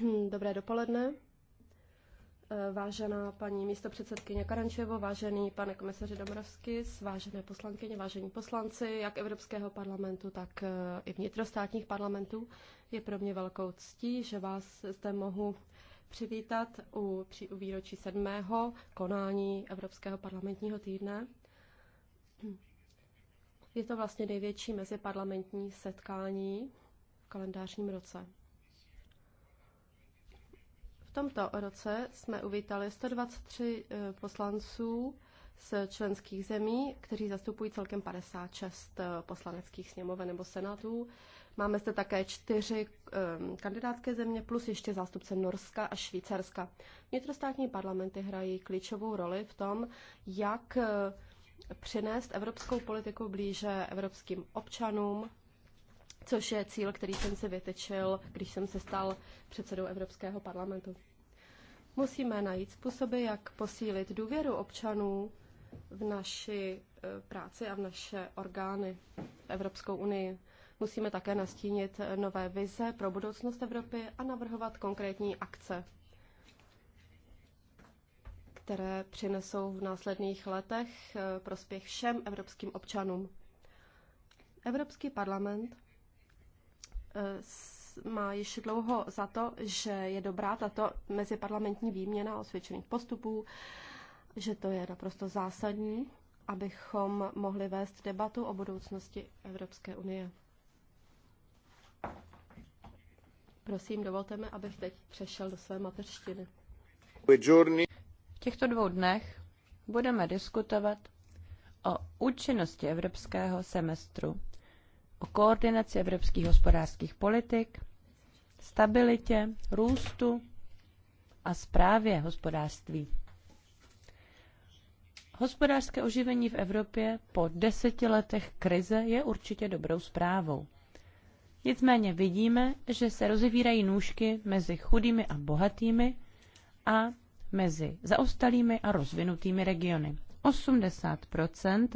Hmm, dobré dopoledne. Eh, vážená paní místopředsedkyně Karančevo, vážený pane komisaři Domrovsky, vážené poslankyně, vážení poslanci, jak Evropského parlamentu, tak eh, i vnitrostátních parlamentů, je pro mě velkou ctí, že vás zde mohu přivítat u, při, u výročí sedmého konání Evropského parlamentního týdne. Je to vlastně největší meziparlamentní setkání v kalendářním roce. V tomto roce jsme uvítali 123 eh, poslanců z členských zemí, kteří zastupují celkem 56 eh, poslaneckých sněmoven nebo senátů. Máme zde také čtyři kandidátky ehm, kandidátské země plus ještě zástupce Norska a Švýcarska. Vnitrostátní parlamenty hrají klíčovou roli v tom, jak eh, přinést evropskou politiku blíže evropským občanům, což je cíl, který jsem si vytyčil, když jsem se stal předsedou Evropského parlamentu. Musíme najít způsoby, jak posílit důvěru občanů v naši eh, práci a v naše orgány v Evropskou unii. Musíme také nastínit nové vize pro budoucnost Evropy a navrhovat konkrétní akce které přinesou v následných letech eh, prospěch všem evropským občanům. Evropský parlament eh, má již dlouho za to, že je dobrá tato meziparlamentní výměna osvědčených postupů, že to je naprosto zásadní, abychom mohli vést debatu o budoucnosti Evropské unie. Prosím, dovolte mi, abych teď přešel do své mateřštiny těchto dvou dnech budeme diskutovat o účinnosti evropského semestru, o koordinaci evropských hospodářských politik, stabilitě, růstu a správě hospodářství. Hospodářské oživení v Evropě po deseti letech krize je určitě dobrou zprávou. Nicméně vidíme, že se rozevírají nůžky mezi chudými a bohatými a mezi zaostalými a rozvinutými regiony. 80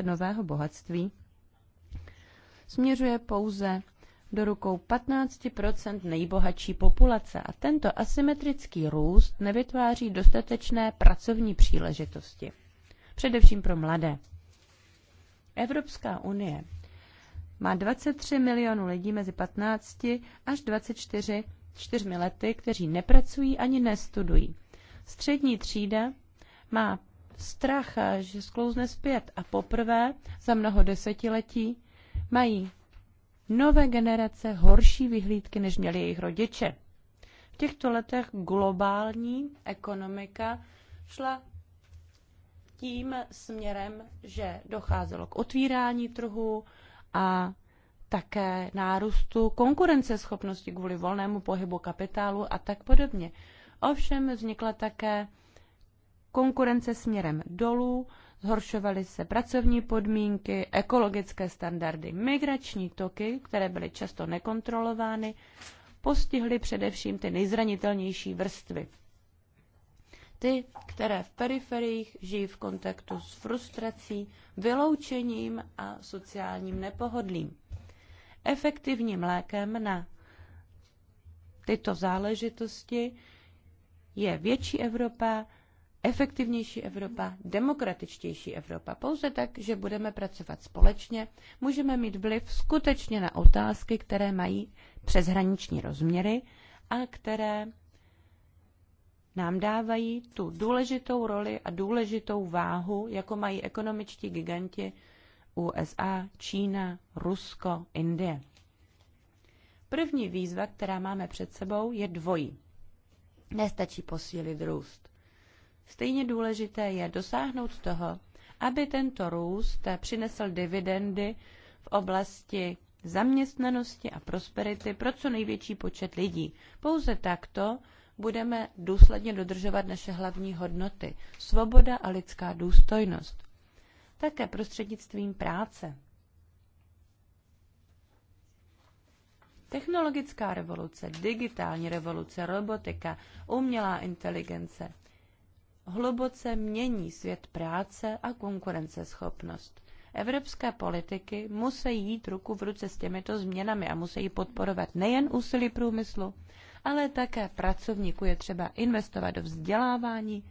nového bohatství směřuje pouze do rukou 15 nejbohatší populace a tento asymetrický růst nevytváří dostatečné pracovní příležitosti, především pro mladé. Evropská unie má 23 milionů lidí mezi 15 až 24 čtyřmi lety, kteří nepracují ani nestudují. Střední třída má strach, že sklouzne zpět a poprvé za mnoho desetiletí mají nové generace horší vyhlídky, než měli jejich rodiče. V těchto letech globální ekonomika šla tím směrem, že docházelo k otvírání trhu a také nárůstu konkurenceschopnosti kvůli volnému pohybu kapitálu a tak podobně. Ovšem vznikla také konkurence směrem dolů, zhoršovaly se pracovní podmínky, ekologické standardy, migrační toky, které byly často nekontrolovány, postihly především ty nejzranitelnější vrstvy. Ty, které v periferiích žijí v kontaktu s frustrací, vyloučením a sociálním nepohodlím. Efektivním lékem na tyto záležitosti je větší Evropa, efektivnější Evropa, demokratičtější Evropa. Pouze tak, že budeme pracovat společně, můžeme mít vliv skutečně na otázky, které mají přeshraniční rozměry a které nám dávají tu důležitou roli a důležitou váhu, jako mají ekonomičtí giganti USA, Čína, Rusko, Indie. První výzva, která máme před sebou, je dvojí. Nestačí posílit růst. Stejně důležité je dosáhnout toho, aby tento růst přinesl dividendy v oblasti zaměstnanosti a prosperity pro co největší počet lidí. Pouze takto budeme důsledně dodržovat naše hlavní hodnoty svoboda a lidská důstojnost. Také prostřednictvím práce. Technologická revoluce, digitální revoluce, robotika, umělá inteligence hluboce mění svět práce a konkurenceschopnost. Evropské politiky musí jít ruku v ruce s těmito změnami a musí podporovat nejen úsilí průmyslu, ale také pracovníků je třeba investovat do vzdělávání,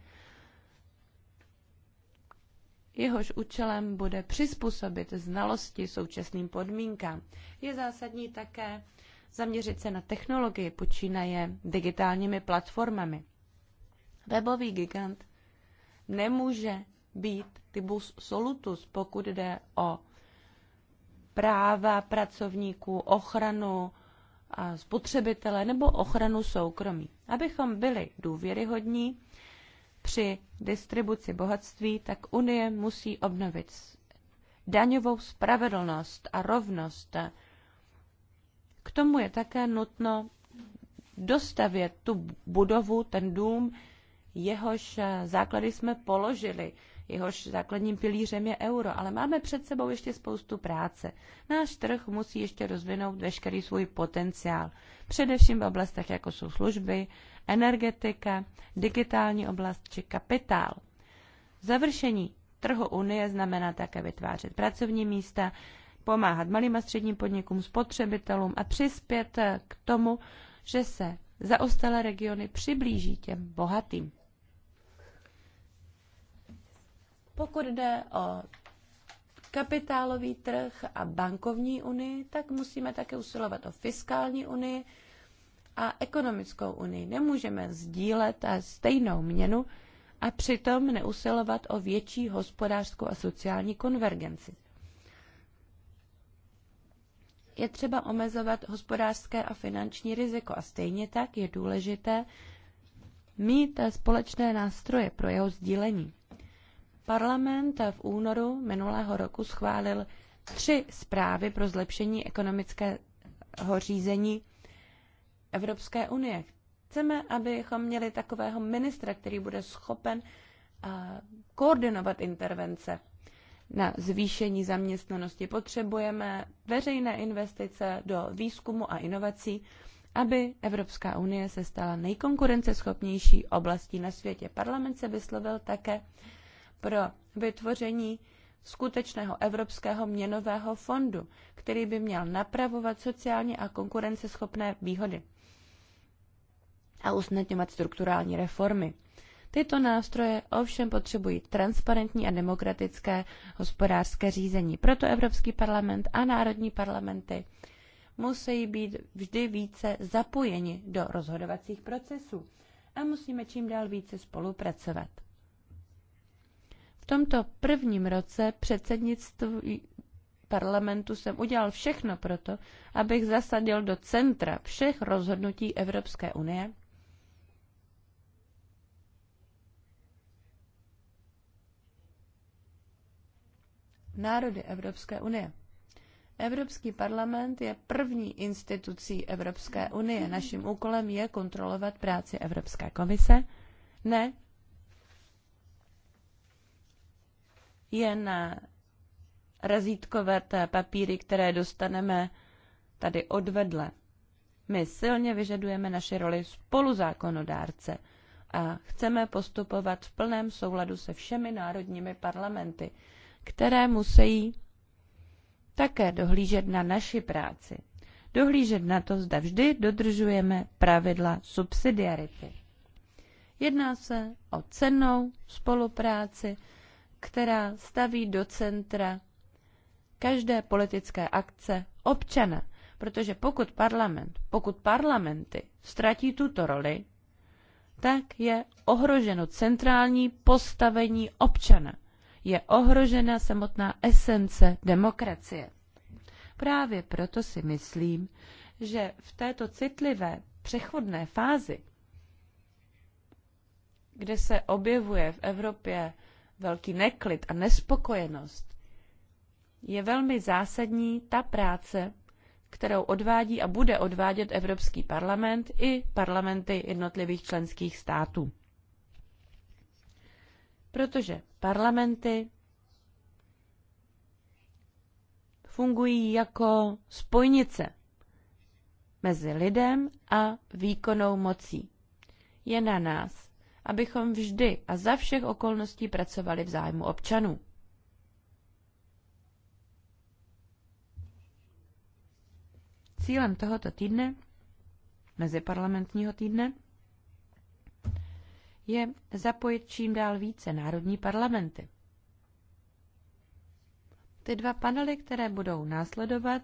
jehož účelem bude přizpůsobit znalosti současným podmínkám. Je zásadní také zaměřit se na technologii, počínaje digitálními platformami. Webový gigant nemůže být tybus solutus, pokud jde o práva pracovníků, ochranu a spotřebitele nebo ochranu soukromí. Abychom byli důvěryhodní při distribuci bohatství, tak Unie musí obnovit daňovou spravedlnost a rovnost k tomu je také nutno dostavět tu budovu, ten dům, jehož základy jsme položili, jehož základním pilířem je euro, ale máme před sebou ještě spoustu práce. Náš trh musí ještě rozvinout veškerý svůj potenciál, především v oblastech, jako jsou služby, energetika, digitální oblast či kapitál. Završení trhu Unie znamená také vytvářet pracovní místa, pomáhat malým a středním podnikům, spotřebitelům a přispět k tomu, že se zaostalé regiony přiblíží těm bohatým. Pokud jde o kapitálový trh a bankovní unii, tak musíme také usilovat o fiskální unii a ekonomickou unii. Nemůžeme sdílet a stejnou měnu a přitom neusilovat o větší hospodářskou a sociální konvergenci je třeba omezovat hospodářské a finanční riziko a stejně tak je důležité mít společné nástroje pro jeho sdílení. Parlament v únoru minulého roku schválil tři zprávy pro zlepšení ekonomického řízení Evropské unie. Chceme, abychom měli takového ministra, který bude schopen eh, koordinovat intervence na zvýšení zaměstnanosti. Potřebujeme veřejné investice do výzkumu a inovací, aby Evropská unie se stala nejkonkurenceschopnější oblastí na světě. Parlament se vyslovil také pro vytvoření skutečného Evropského měnového fondu, který by měl napravovat sociálně a konkurenceschopné výhody a usnadňovat strukturální reformy. Tyto nástroje ovšem potřebují transparentní a demokratické hospodářské řízení. Proto Evropský parlament a národní parlamenty musí být vždy více zapojeni do rozhodovacích procesů a musíme čím dál více spolupracovat. V tomto prvním roce předsednictví parlamentu jsem udělal všechno proto, abych zasadil do centra všech rozhodnutí Evropské unie národy Evropské unie. Evropský parlament je první institucí Evropské unie. Naším úkolem je kontrolovat práci Evropské komise, ne Je razítkové té papíry, které dostaneme tady odvedle. My silně vyžadujeme naši roli spoluzákonodárce a chceme postupovat v plném souladu se všemi národními parlamenty které musí také dohlížet na naši práci. Dohlížet na to, zda vždy dodržujeme pravidla subsidiarity. Jedná se o cennou spolupráci, která staví do centra každé politické akce občana, protože pokud parlament, pokud parlamenty ztratí tuto roli, tak je ohroženo centrální postavení občana je ohrožena samotná esence demokracie. Právě proto si myslím, že v této citlivé přechodné fázi, kde se objevuje v Evropě velký neklid a nespokojenost, je velmi zásadní ta práce, kterou odvádí a bude odvádět Evropský parlament i parlamenty jednotlivých členských států protože parlamenty fungují jako spojnice mezi lidem a výkonnou mocí. Je na nás, abychom vždy a za všech okolností pracovali v zájmu občanů. Cílem tohoto týdne, meziparlamentního týdne, je zapojit čím dál více národní parlamenty. Ty dva panely, které budou následovat,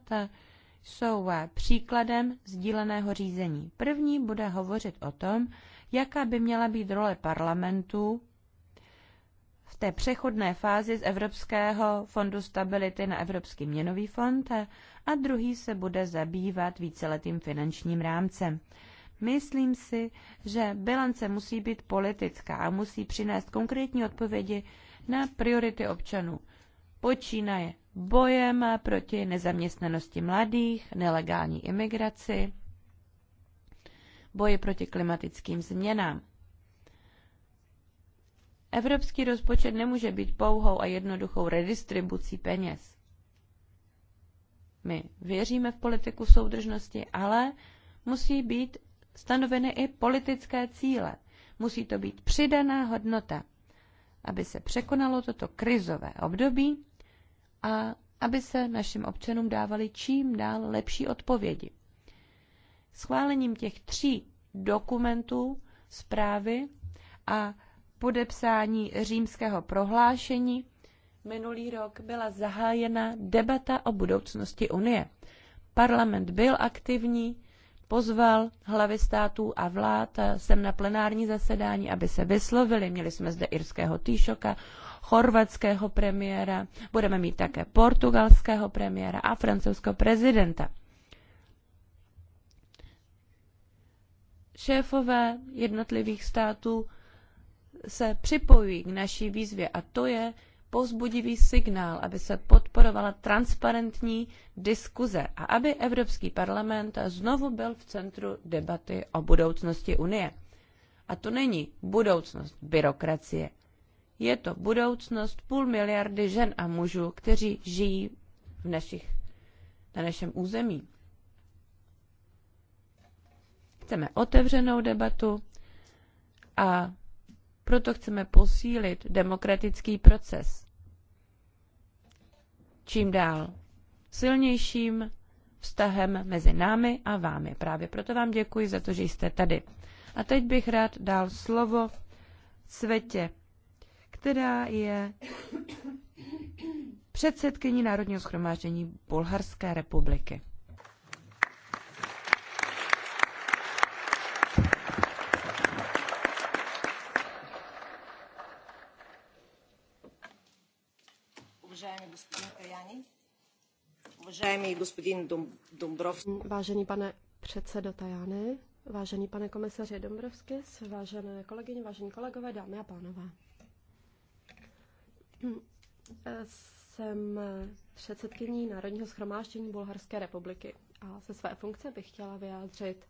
jsou příkladem sdíleného řízení. První bude hovořit o tom, jaká by měla být role parlamentu v té přechodné fázi z Evropského fondu stability na Evropský měnový fond a druhý se bude zabývat víceletým finančním rámcem. Myslím si, že bilance musí být politická a musí přinést konkrétní odpovědi na priority občanů. Počínaje bojem proti nezaměstnanosti mladých, nelegální imigraci, boji proti klimatickým změnám. Evropský rozpočet nemůže být pouhou a jednoduchou redistribucí peněz. My věříme v politiku soudržnosti, ale musí být stanoveny i politické cíle. Musí to být přidaná hodnota, aby se překonalo toto krizové období a aby se našim občanům dávali čím dál lepší odpovědi. Schválením těch tří dokumentů zprávy a podepsání římského prohlášení minulý rok byla zahájena debata o budoucnosti Unie. Parlament byl aktivní, pozval hlavy států a vlád eh, sem na plenární zasedání, aby se vyslovili. Měli jsme zde irského Týšoka, chorvatského premiéra, budeme mít také portugalského premiéra a francouzského prezidenta. Šéfové jednotlivých států se připojují k naší výzvě a to je povzbudivý signál, aby se podporovala transparentní diskuze a aby Evropský parlament znovu byl v centru debaty o budoucnosti Unie. A to není budoucnost byrokracie. Je to budoucnost půl miliardy žen a mužů, kteří žijí v našich, na našem území. Chceme otevřenou debatu a proto chceme posílit demokratický proces. Čím dál silnějším vztahem mezi námi a vámi. Právě proto vám děkuji za to, že jste tady. A teď bych rád dal slovo Světě, která je předsedkyní Národního schromáždění Bulharské republiky. Vážený pane předsedo Tajany, vážený pane komisaři Dombrovskis, vážené kolegyně, vážení kolegové, dámy a pánové. Jsem předsedkyní Národního schromáždění Bulharské republiky a ze své funkce bych chtěla vyjádřit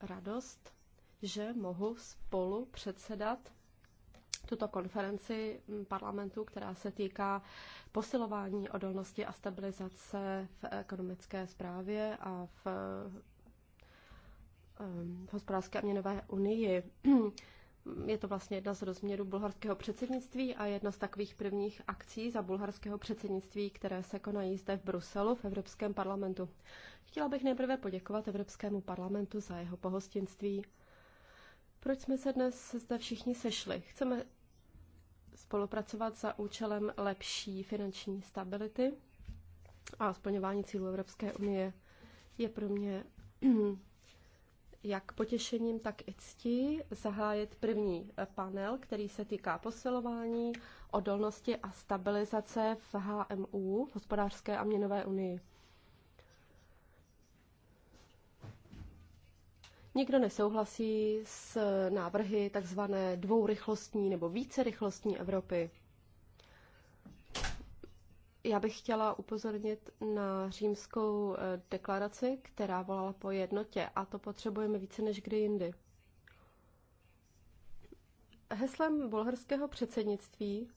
radost, že mohu spolu předsedat tuto konferenci parlamentu, která se týká posilování odolnosti a stabilizace v ekonomické správě a v, v hospodářské a měnové unii. Je to vlastně jedna z rozměrů bulharského předsednictví a jedna z takových prvních akcí za bulharského předsednictví, které se konají zde v Bruselu v Evropském parlamentu. Chtěla bych nejprve poděkovat Evropskému parlamentu za jeho pohostinství proč jsme se dnes zde všichni sešli? Chceme spolupracovat za účelem lepší finanční stability a splňování cílů Evropské unie je pro mě jak potěšením, tak i ctí zahájit první panel, který se týká posilování, odolnosti a stabilizace v HMU, hospodářské a měnové unii. Nikdo nesouhlasí s návrhy takzvané dvourychlostní nebo vícerychlostní Evropy. Já bych chtěla upozornit na římskou eh, deklaraci, která volala po jednotě a to potřebujeme více než kdy jindy. Heslem bulharského předsednictví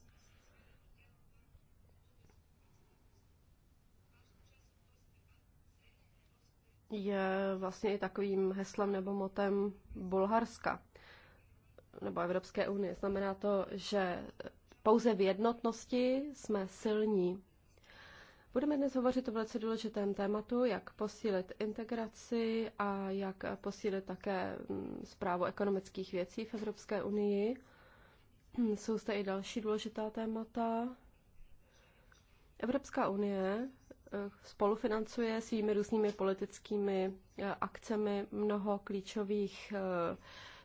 je vlastně i takovým heslem nebo motem Bulharska nebo Evropské unie. Znamená to, že pouze v jednotnosti jsme silní. Budeme dnes hovořit o velice důležitém tématu, jak posílit integraci a jak posílit také zprávu mm, ekonomických věcí v Evropské unii. Jsou zde i další důležitá témata. Evropská unie Eh, spolufinancuje svými různými politickými eh, akcemi mnoho klíčových eh,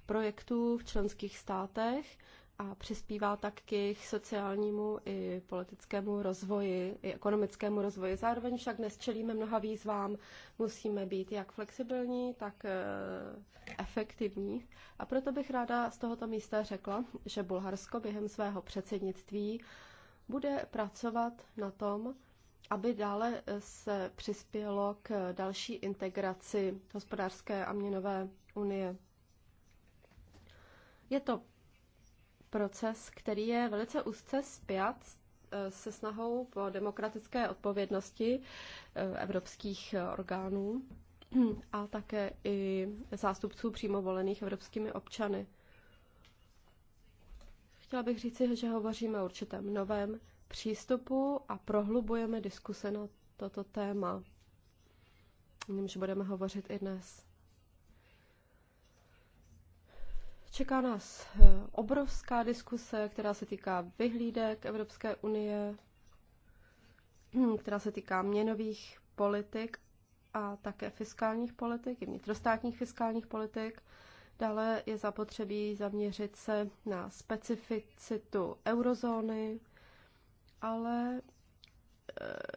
projektů v členských státech a přispívá tak k jejich sociálnímu i politickému rozvoji, i ekonomickému rozvoji. Zároveň však dnes čelíme mnoha výzvám, musíme být jak flexibilní, tak efektivní. A proto bych ráda z tohoto místa řekla, že Bulharsko během svého předsednictví bude pracovat na tom, aby dále eh, se přispělo k další integraci hospodářské a měnové unie. Je to proces, který je velice úzce spjat eh, se snahou po demokratické odpovědnosti eh, evropských orgánů a také i zástupců přímo volených evropskými občany. Chtěla bych říci, že hovoříme o určitém novém přístupu a prohlubujeme diskuse na toto téma. O němž budeme hovořit i dnes. Čeká nás eh, obrovská diskuse, která se týká vyhlídek Evropské unie, která se týká měnových politik a také fiskálních politik, i vnitrostátních fiskálních politik. Dále je zapotřebí zaměřit se na specificitu eurozóny, ale e,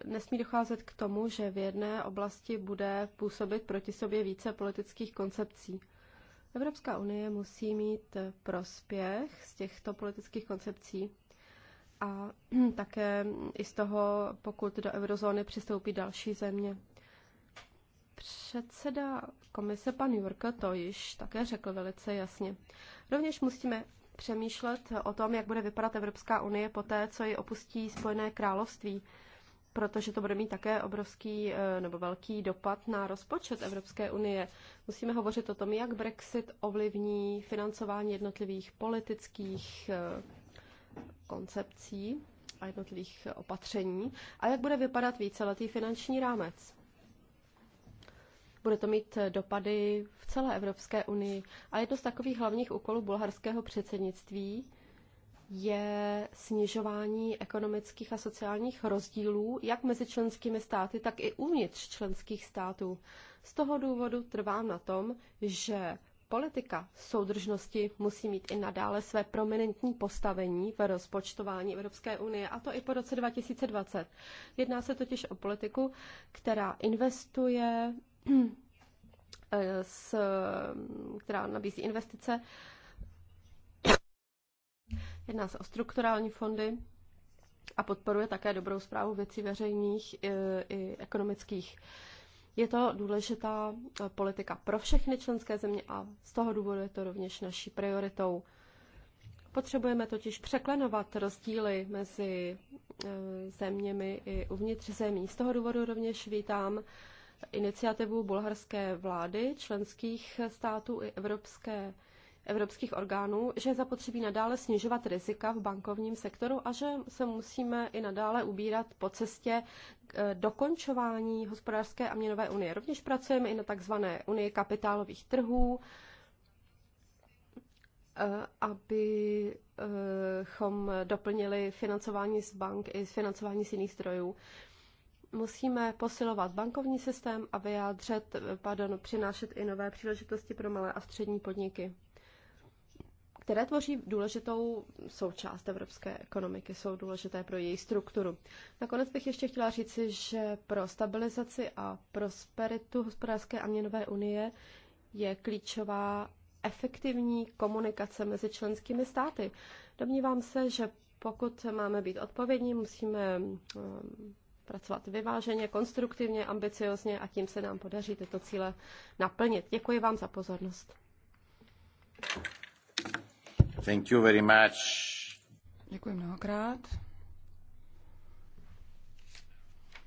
nesmí docházet k tomu, že v jedné oblasti bude působit proti sobě více politických koncepcí. Evropská unie musí mít prospěch z těchto politických koncepcí a také i z toho, pokud do eurozóny přistoupí další země. Předseda komise pan Jurka to již také řekl velice jasně. Rovněž musíme přemýšlet o tom, jak bude vypadat Evropská unie po té, co ji opustí Spojené království, protože to bude mít také obrovský eh, nebo velký dopad na rozpočet Evropské unie. Musíme hovořit o tom, jak Brexit ovlivní financování jednotlivých politických eh, koncepcí a jednotlivých eh, opatření a jak bude vypadat víceletý finanční rámec. Bude to mít dopady v celé Evropské unii. A jedno z takových hlavních úkolů bulharského předsednictví je snižování ekonomických a sociálních rozdílů jak mezi členskými státy, tak i uvnitř členských států. Z toho důvodu trvám na tom, že politika soudržnosti musí mít i nadále své prominentní postavení v rozpočtování Evropské unie, a to i po roce 2020. Jedná se totiž o politiku, která investuje s, která nabízí investice. Jedná se o strukturální fondy a podporuje také dobrou zprávu věcí veřejných i, i ekonomických. Je to důležitá eh, politika pro všechny členské země a z toho důvodu je to rovněž naší prioritou. Potřebujeme totiž překlenovat rozdíly mezi eh, zeměmi i uvnitř zemí. Z toho důvodu rovněž vítám iniciativu bulharské vlády, členských států i evropské, evropských orgánů, že je zapotřebí nadále snižovat rizika v bankovním sektoru a že se musíme i nadále ubírat po cestě k eh, dokončování hospodářské a měnové unie. Rovněž pracujeme i na takzvané unii kapitálových trhů, eh, abychom eh, doplnili financování z bank i financování z jiných zdrojů musíme posilovat bankovní systém a vyjádřet, pardon, přinášet i nové příležitosti pro malé a střední podniky, které tvoří důležitou součást evropské ekonomiky, jsou důležité pro její strukturu. Nakonec bych ještě chtěla říci, že pro stabilizaci a prosperitu hospodářské a měnové unie je klíčová efektivní komunikace mezi členskými státy. Domnívám se, že pokud máme být odpovědní, musíme pracovat vyváženě, konstruktivně, ambiciozně a tím se nám podaří tyto cíle naplnit. Děkuji vám za pozornost. Thank you very much. Děkuji mnohokrát.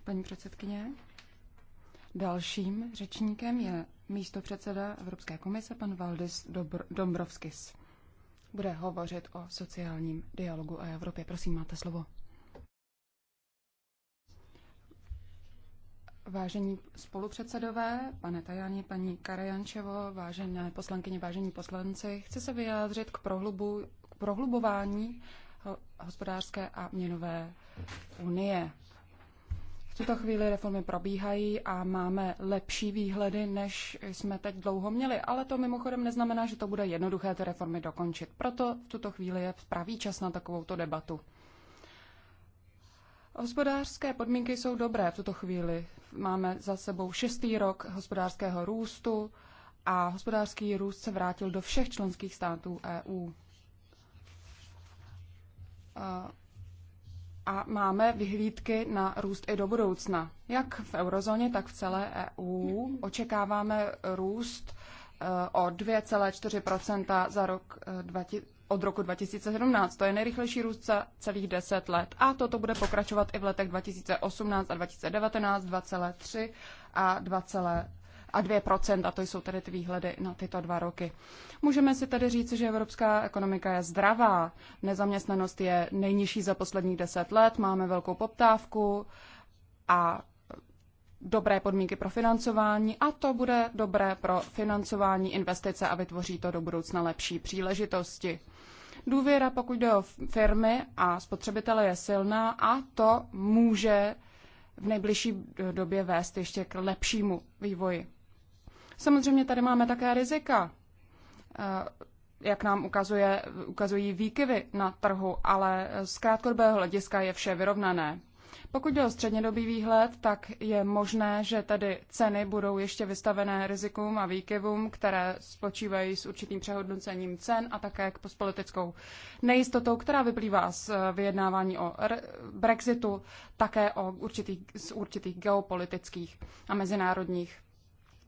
Paní předsedkyně, dalším řečníkem je místo předseda Evropské komise pan Valdis Dobr- Dombrovskis. Bude hovořit o sociálním dialogu a Evropě. Prosím, máte slovo. Vážení spolupředsedové, pane Tajani, paní Karajančevo, vážené poslankyně, vážení poslanci, chci se vyjádřit k, prohlubu, k prohlubování hospodářské a měnové unie. V tuto chvíli reformy probíhají a máme lepší výhledy, než jsme teď dlouho měli, ale to mimochodem neznamená, že to bude jednoduché ty reformy dokončit. Proto v tuto chvíli je pravý čas na takovouto debatu. Hospodářské podmínky jsou dobré v tuto chvíli. Máme za sebou šestý rok hospodářského růstu a hospodářský růst se vrátil do všech členských států EU. A a máme vyhlídky na růst i do budoucna. Jak v eurozóně, tak v celé EU očekáváme růst e, o 2,4 za rok e, od roku 2017. To je nejrychlejší růst za celých 10 let. A toto bude pokračovat i v letech 2018 a 2019 2,3 a 2, a 2%, a to jsou tedy ty výhledy na tyto dva roky. Můžeme si tedy říct, že evropská ekonomika je zdravá, nezaměstnanost je nejnižší za posledních 10 let, máme velkou poptávku a dobré podmínky pro financování a to bude dobré pro financování investice a vytvoří to do budoucna lepší příležitosti. Důvěra, pokud jde o firmy a spotřebitele, je silná a to může v nejbližší době vést ještě k lepšímu vývoji. Samozřejmě tady máme také rizika, eh, jak nám ukazuje, ukazují výkyvy na trhu, ale z krátkodobého hlediska je vše vyrovnané. Pokud jde o střednědobý výhled, tak je možné, že tedy ceny budou ještě vystavené rizikům a výkyvům, které spočívají s určitým přehodnocením cen a také k politickou nejistotou, která vyplývá z eh, vyjednávání o Brexitu, také o určitých, z určitých geopolitických a mezinárodních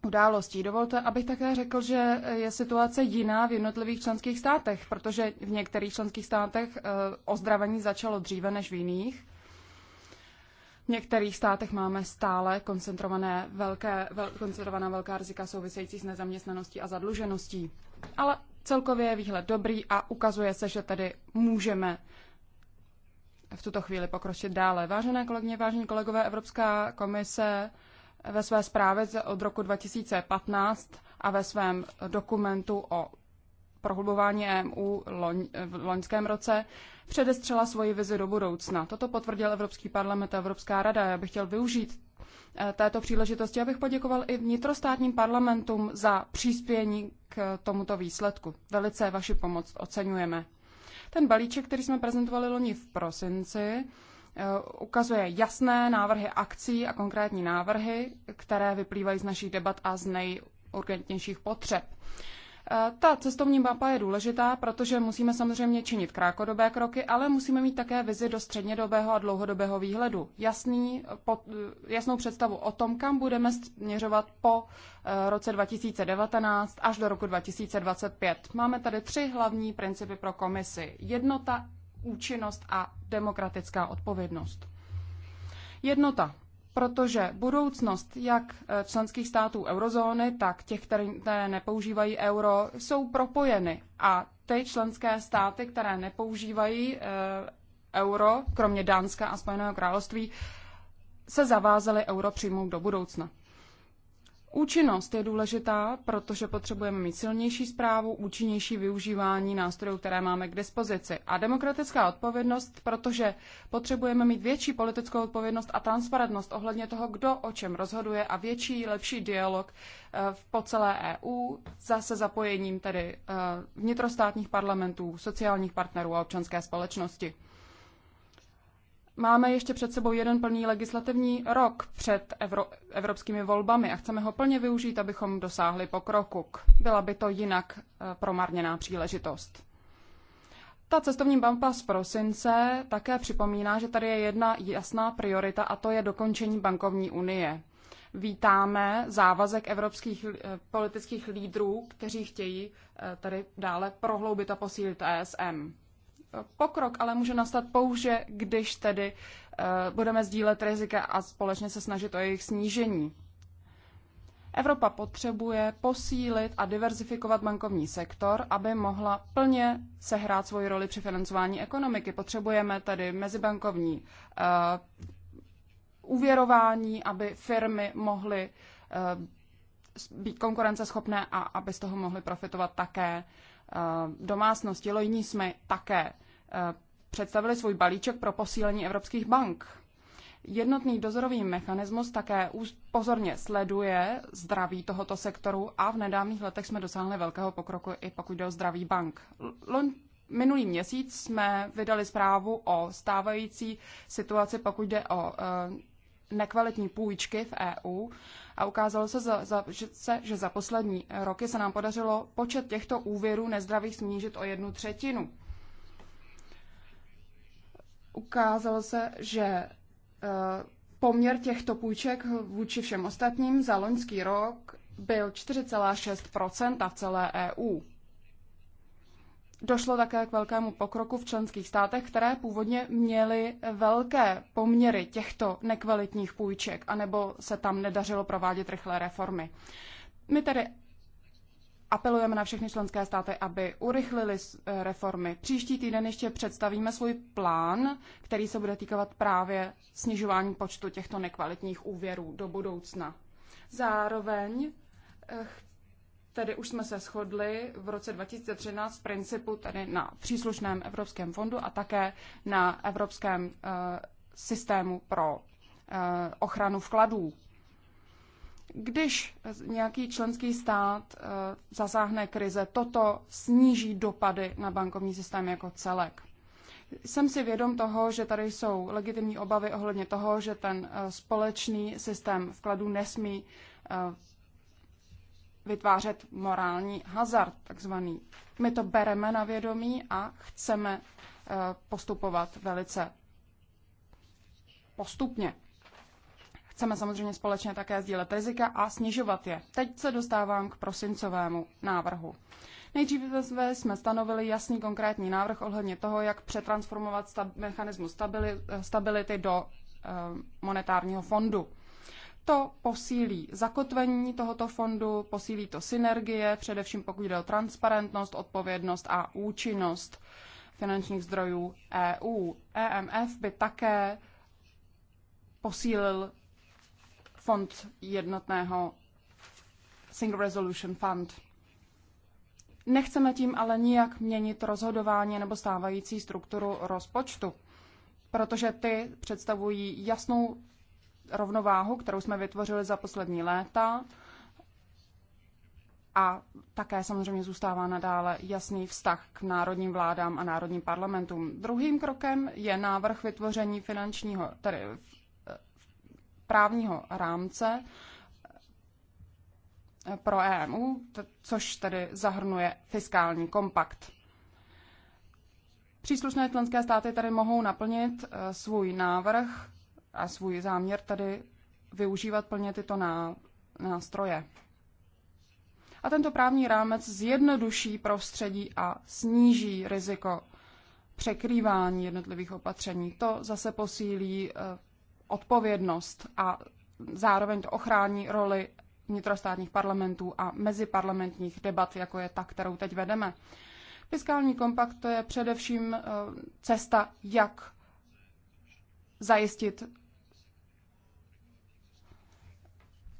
událostí. Dovolte, abych také řekl, že eh, je situace jiná v jednotlivých členských státech, protože v některých členských státech eh, ozdravení začalo dříve než v jiných. V některých státech máme stále koncentrované velké, vel, koncentrovaná velká rizika související s nezaměstnaností a zadlužeností. Ale celkově je výhled dobrý a ukazuje se, že tedy můžeme v tuto chvíli pokročit dále. Vážené kolegyně, vážení kolegové, Evropská komise ve své zprávě od roku 2015 a ve svém dokumentu o prohlubování EMU loň, v loňském roce předestřela svoji vizi do budoucna. Toto potvrdil Evropský parlament a Evropská rada. Já bych chtěl využít eh, této příležitosti, abych poděkoval i vnitrostátním parlamentům za příspění k tomuto výsledku. Velice vaši pomoc oceňujeme. Ten balíček, který jsme prezentovali loni v prosinci, eh, ukazuje jasné návrhy akcí a konkrétní návrhy, které vyplývají z našich debat a z nejurgentnějších potřeb. Eh, ta cestovní mapa je důležitá, protože musíme samozřejmě činit krátkodobé kroky, ale musíme mít také vizi do střednědobého a dlouhodobého výhledu. Jasný, eh, pod, eh, jasnou představu o tom, kam budeme směřovat po roce 2019 až do roku 2025. Máme tady tři hlavní principy pro komisi. Jednota, účinnost a demokratická odpovědnost. Jednota protože budoucnost jak eh, členských států eurozóny, tak těch, které nepoužívají euro, jsou propojeny. A ty členské státy, které nepoužívají eh, euro, kromě Dánska a Spojeného království, se zavázaly euro přijmout do budoucna. Účinnost je důležitá, protože potřebujeme mít silnější zprávu, účinnější využívání nástrojů, které máme k dispozici. A demokratická odpovědnost, protože potřebujeme mít větší politickou odpovědnost a transparentnost ohledně toho, kdo o čem rozhoduje a větší, lepší dialog eh, po celé EU, zase zapojením tedy eh, vnitrostátních parlamentů, sociálních partnerů a občanské společnosti. Máme ještě před sebou jeden plný legislativní rok před evro, evropskými volbami a chceme ho plně využít, abychom dosáhli pokroku. Byla by to jinak eh, promarněná příležitost. Ta cestovní bampa z prosince také připomíná, že tady je jedna jasná priorita a to je dokončení bankovní unie. Vítáme závazek evropských eh, politických lídrů, kteří chtějí eh, tady dále prohloubit a posílit ESM pokrok, ale může nastat pouze, když tedy eh, budeme sdílet rizika a společně se snažit o jejich snížení. Evropa potřebuje posílit a diverzifikovat bankovní sektor, aby mohla plně sehrát svoji roli při financování ekonomiky. Potřebujeme tedy mezibankovní uh, eh, uvěrování, aby firmy mohly uh, být konkurenceschopné a aby z toho mohly profitovat také Eh, domácnosti. Lojní jsme také eh, představili svůj balíček pro posílení evropských bank. Jednotný dozorový mechanismus také pozorně sleduje zdraví tohoto sektoru a v nedávných letech jsme dosáhli velkého pokroku i pokud jde o zdraví bank. L- minulý měsíc jsme vydali zprávu o stávající situaci, pokud jde o e, nekvalitní půjčky v EU a ukázalo se, za, za, že, se, že za poslední roky se nám podařilo počet těchto úvěrů nezdravých snížit o jednu třetinu. Ukázalo se, že eh, poměr těchto půjček vůči všem ostatním za loňský rok byl 4,6 v celé EU. Došlo také k velkému pokroku v členských státech, které původně měly velké poměry těchto nekvalitních půjček, anebo se tam nedařilo provádět rychlé reformy. My tedy apelujeme na všechny členské státy, aby urychlili eh, reformy. Příští týden ještě představíme svůj plán, který se bude týkat právě snižování počtu těchto nekvalitních úvěrů do budoucna. Zároveň eh, Tedy už jsme se shodli v roce 2013 v principu tedy na příslušném Evropském fondu a také na Evropském uh, systému pro uh, ochranu vkladů. Když nějaký členský stát uh, zasáhne krize, toto sníží dopady na bankovní systém jako celek. Jsem si vědom toho, že tady jsou legitimní obavy ohledně toho, že ten společný systém vkladů nesmí vytvářet morální hazard, takzvaný. My to bereme na vědomí a chceme eh, postupovat velice postupně. Chceme samozřejmě společně také sdílet rizika a snižovat je. Teď se dostávám k prosincovému návrhu. Nejdříve jsme stanovili jasný konkrétní návrh ohledně toho, jak přetransformovat stab- mechanismus stabili- stability do eh, monetárního fondu to posílí zakotvení tohoto fondu, posílí to synergie, především pokud jde o transparentnost, odpovědnost a účinnost finančních zdrojů EU. EMF by také posílil fond jednotného Single Resolution Fund. Nechceme tím ale nijak měnit rozhodování nebo stávající strukturu rozpočtu, protože ty představují jasnou rovnováhu, kterou jsme vytvořili za poslední léta. A také samozřejmě zůstává nadále jasný vztah k národním vládám a národním parlamentům. Druhým krokem je návrh vytvoření finančního, tedy právního rámce pro EMU, což tedy zahrnuje fiskální kompakt. Příslušné členské státy tedy mohou naplnit e, svůj návrh a svůj záměr tady využívat plně tyto ná, nástroje. A tento právní rámec zjednoduší prostředí a sníží riziko překrývání jednotlivých opatření. To zase posílí eh, odpovědnost a zároveň to ochrání roli vnitrostátních parlamentů a meziparlamentních debat, jako je ta, kterou teď vedeme. Fiskální kompakt to je především eh, cesta, jak zajistit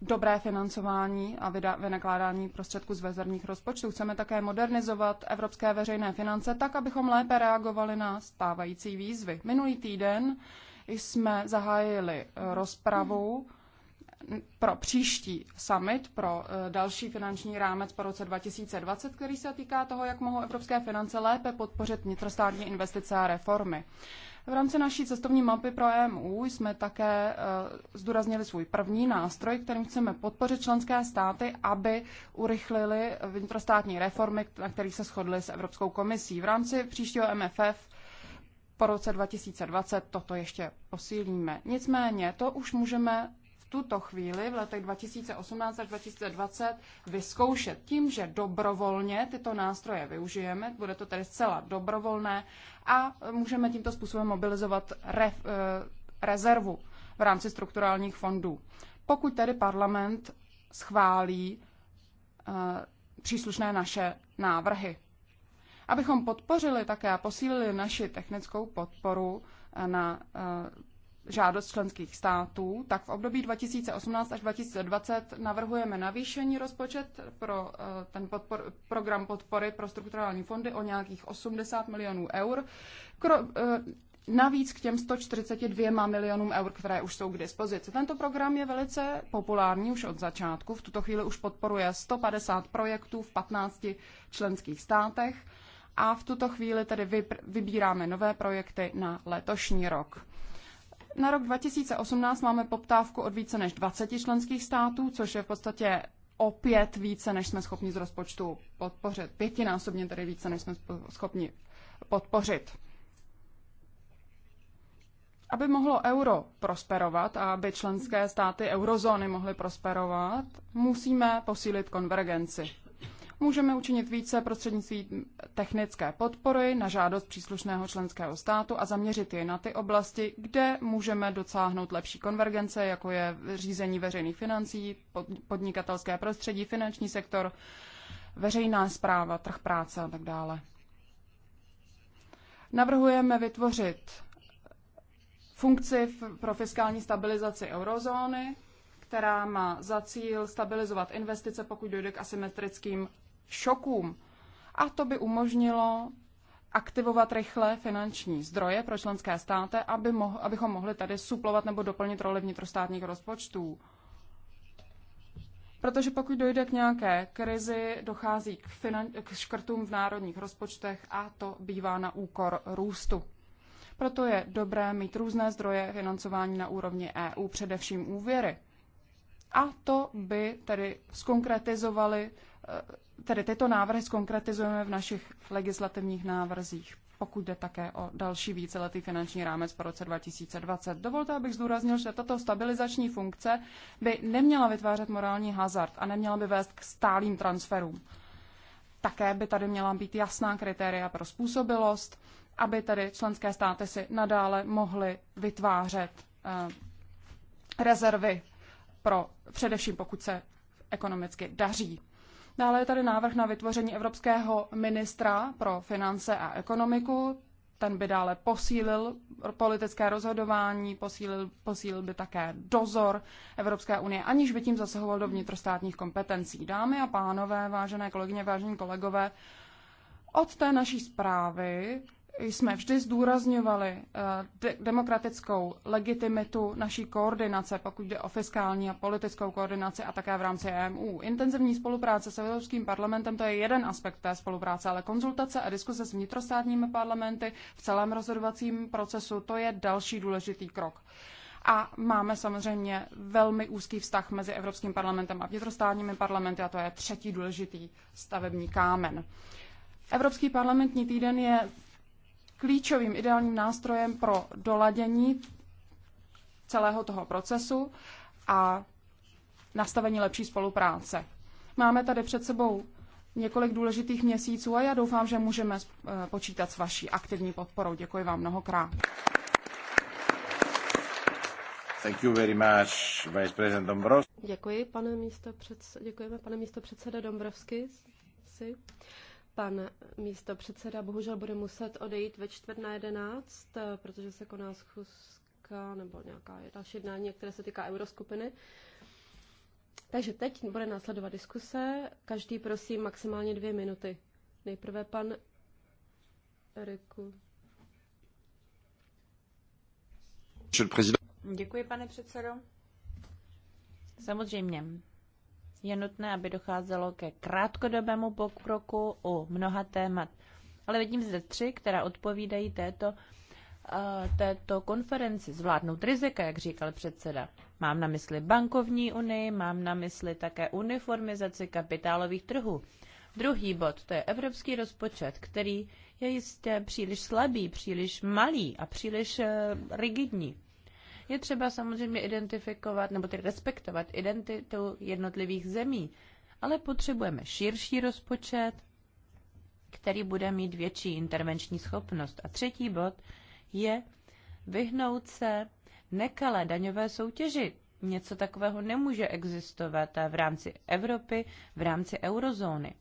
dobré financování a vynakládání prostředků z vezerních rozpočtů. Chceme také modernizovat evropské veřejné finance tak, abychom lépe reagovali na stávající výzvy. Minulý týden jsme zahájili eh, rozpravu pro příští summit, pro eh, další finanční rámec po roce 2020, který se týká toho, jak mohou evropské finance lépe podpořit vnitrostátní investice a reformy. V rámci naší cestovní mapy pro EMU jsme také e, zdůraznili svůj první nástroj, kterým chceme podpořit členské státy, aby urychlili vnitrostátní reformy, na kterých se shodly s Evropskou komisí. V rámci příštího MFF po roce 2020 toto ještě posílíme. Nicméně to už můžeme tuto chvíli v letech 2018 až 2020 vyzkoušet tím, že dobrovolně tyto nástroje využijeme, bude to tedy zcela dobrovolné a můžeme tímto způsobem mobilizovat re, eh, rezervu v rámci strukturálních fondů. Pokud tedy parlament schválí eh, příslušné naše návrhy. Abychom podpořili také a posílili naši technickou podporu eh, na žádost členských států, tak v období 2018 až 2020 navrhujeme navýšení rozpočet pro eh, ten podpor, program podpory pro strukturální fondy o nějakých 80 milionů eur. Kro, eh, Navíc k těm 142 milionům eur, které už jsou k dispozici. Tento program je velice populární už od začátku. V tuto chvíli už podporuje 150 projektů v 15 členských státech a v tuto chvíli tedy vybíráme nové projekty na letošní rok na rok 2018 máme poptávku od více než 20 členských států, což je v podstatě opět více, než jsme schopni z rozpočtu podpořit. Pětinásobně tedy více, než jsme schopni podpořit. Aby mohlo euro prosperovat a aby členské státy eurozóny mohly prosperovat, musíme posílit konvergenci. Můžeme učinit více prostřednictvím technické podpory na žádost příslušného členského státu a zaměřit je na ty oblasti, kde můžeme docáhnout lepší konvergence, jako je řízení veřejných financí, podnikatelské prostředí, finanční sektor, veřejná zpráva, trh práce a tak dále. Navrhujeme vytvořit funkci pro fiskální stabilizaci eurozóny, která má za cíl stabilizovat investice, pokud dojde k asymetrickým šokům. A to by umožnilo aktivovat rychle finanční zdroje pro členské státy, aby mo- abychom mohli tady suplovat nebo doplnit roli vnitrostátních rozpočtů. Protože pokud dojde k nějaké krizi, dochází k, finan- k škrtům v národních rozpočtech a to bývá na úkor růstu. Proto je dobré mít různé zdroje financování na úrovni EU, především úvěry. A to by tedy skonkretizovali eh, tedy tyto návrhy zkonkretizujeme v našich legislativních návrzích pokud jde také o další víceletý finanční rámec po roce 2020. Dovolte, abych zdůraznil, že tato stabilizační funkce by neměla vytvářet morální hazard a neměla by vést k stálým transferům. Také by tady měla být jasná kritéria pro způsobilost, aby tedy členské státy si nadále mohly vytvářet eh, rezervy pro především pokud se ekonomicky daří. Dále je tady návrh na vytvoření evropského ministra pro finance a ekonomiku. Ten by dále posílil politické rozhodování, posílil, posílil by také dozor Evropské unie, aniž by tím zasahoval do vnitrostátních kompetencí. Dámy a pánové, vážené kolegyně, vážení kolegové, od té naší zprávy jsme vždy zdůrazňovali eh, de- demokratickou legitimitu naší koordinace, pokud jde o fiskální a politickou koordinaci a také v rámci EMU. Intenzivní spolupráce s Evropským parlamentem to je jeden aspekt té spolupráce, ale konzultace a diskuse s vnitrostátními parlamenty v celém rozhodovacím procesu to je další důležitý krok. A máme samozřejmě velmi úzký vztah mezi Evropským parlamentem a vnitrostátními parlamenty a to je třetí důležitý stavební kámen. Evropský parlamentní týden je klíčovým ideálním nástrojem pro doladění celého toho procesu a nastavení lepší spolupráce. Máme tady před sebou několik důležitých měsíců a já doufám, že můžeme eh, počítat s vaší aktivní podporou. Děkuji vám mnohokrát. Thank you very much, Vice President Dombrovskis. Děkuji, pane místo před, děkujeme, pane místo předseda Dombrovskis. Pan místo předseda bohužel bude muset odejít ve čtvrt na jedenáct, eh, protože se koná schůzka nebo nějaká další jednání, které se týká euroskupiny. Takže teď bude následovat diskuse. Každý prosím maximálně dvě minuty. Nejprve pan Eriku. Děkuji, pane předsedo. Samozřejmě. Je nutné, aby docházelo ke krátkodobému pokroku u mnoha témat. Ale vidím zde tři, která odpovídají této, eh, této konferenci. Zvládnout rizika, jak říkal předseda. Mám na mysli bankovní unii, mám na mysli také uniformizaci kapitálových trhů. Druhý bod, to je evropský rozpočet, který je jistě příliš slabý, příliš malý a příliš eh, rigidní. Je třeba samozřejmě identifikovat nebo tedy respektovat identitu jednotlivých zemí, ale potřebujeme širší rozpočet, který bude mít větší intervenční schopnost. A třetí bod je vyhnout se nekalé daňové soutěži. Něco takového nemůže existovat v rámci Evropy, v rámci eurozóny.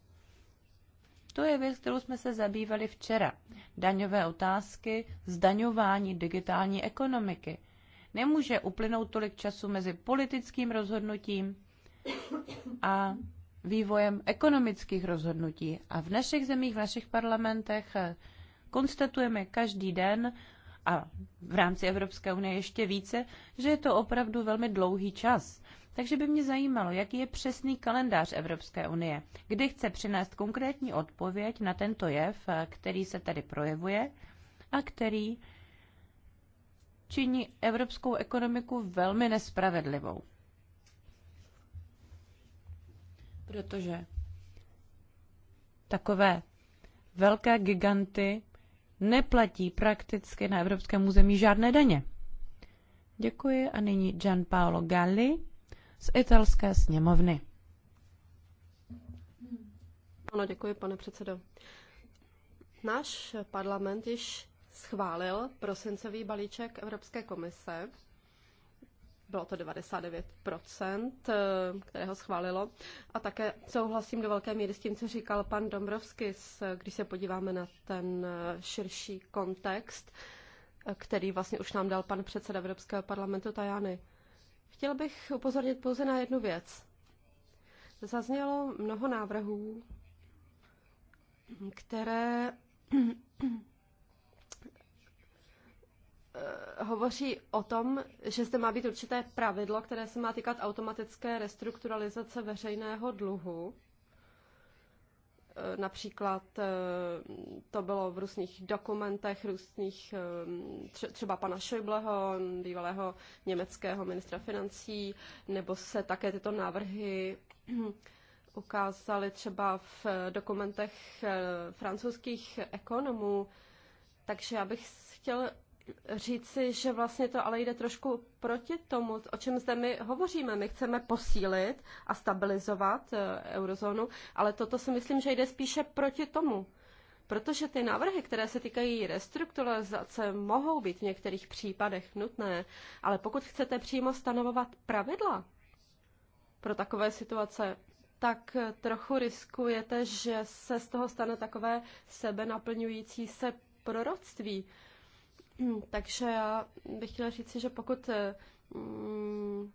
To je věc, kterou jsme se zabývali včera. Daňové otázky, zdaňování digitální ekonomiky. Nemůže uplynout tolik času mezi politickým rozhodnutím a vývojem ekonomických rozhodnutí. A v našich zemích, v našich parlamentech eh, konstatujeme každý den a v rámci Evropské unie ještě více, že je to opravdu velmi dlouhý čas. Takže by mě zajímalo, jaký je přesný kalendář Evropské unie, kdy chce přinést konkrétní odpověď na tento jev, eh, který se tady projevuje a který činí evropskou ekonomiku velmi nespravedlivou. Protože takové velké giganty neplatí prakticky na evropském území žádné daně. Děkuji a nyní Gian Paolo Galli z italské sněmovny. Ano, děkuji, pane předsedo. Náš parlament již schválil prosincový balíček Evropské komise. Bylo to 99%, eh, kterého schválilo. A také souhlasím do velké míry s tím, co říkal pan Dombrovskis, eh, když se podíváme na ten eh, širší kontext, který vlastně už nám dal pan předseda Evropského parlamentu Tajany. Chtěl bych upozornit pouze na jednu věc. Zaznělo mnoho návrhů, které Eh, hovoří o tom, že zde má být určité pravidlo, které se má týkat automatické restrukturalizace veřejného dluhu. Eh, například eh, to bylo v různých dokumentech, různých třeba pana Schäubleho, bývalého německého ministra financí, nebo se také tyto návrhy ukázaly třeba v dokumentech francouzských ekonomů. Takže já bych chtěl říci, že vlastně to ale jde trošku proti tomu, o čem zde my hovoříme. My chceme posílit a stabilizovat eh, eurozónu, ale toto si myslím, že jde spíše proti tomu. Protože ty návrhy, které se týkají restrukturalizace, mohou být v některých případech nutné, ale pokud chcete přímo stanovovat pravidla pro takové situace, tak eh, trochu riskujete, že se z toho stane takové sebenaplňující se proroctví. Hmm, takže já bych chtěla říci, že pokud eh, mm,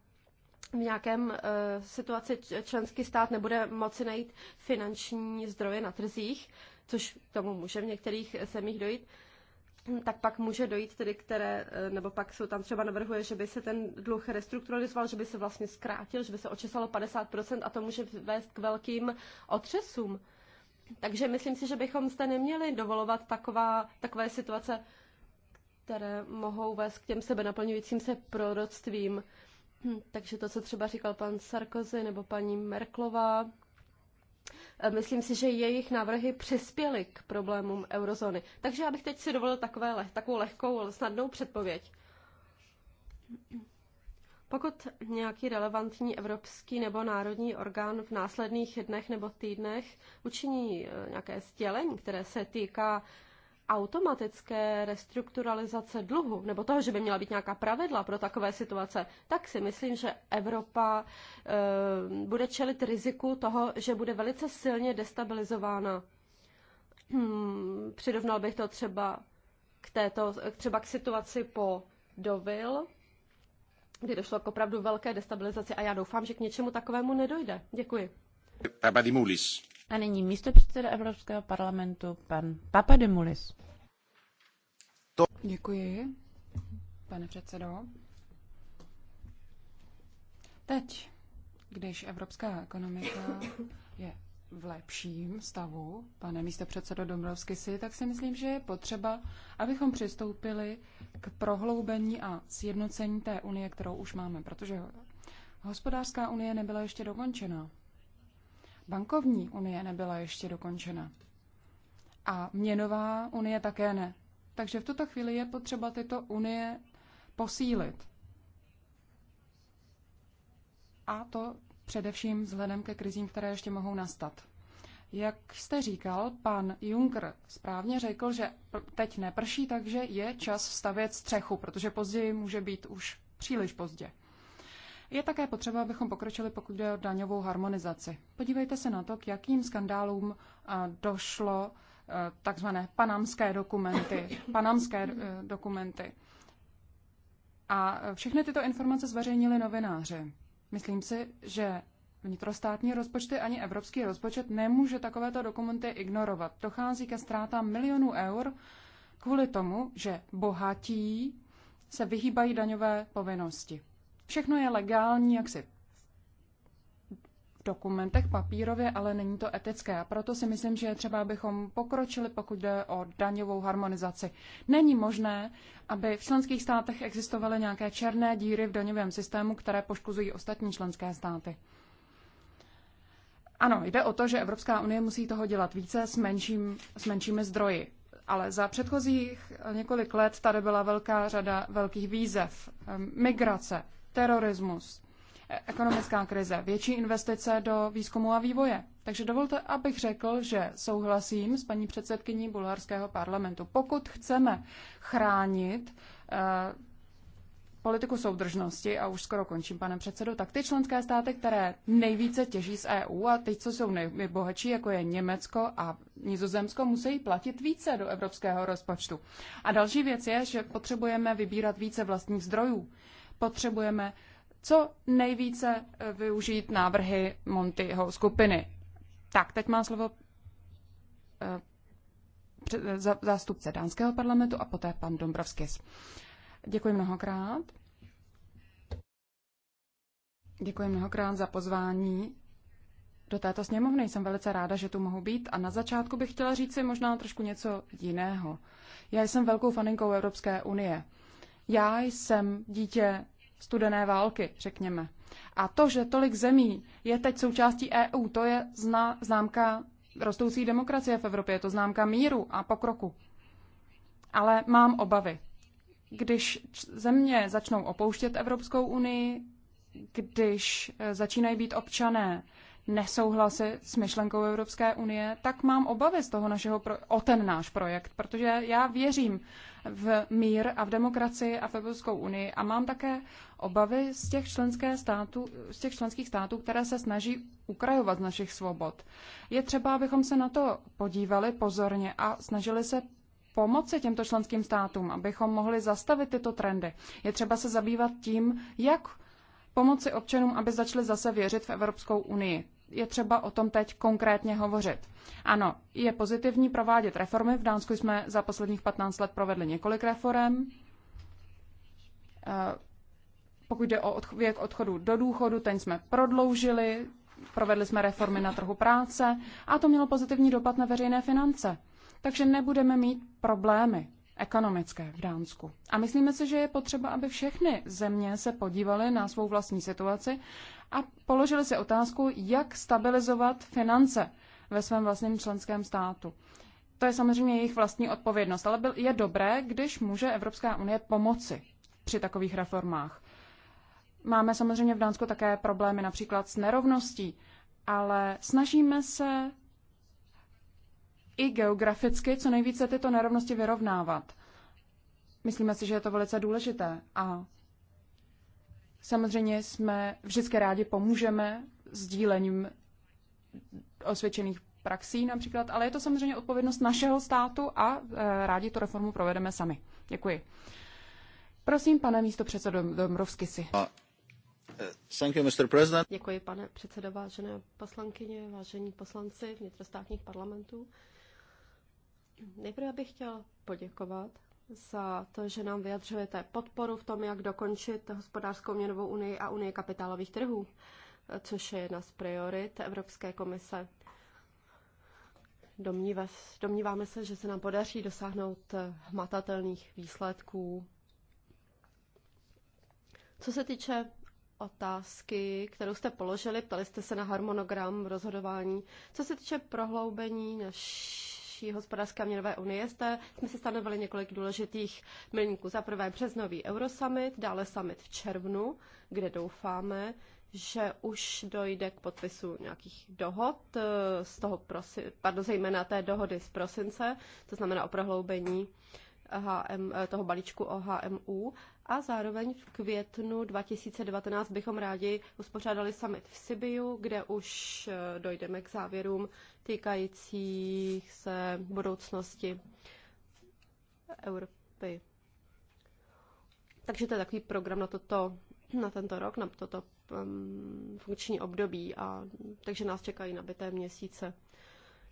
v nějakém eh, situaci členský stát nebude moci najít finanční zdroje na trzích, což tomu může v některých zemích dojít, hmm, tak pak může dojít tedy, které, eh, nebo pak jsou tam třeba navrhuje, že by se ten dluh restrukturalizoval, že by se vlastně zkrátil, že by se očesalo 50% a to může vést k velkým otřesům. Takže myslím si, že bychom zde neměli dovolovat taková, takové situace, které mohou vést k těm sebenaplňujícím se proroctvím. Hm, takže to, co třeba říkal pan Sarkozy nebo paní Merklová, eh, myslím si, že jejich návrhy přispěly k problémům eurozóny. Takže já bych teď si dovolil takové, takovou lehkou, ale snadnou předpověď. Pokud nějaký relevantní evropský nebo národní orgán v následných dnech nebo týdnech učiní eh, nějaké sdělení, které se týká automatické restrukturalizace dluhu, nebo toho, že by měla být nějaká pravidla pro takové situace, tak si myslím, že Evropa e, bude čelit riziku toho, že bude velice silně destabilizována. Hmm, přirovnal bych to třeba k této, třeba k situaci po Dovil, kdy došlo k opravdu velké destabilizaci a já doufám, že k něčemu takovému nedojde. Děkuji. Papadimulis. A nyní místo předseda Evropského parlamentu, pan Papademulis. To... Děkuji, pane předsedo. Teď, když evropská ekonomika je v lepším stavu, pane předsedo Dombrovsky si, tak si myslím, že je potřeba, abychom přistoupili k prohloubení a sjednocení té unie, kterou už máme, protože hospodářská unie nebyla ještě dokončena. Bankovní unie nebyla ještě dokončena. A měnová unie také ne. Takže v tuto chvíli je potřeba tyto unie posílit. A to především vzhledem ke krizím, které ještě mohou nastat. Jak jste říkal, pan Juncker správně řekl, že teď neprší, takže je čas stavět střechu, protože později může být už příliš pozdě. Je také potřeba, abychom pokročili, pokud jde o daňovou harmonizaci. Podívejte se na to, k jakým skandálům eh, došlo eh, takzvané panamské dokumenty. Panamské eh, dokumenty. A všechny tyto informace zveřejnili novináři. Myslím si, že vnitrostátní rozpočty ani evropský rozpočet nemůže takovéto dokumenty ignorovat. Dochází ke ztrátám milionů eur kvůli tomu, že bohatí se vyhýbají daňové povinnosti. Všechno je legální, jak si v dokumentech papírově, ale není to etické. A proto si myslím, že třeba bychom pokročili, pokud jde o daňovou harmonizaci. Není možné, aby v členských státech existovaly nějaké černé díry v daňovém systému, které poškozují ostatní členské státy. Ano, jde o to, že Evropská unie musí toho dělat více s, menším, s menšími zdroji. Ale za předchozích několik let tady byla velká řada velkých výzev. Ehm, migrace, terorismus, e, ekonomická krize, větší investice do výzkumu a vývoje. Takže dovolte, abych řekl, že souhlasím s paní předsedkyní bulharského parlamentu. Pokud chceme chránit e, politiku soudržnosti, a už skoro končím, pane předsedo, tak ty členské státy, které nejvíce těží z EU a ty, co jsou nejbohatší, jako je Německo a Nizozemsko, musí platit více do evropského rozpočtu. A další věc je, že potřebujeme vybírat více vlastních zdrojů potřebujeme co nejvíce eh, využít návrhy Montyho skupiny. Tak, teď má slovo eh, eh, zástupce dánského parlamentu a poté pan Dombrovskis. Děkuji mnohokrát. Děkuji mnohokrát za pozvání do této sněmovny. Jsem velice ráda, že tu mohu být a na začátku bych chtěla říct si možná trošku něco jiného. Já jsem velkou faninkou Evropské unie. Já jsem dítě studené války, řekněme. A to, že tolik zemí je teď součástí EU, to je zna, známka rostoucí demokracie v Evropě, je to známka míru a pokroku. Ale mám obavy. Když země začnou opouštět Evropskou unii, když e, začínají být občané nesouhlasit s myšlenkou Evropské unie, tak mám obavy z toho našeho pro- o ten náš projekt, protože já věřím v mír a v demokracii a v Evropskou unii a mám také obavy z těch, členské států, z těch členských států, které se snaží ukrajovat z našich svobod. Je třeba, abychom se na to podívali pozorně a snažili se pomoci těmto členským státům, abychom mohli zastavit tyto trendy. Je třeba se zabývat tím, jak pomoci občanům, aby začali zase věřit v Evropskou unii je třeba o tom teď konkrétně hovořit. Ano, je pozitivní provádět reformy. V Dánsku jsme za posledních 15 let provedli několik reform. Eh, pokud jde o věk odchodu do důchodu, ten jsme prodloužili, provedli jsme reformy na trhu práce a to mělo pozitivní dopad na veřejné finance. Takže nebudeme mít problémy ekonomické v Dánsku. A myslíme si, že je potřeba, aby všechny země se podívaly na svou vlastní situaci a položili si otázku, jak stabilizovat finance ve svém vlastním členském státu. To je samozřejmě jejich vlastní odpovědnost, ale je dobré, když může Evropská unie pomoci při takových reformách. Máme samozřejmě v Dánsku také problémy například s nerovností, ale snažíme se i geograficky co nejvíce tyto nerovnosti vyrovnávat. Myslíme si, že je to velice důležité a Samozřejmě jsme vždycky rádi pomůžeme sdílením osvědčených praxí například, ale je to samozřejmě odpovědnost našeho státu a e, rádi tu reformu provedeme sami. Děkuji. Prosím, pane místo předsedo Dombrovsky si. Uh, uh, thank you, Mr. President. Děkuji, pane předsedo, vážené poslankyně, vážení poslanci vnitrostátních parlamentů. Nejprve bych chtěl poděkovat za to, že nám vyjadřujete podporu v tom, jak dokončit hospodářskou měnovou unii a unii kapitálových trhů, což je jedna z priorit Evropské komise. Domníváme se, že se nám podaří dosáhnout hmatatelných výsledků. Co se týče otázky, kterou jste položili, ptali jste se na harmonogram rozhodování. Co se týče prohloubení naší naší hospodářské a měnové unie jste, jsme si stanovili několik důležitých milníků. Za prvé březnový Eurosummit, dále summit v červnu, kde doufáme, že už dojde k podpisu nějakých dohod, eh, z toho prosi, pardon, zejména té dohody z prosince, to znamená o prohloubení HM, toho balíčku o HMU a zároveň v květnu 2019 bychom rádi uspořádali summit v Sibiu, kde už eh, dojdeme k závěrům týkajících se budoucnosti Evropy. Takže to je takový program na, toto, na tento rok, na toto um, funkční období, a, takže nás čekají nabité měsíce.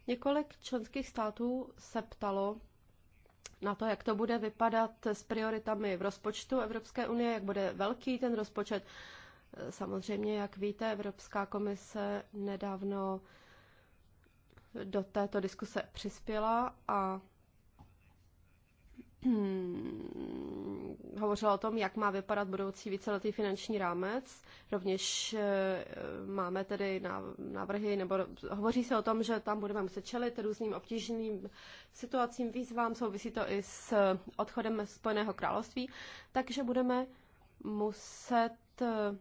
Několik členských států se ptalo, na to, jak to bude vypadat s prioritami v rozpočtu Evropské unie, jak bude velký ten rozpočet. Samozřejmě, jak víte, Evropská komise nedávno do této diskuse přispěla a hmm, hovořila o tom, jak má vypadat budoucí víceletý finanční rámec. Rovněž eh, máme tedy návrhy, nebo hovoří se o tom, že tam budeme muset čelit různým obtížným situacím, výzvám, souvisí to i s odchodem Spojeného království, takže budeme muset eh,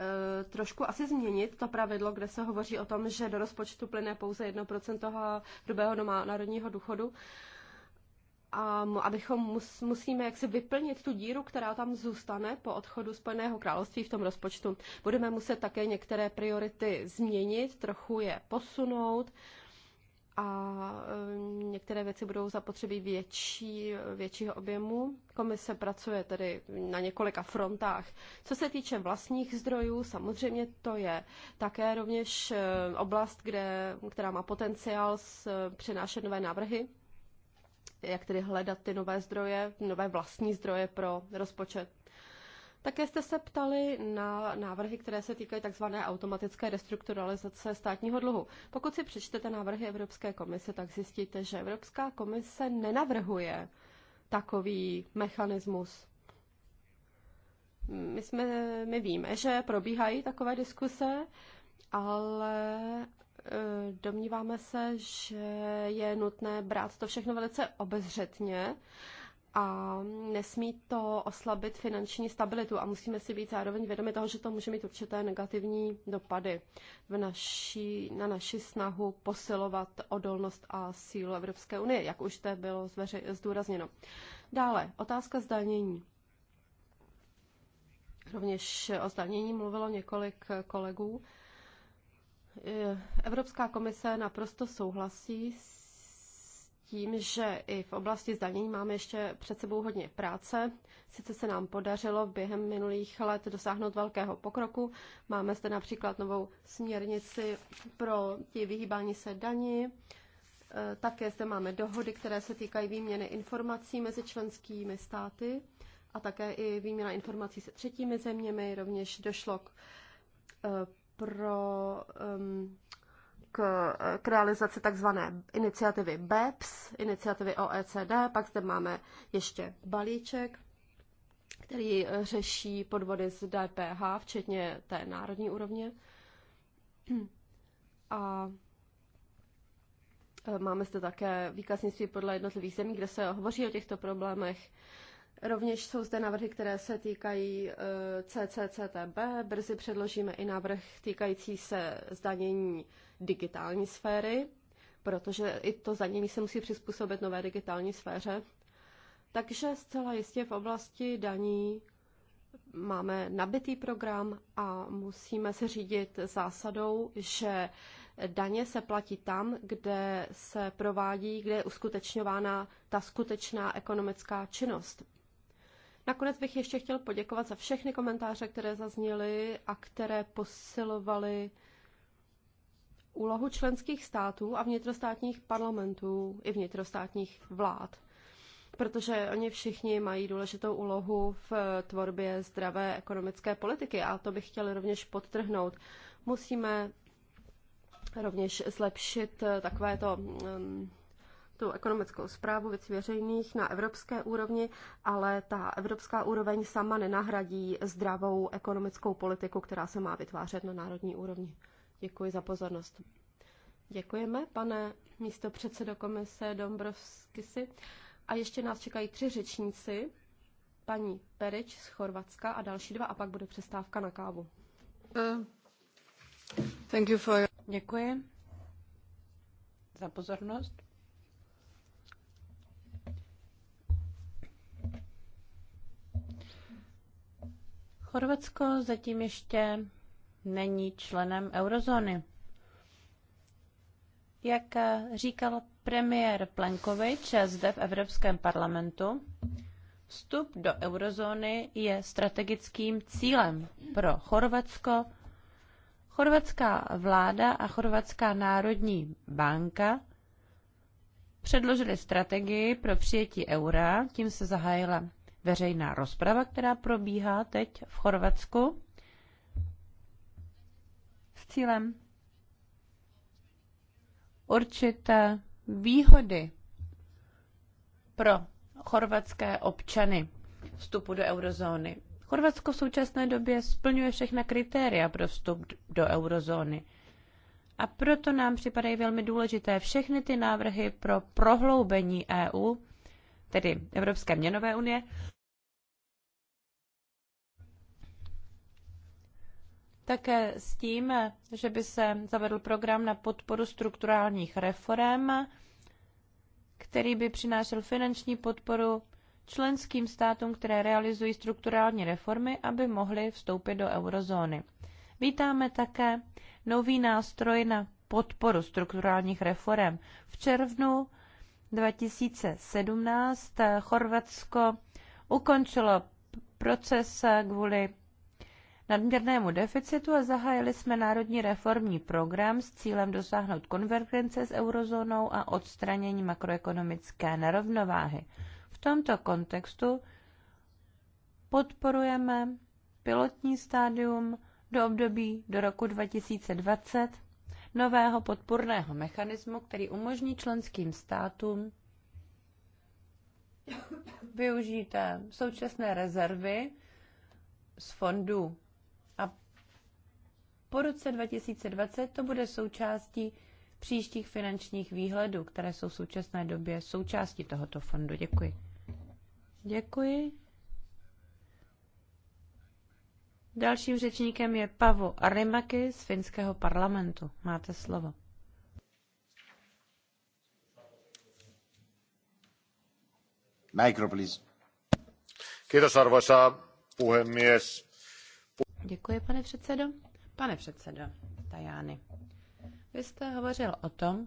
eh, trošku asi změnit to pravidlo, kde se hovoří o tom, že do rozpočtu plyne pouze 1% toho hrubého národního důchodu a abychom mus, musíme jaksi vyplnit tu díru, která tam zůstane po odchodu Spojeného království v tom rozpočtu. Budeme muset také některé priority změnit, trochu je posunout a um, některé věci budou zapotřebí větší, většího objemu. Komise pracuje tedy na několika frontách. Co se týče vlastních zdrojů, samozřejmě to je také rovněž eh, oblast, kde, která má potenciál přinášet nové návrhy jak tedy hledat ty nové zdroje, nové vlastní zdroje pro rozpočet. Také jste se ptali na návrhy, které se týkají tzv. automatické restrukturalizace státního dluhu. Pokud si přečtete návrhy Evropské komise, tak zjistíte, že Evropská komise nenavrhuje takový mechanismus. My, jsme, my víme, že probíhají takové diskuse, ale Eh, domníváme se, že je nutné brát to všechno velice obezřetně a nesmí to oslabit finanční stabilitu a musíme si být zároveň vědomi toho, že to může mít určité negativní dopady v naší, na naši snahu posilovat odolnost a sílu Evropské unie, jak už to bylo zveři, zdůrazněno. Dále, otázka zdanění. Rovněž o zdanění mluvilo několik kolegů. Eh, Evropská komise naprosto souhlasí s tím, že i v oblasti zdanění máme ještě před sebou hodně práce. Sice se nám podařilo během minulých let dosáhnout velkého pokroku. Máme zde například novou směrnici pro ti vyhýbání se daní. Eh, také zde máme dohody, které se týkají výměny informací mezi členskými státy a také i výměna informací se třetími zeměmi. Rovněž došlo k eh, pro, um, k, k realizaci takzvané iniciativy BEPS, iniciativy OECD, pak zde máme ještě balíček, který řeší podvody z DPH, včetně té národní úrovně. A e, máme zde také výkaznictví podle jednotlivých zemí, kde se hovoří o těchto problémech. Rovněž jsou zde návrhy, které se týkají eh, CCCTB. Brzy předložíme i návrh týkající se zdanění digitální sféry, protože i to zdanění se musí přizpůsobit nové digitální sféře. Takže zcela jistě v oblasti daní máme nabitý program a musíme se řídit zásadou, že daně se platí tam, kde se provádí, kde je uskutečňována ta skutečná ekonomická činnost. Nakonec bych ještě chtěl poděkovat za všechny komentáře, které zazněly a které posilovaly úlohu členských států a vnitrostátních parlamentů i vnitrostátních vlád. Protože oni všichni mají důležitou úlohu v tvorbě zdravé ekonomické politiky a to bych chtěl rovněž podtrhnout. Musíme rovněž zlepšit takové to um, mm, tu ekonomickou zprávu věcí veřejných na evropské úrovni, ale ta evropská úroveň sama nenahradí zdravou ekonomickou politiku, která se má vytvářet na národní úrovni. Děkuji za pozornost. Děkujeme, pane místo předsedo komise Dombrovskisi. A ještě nás čekají tři řečníci, paní Perič z Chorvatska a další dva, a pak bude přestávka na kávu. Uh, thank you for... Děkuji za pozornost. Chorvatsko zatím ještě není členem eurozóny. Jak říkal premiér Plenkovič zde v Evropském parlamentu, vstup do eurozóny je strategickým cílem pro Chorvatsko. Chorvatská vláda a Chorvatská národní banka předložili strategii pro přijetí eura, tím se zahájila veřejná rozprava, která probíhá teď v Chorvatsku s cílem určité výhody pro chorvatské občany vstupu do eurozóny. Chorvatsko v současné době splňuje všechna kritéria pro vstup do eurozóny. A proto nám připadají velmi důležité všechny ty návrhy pro prohloubení EU tedy Evropské měnové unie, také s tím, že by se zavedl program na podporu strukturálních reform, který by přinášel finanční podporu členským státům, které realizují strukturální reformy, aby mohly vstoupit do eurozóny. Vítáme také nový nástroj na podporu strukturálních reform. V červnu 2017 eh, Chorvatsko ukončilo proces eh, kvůli nadměrnému deficitu a zahájili jsme národní reformní program s cílem dosáhnout konvergence s eurozónou a odstranění makroekonomické nerovnováhy. V tomto kontextu podporujeme pilotní stádium do období do roku 2020 nového podporného mechanismu, který umožní členským státům využít eh, současné rezervy z fondu a po roce 2020 to bude součástí příštích finančních výhledů, které jsou v současné době součástí tohoto fondu. Děkuji. Děkuji. Dalším řečníkem je Pavo Arimaky z finského parlamentu. Máte slovo. Micro, please. Kiitos, arvoisa puhemies. Děkuji, pane předsedo. Pane předsedo Tajány, vy jste hovořil o tom,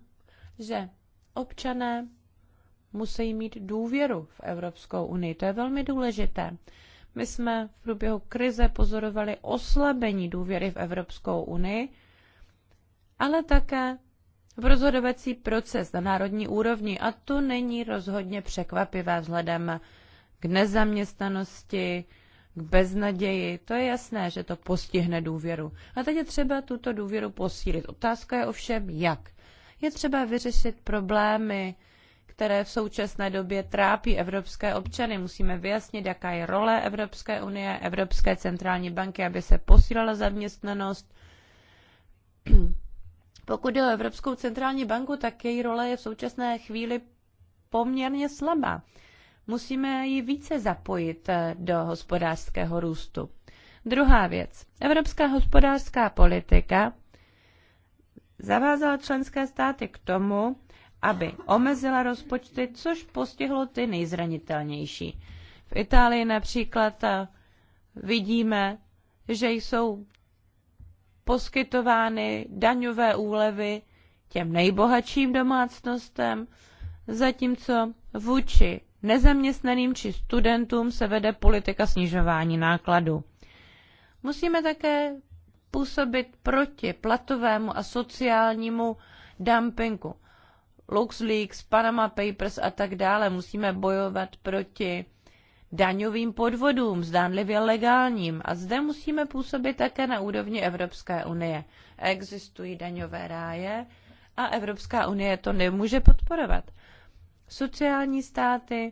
že občané musí mít důvěru v Evropskou unii. To je velmi důležité. My jsme v průběhu krize pozorovali oslabení důvěry v Evropskou unii, ale také v rozhodovací proces na národní úrovni a to není rozhodně překvapivé vzhledem k nezaměstnanosti, k beznaději. To je jasné, že to postihne důvěru. A teď je třeba tuto důvěru posílit. Otázka je ovšem jak. Je třeba vyřešit problémy, které v současné době trápí evropské občany. Musíme vyjasnit, jaká je role Evropské unie, Evropské centrální banky, aby se posílala zaměstnanost. Pokud jde o Evropskou centrální banku, tak její role je v současné chvíli poměrně slabá. Musíme ji více zapojit eh, do hospodářského růstu. Druhá věc. Evropská hospodářská politika zavázala členské státy k tomu, aby omezila rozpočty, což postihlo ty nejzranitelnější. V Itálii například eh, vidíme, že jsou poskytovány daňové úlevy těm nejbohatším domácnostem, zatímco vůči nezaměstnaným či studentům se vede politika snižování nákladů. Musíme také působit proti platovému a sociálnímu dumpingu. LuxLeaks, Panama Papers a tak dále. Musíme bojovat proti daňovým podvodům, zdánlivě legálním. A zde musíme působit také na úrovni Evropské unie. Existují daňové ráje a Evropská unie to nemůže podporovat. Sociální státy,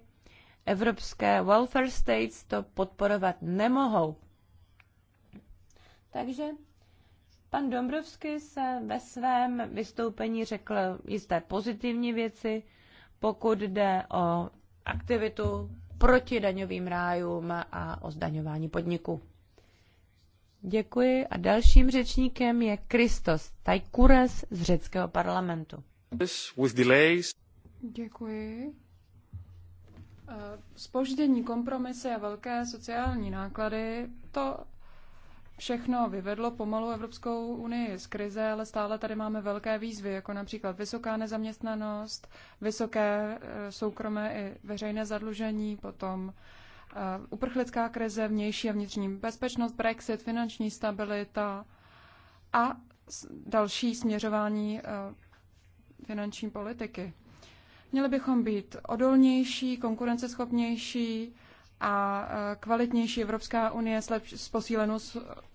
evropské welfare states to podporovat nemohou. Takže Pan Dombrovský se ve svém vystoupení řekl jisté pozitivní věci, pokud jde o aktivitu proti daňovým rájům a o zdaňování podniku. Děkuji a dalším řečníkem je Kristos Tajkures z řeckého parlamentu. Děkuji. Spoždění eh, kompromisy a velké sociální náklady, to všechno vyvedlo pomalu Evropskou unii z krize, ale stále tady máme velké výzvy, jako například vysoká nezaměstnanost, vysoké eh, soukromé i veřejné zadlužení, potom eh, uprchlická krize, vnější a vnitřní bezpečnost, Brexit, finanční stabilita a další směřování eh, finanční politiky. Měli bychom být odolnější, konkurenceschopnější, a e, kvalitnější Evropská unie s, lepš- s posílenou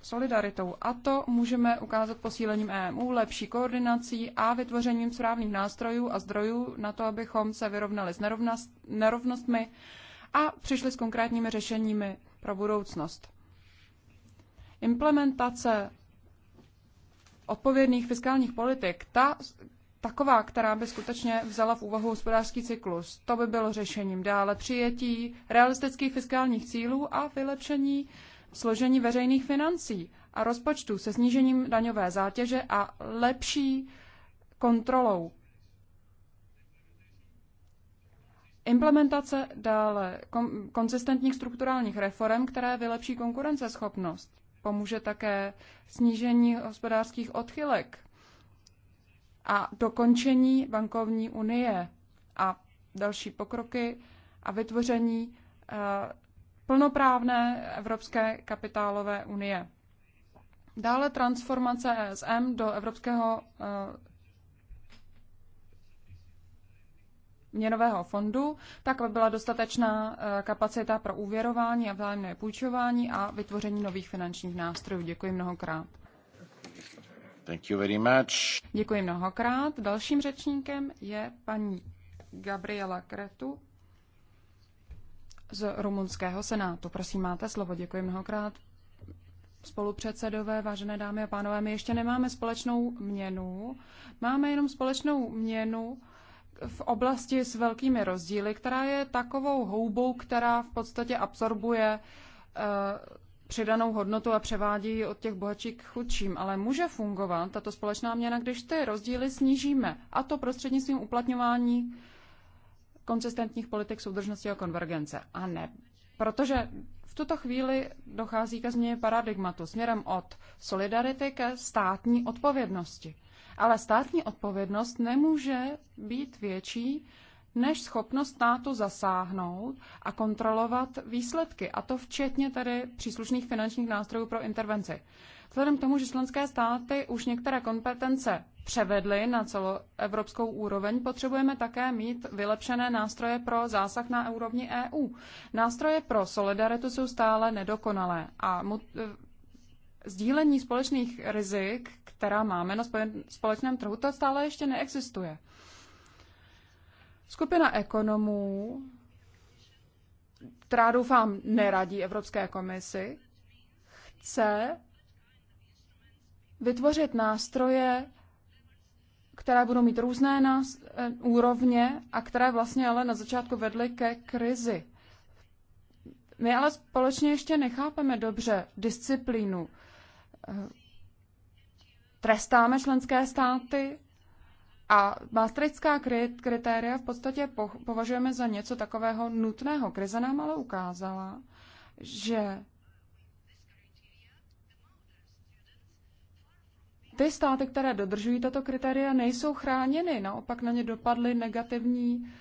solidaritou. A to můžeme ukázat posílením EMU, lepší koordinací a vytvořením správných nástrojů a zdrojů na to, abychom se vyrovnali s nerovnost- nerovnostmi a přišli s konkrétními řešeními pro budoucnost. Implementace odpovědných fiskálních politik, ta taková, která by skutečně vzala v úvahu hospodářský cyklus. To by bylo řešením dále přijetí realistických fiskálních cílů a vylepšení složení veřejných financí a rozpočtu se snížením daňové zátěže a lepší kontrolou. Implementace dále konzistentních strukturálních reform, které vylepší konkurenceschopnost. Pomůže také snížení hospodářských odchylek a dokončení bankovní unie a další pokroky a vytvoření eh, plnoprávné Evropské kapitálové unie. Dále transformace ESM do Evropského eh, měnového fondu, tak aby byla dostatečná eh, kapacita pro úvěrování a vzájemné půjčování a vytvoření nových finančních nástrojů. Děkuji mnohokrát. Thank you very much. Děkuji mnohokrát. Dalším řečníkem je paní Gabriela Kretu z rumunského senátu. Prosím, máte slovo. Děkuji mnohokrát. Spolupředsedové, vážené dámy a pánové, my ještě nemáme společnou měnu. Máme jenom společnou měnu v oblasti s velkými rozdíly, která je takovou houbou, která v podstatě absorbuje eh, přidanou hodnotu a převádí od těch bohatších k chudším, ale může fungovat tato společná měna, když ty rozdíly snížíme, a to prostřednictvím uplatňování konsistentních politik soudržnosti a konvergence. A ne, protože v tuto chvíli dochází ke změně paradigmatu směrem od solidarity ke státní odpovědnosti. Ale státní odpovědnost nemůže být větší než schopnost státu zasáhnout a kontrolovat výsledky, a to včetně tedy příslušných finančních nástrojů pro intervenci. Vzhledem k tomu, že členské státy už některé kompetence převedly na celoevropskou úroveň, potřebujeme také mít vylepšené nástroje pro zásah na úrovni EU. Nástroje pro solidaritu jsou stále nedokonalé a e, sdílení společných rizik, která máme na společném trhu, to stále ještě neexistuje. Skupina ekonomů, která doufám neradí Evropské komisi, chce vytvořit nástroje, které budou mít různé nás, eh, úrovně a které vlastně ale na začátku vedly ke krizi. My ale společně ještě nechápeme dobře disciplínu. Eh, Trestáme členské státy, a maastrichtská kritéria v podstatě považujeme za něco takového nutného. Krize nám ale ukázala, že ty státy, které dodržují tato kritéria, nejsou chráněny. Naopak na ně dopadly negativní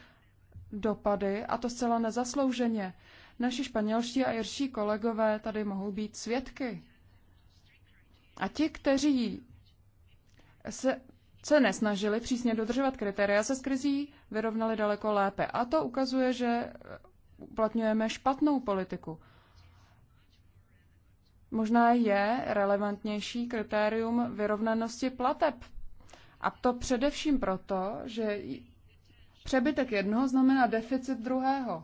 dopady a to zcela nezaslouženě. Naši španělští a jirští kolegové tady mohou být svědky. A ti, kteří se se nesnažili přísně dodržovat kritéria, se s krizí vyrovnali daleko lépe. A to ukazuje, že uplatňujeme špatnou politiku. Možná je relevantnější kritérium vyrovnanosti plateb. A to především proto, že přebytek jednoho znamená deficit druhého.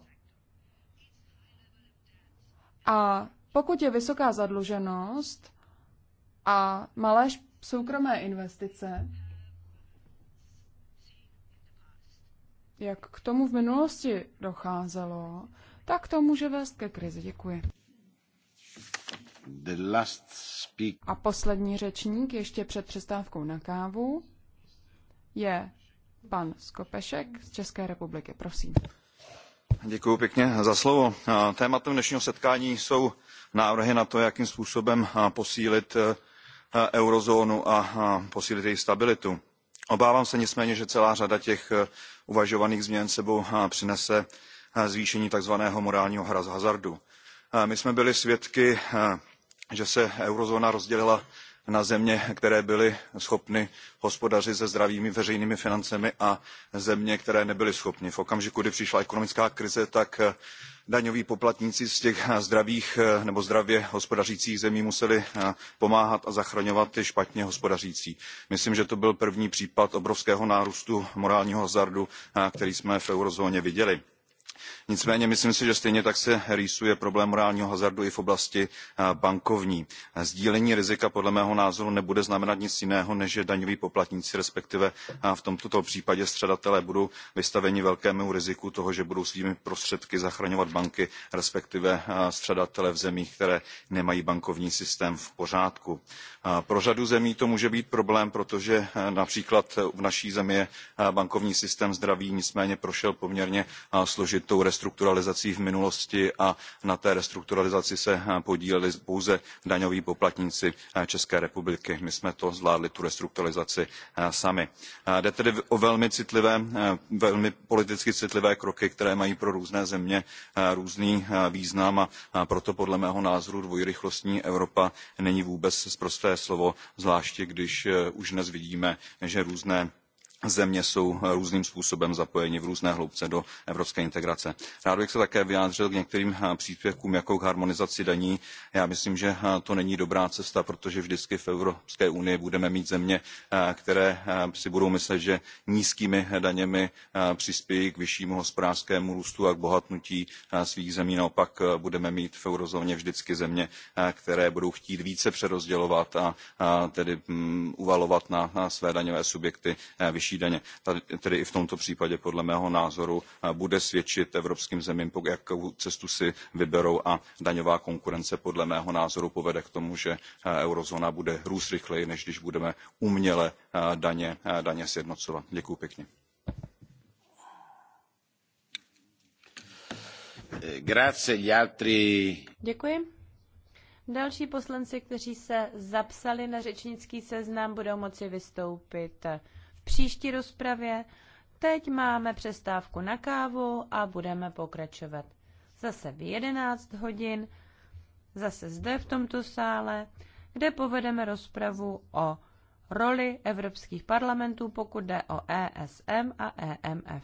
A pokud je vysoká zadluženost a malé soukromé investice, jak k tomu v minulosti docházelo, tak to může vést ke krizi. Děkuji. The last speak. A poslední řečník ještě před přestávkou na kávu je pan Skopešek z České republiky. Prosím. Děkuji pěkně za slovo. Tématem dnešního setkání jsou návrhy na to, jakým způsobem posílit eh, eurozónu a posílit její stabilitu Obávám se nicméně, že celá řada těch eh, uvažovaných změn sebou eh, přinese eh, zvýšení tzv. morálního hazardu. My jsme byli svědky, že se eurozóna rozdělila na země, které byly schopny hospodařit se zdravými veřejnými financemi a země, které nebyly schopny. V okamžiku, kdy přišla ekonomická krize, tak daňoví poplatníci z těch eh, zdravých eh, nebo zdravě hospodařících zemí museli eh, pomáhat a zachraňovat ty špatně hospodařící. myslím že to byl první případ obrovského nárůstu morálního hazardu který jsme v eurozóně viděli nicméně myslím si že stejně tak se rýsuje problém morálního hazardu i v oblasti eh, bankovní. Eh, sdílení rizika podle mého názoru nebude znamenat nic jiného než že daňoví poplatníci respektive eh, v tomto případě střadatelé budou vystaveni velkému riziku toho že budou svými prostředky zachraňovat banky respektive střadatele v zemích které nemají bankovní systém v pořádku. pro řadu zemí to může být problém protože například v naší zemi je bankovní systém zdravý nicméně prošel poměrně složitou tou restrukturalizací v minulosti a na té restrukturalizaci se eh, podíleli pouze daňoví poplatníci eh, české republiky my jsme to zvládli tu restrukturalizaci eh, sami. jde tedy o velmi citlivé velmi politicky citlivé kroky které mají pro různé země různý význam a proto podle mého názoru dvojrychlostní evropa není vůbec sprosté slovo zvláště když už dnes vidíme že různé země jsou eh, různým způsobem zapojeni v různé hloubce do evropské integrace. rád bych se také vyjádřil k některým eh, příspěvkům jako k harmonizaci daní. já myslím že eh, to není dobrá cesta protože vždycky v evropské unii budeme mít země které si budou myslet že nízkými daněmi přispějí k vyššímu hospodářskému růstu a k bohatnutí svých zemí. naopak budeme mít v eurozóně vždycky země které budou chtít více přerozdělovat a tedy mm, uvalovat na své daňové subjekty vyšší nižší daně. Tedy i v tomto případě podle mého názoru eh, bude svědčit evropským zemím, jakou cestu si vyberou a daňová konkurence podle mého názoru povede k tomu, že eh, eurozóna bude růst rychleji, než když budeme uměle eh, daně, daně sjednocovat. Děkuji pěkně. Děkuji. Další poslanci, kteří se zapsali na řečnický seznam, budou moci vystoupit příští rozpravě. Teď máme přestávku na kávu a budeme pokračovat. Zase v 11 hodin, zase zde v tomto sále, kde povedeme rozpravu o roli evropských parlamentů, pokud jde o ESM a EMF.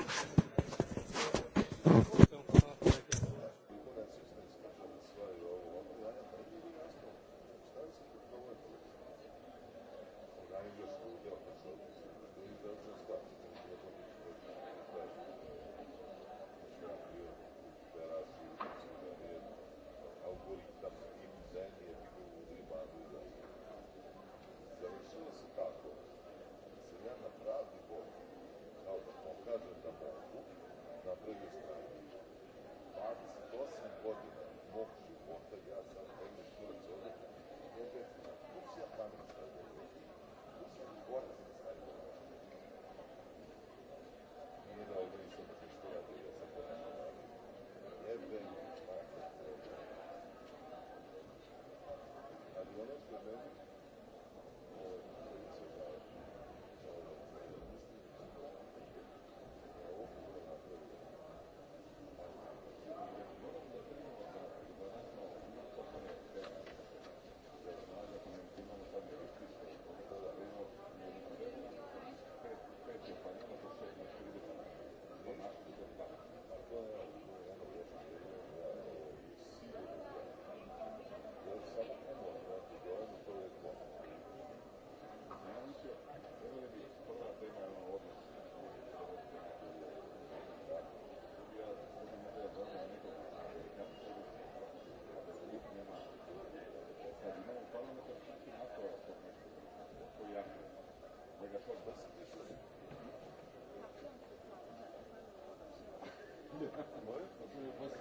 was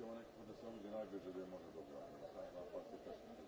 chestiune cu Dumnezeu în general grijă de muncă, domnule. Asta la parte personală.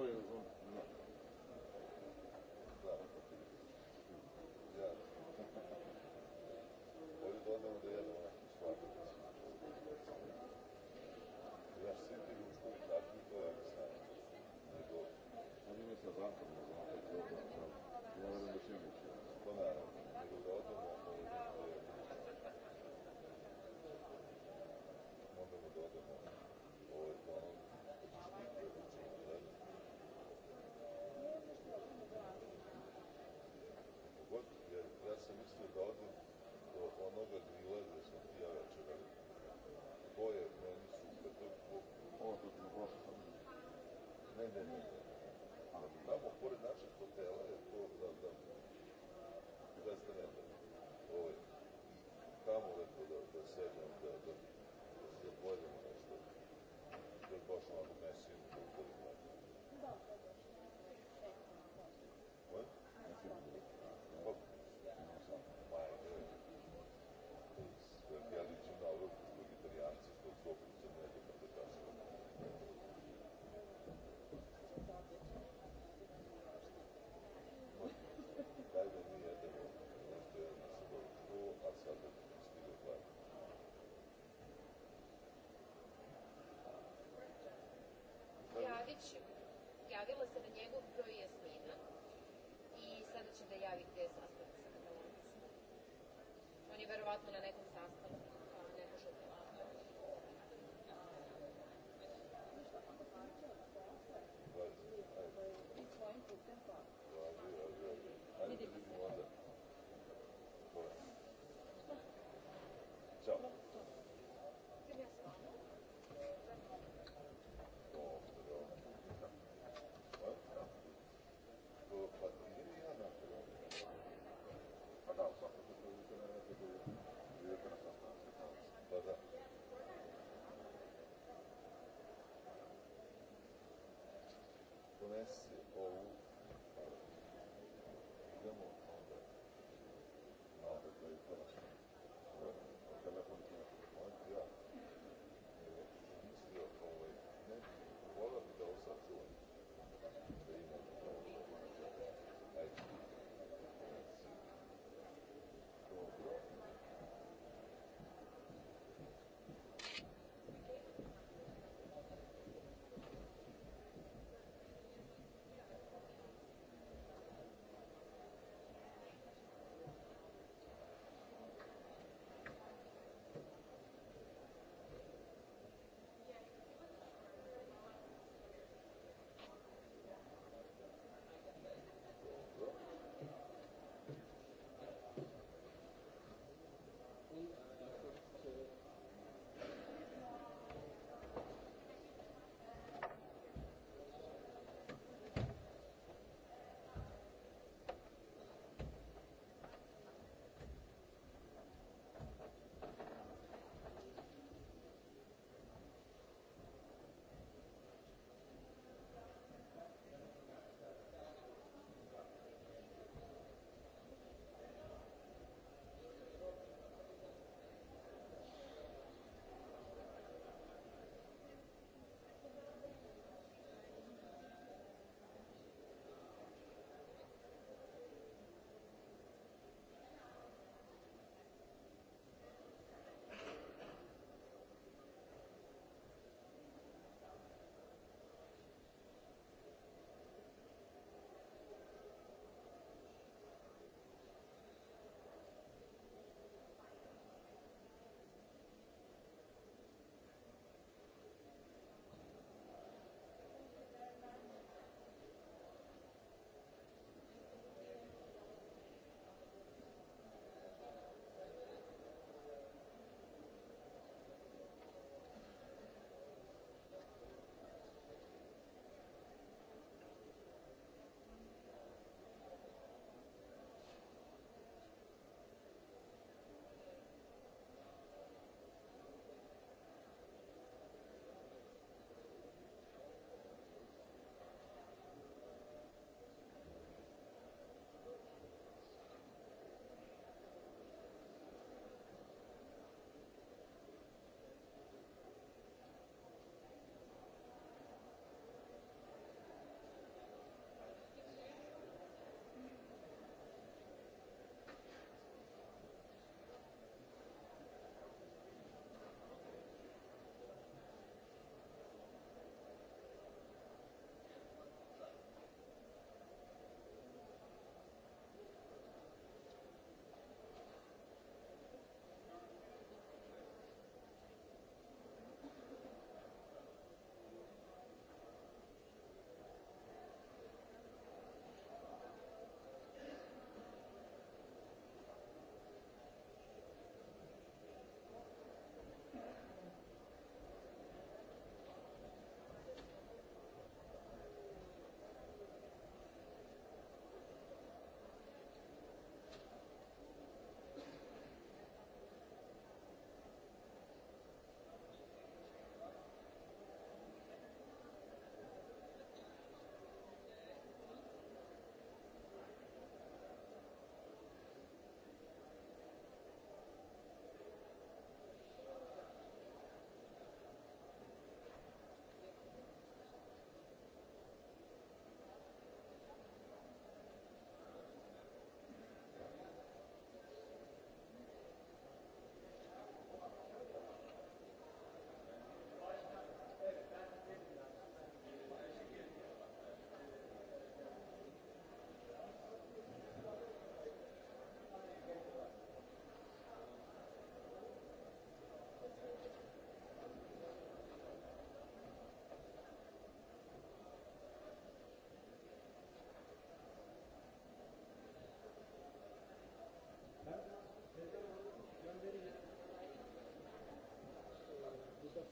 to je ono. Janšek. Javila se na njegov broj je smijenjen i sada će da javi gdje je sastanak sa kataloncima. On je verovatno na nekom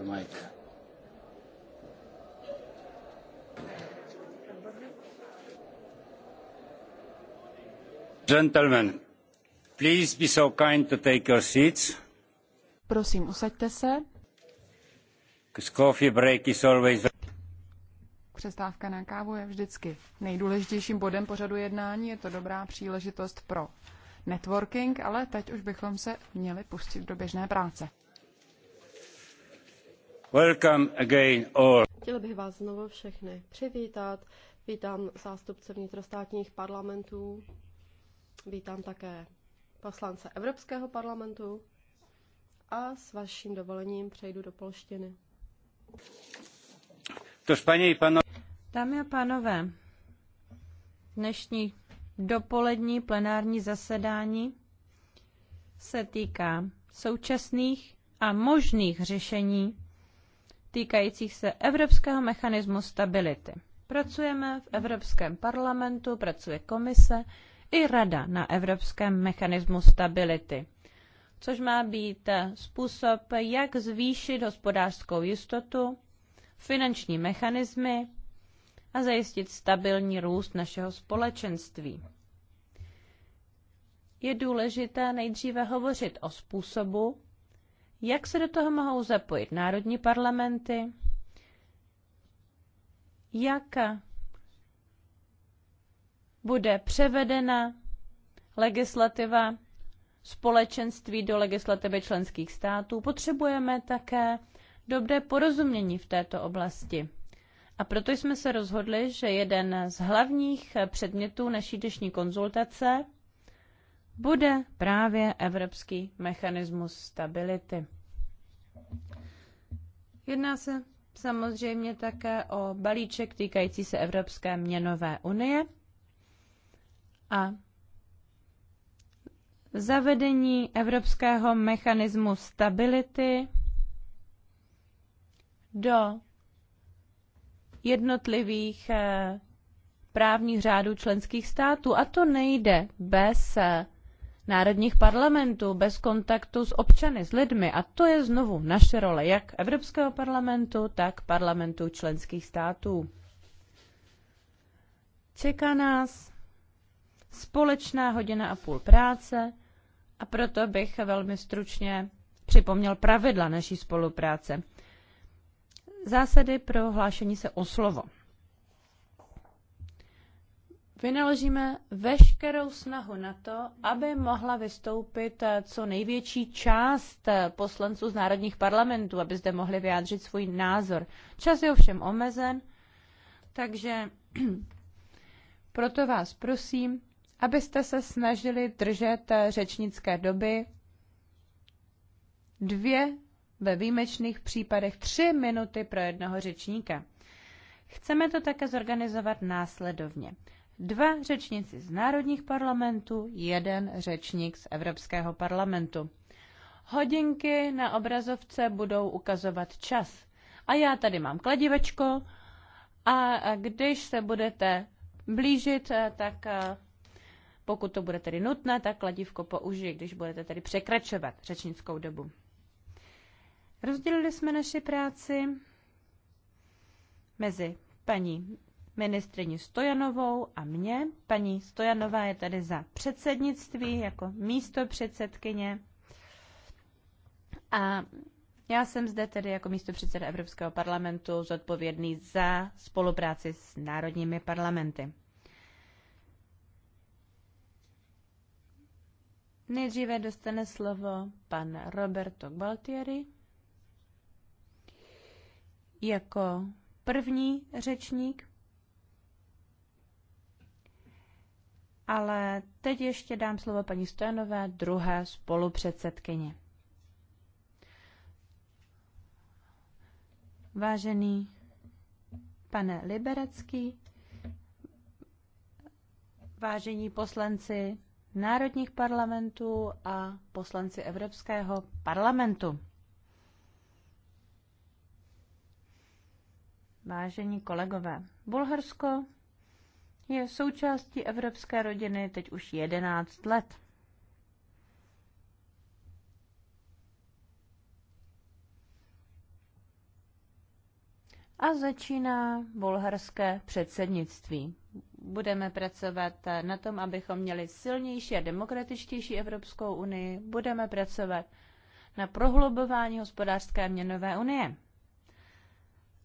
off majka. Gentlemen, please be so kind to take your seats. Prosím, usaďte se. Coffee break is always... Přestávka na kávu je vždycky nejdůležitějším bodem pořadu jednání. Je to dobrá příležitost pro networking, ale teď už bychom se měli pustit do běžné práce. Welcome again all. Chtěl bych vás znovu všechny přivítat. Vítám zástupce vnitrostátních parlamentů. Vítám také poslance Evropského parlamentu. A s vaším dovolením přejdu do polštiny. Tož paní pano... Dámy a pánové, dnešní dopolední plenární zasedání se týká současných a možných řešení týkajících se Evropského mechanismu stability. Pracujeme v Evropském parlamentu, pracuje komise i Rada na Evropském mechanismu stability, což má být způsob, jak zvýšit hospodářskou jistotu, finanční mechanismy a zajistit stabilní růst našeho společenství. Je důležité nejdříve hovořit o způsobu, jak se do toho mohou zapojit národní parlamenty? Jak bude převedena legislativa společenství do legislativy členských států? Potřebujeme také dobré porozumění v této oblasti. A proto jsme se rozhodli, že jeden z hlavních předmětů naší dnešní konzultace bude právě evropský mechanismus stability. Jedná se samozřejmě také o balíček týkající se Evropské měnové unie a zavedení Evropského mechanismu stability do jednotlivých eh, právních řádů členských států. A to nejde bez eh, národních parlamentů, bez kontaktu s občany, s lidmi. A to je znovu naše role, jak Evropského parlamentu, tak parlamentu členských států. Čeká nás společná hodina a půl práce a proto bych velmi stručně připomněl pravidla naší spolupráce. Zásady pro hlášení se o slovo vynaložíme veškerou snahu na to, aby mohla vystoupit eh, co největší část eh, poslanců z národních parlamentů, aby zde mohli vyjádřit svůj názor. Čas je ovšem omezen, takže proto vás prosím, abyste se snažili držet eh, řečnické doby dvě, ve výjimečných případech tři minuty pro jednoho řečníka. Chceme to také zorganizovat následovně dva řečníci z národních parlamentů, jeden řečník z Evropského parlamentu. Hodinky na obrazovce budou ukazovat čas. A já tady mám kladivečko a když se budete blížit, eh, tak eh, pokud to bude tedy nutné, tak kladivko použij, když budete tedy překračovat řečnickou dobu. Rozdělili jsme naši práci mezi paní ministrině Stojanovou a mě. Paní Stojanová je tady za předsednictví jako místo předsedkyně. A já jsem zde tedy jako místo předseda Evropského parlamentu zodpovědný za spolupráci s národními parlamenty. Nejdříve dostane slovo pan Roberto Gualtieri jako první řečník ale teď ještě dám slovo paní Stojanové, druhé spolupředsedkyně. Vážený pane Liberecký, vážení poslanci národních parlamentů a poslanci Evropského parlamentu. Vážení kolegové, Bulharsko je součástí evropské rodiny teď už 11 let. A začíná bulharské předsednictví. Budeme pracovat na tom, abychom měli silnější a demokratičtější Evropskou unii. Budeme pracovat na prohlubování hospodářské měnové unie.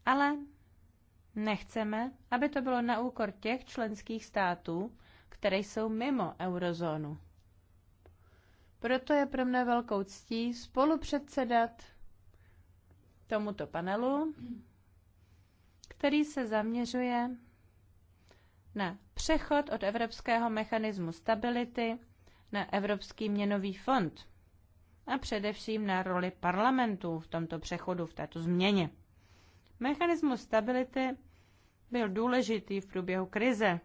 Ale Nechceme, aby to bylo na úkor těch členských států, které jsou mimo eurozónu. Proto je pro mne velkou ctí spolupředsedat tomuto panelu, který se zaměřuje na přechod od Evropského mechanismu stability na Evropský měnový fond a především na roli parlamentů v tomto přechodu, v této změně. Mechanismus stability byl důležitý v průběhu krize.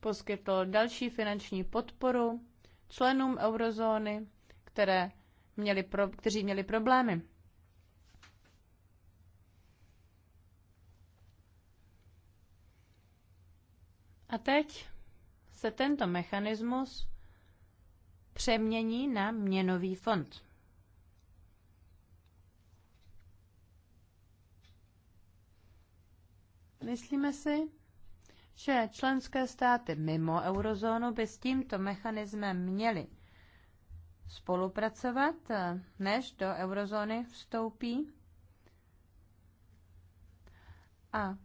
Poskytl další finanční podporu členům eurozóny, které měli pro, kteří měli problémy. A teď se tento mechanismus přemění na měnový fond. Myslíme si, že členské státy mimo eurozónu by s tímto mechanismem měly spolupracovat, než do eurozóny vstoupí. A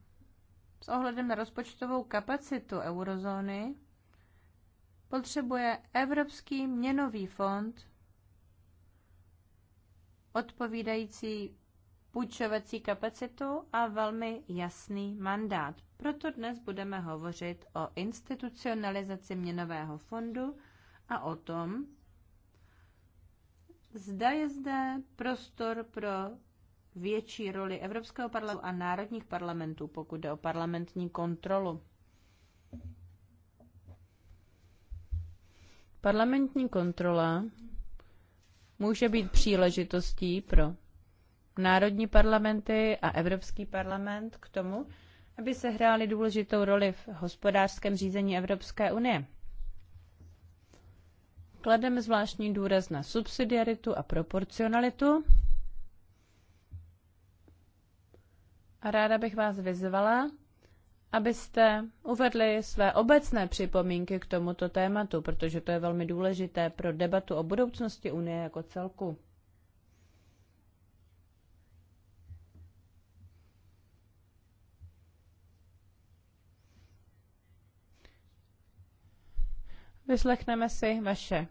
s ohledem na rozpočtovou kapacitu eurozóny potřebuje Evropský měnový fond odpovídající půjčovací kapacitu a velmi jasný mandát. Proto dnes budeme hovořit o institucionalizaci měnového fondu a o tom, zda je zde prostor pro větší roli Evropského parlamentu a národních parlamentů, pokud jde o parlamentní kontrolu. Parlamentní kontrola může být příležitostí pro národní parlamenty a Evropský parlament k tomu, aby se hrály důležitou roli v hospodářském řízení Evropské unie. Klademe zvláštní důraz na subsidiaritu a proporcionalitu. A ráda bych vás vyzvala, abyste uvedli své obecné připomínky k tomuto tématu, protože to je velmi důležité pro debatu o budoucnosti Unie jako celku. Vyslechneme si vaše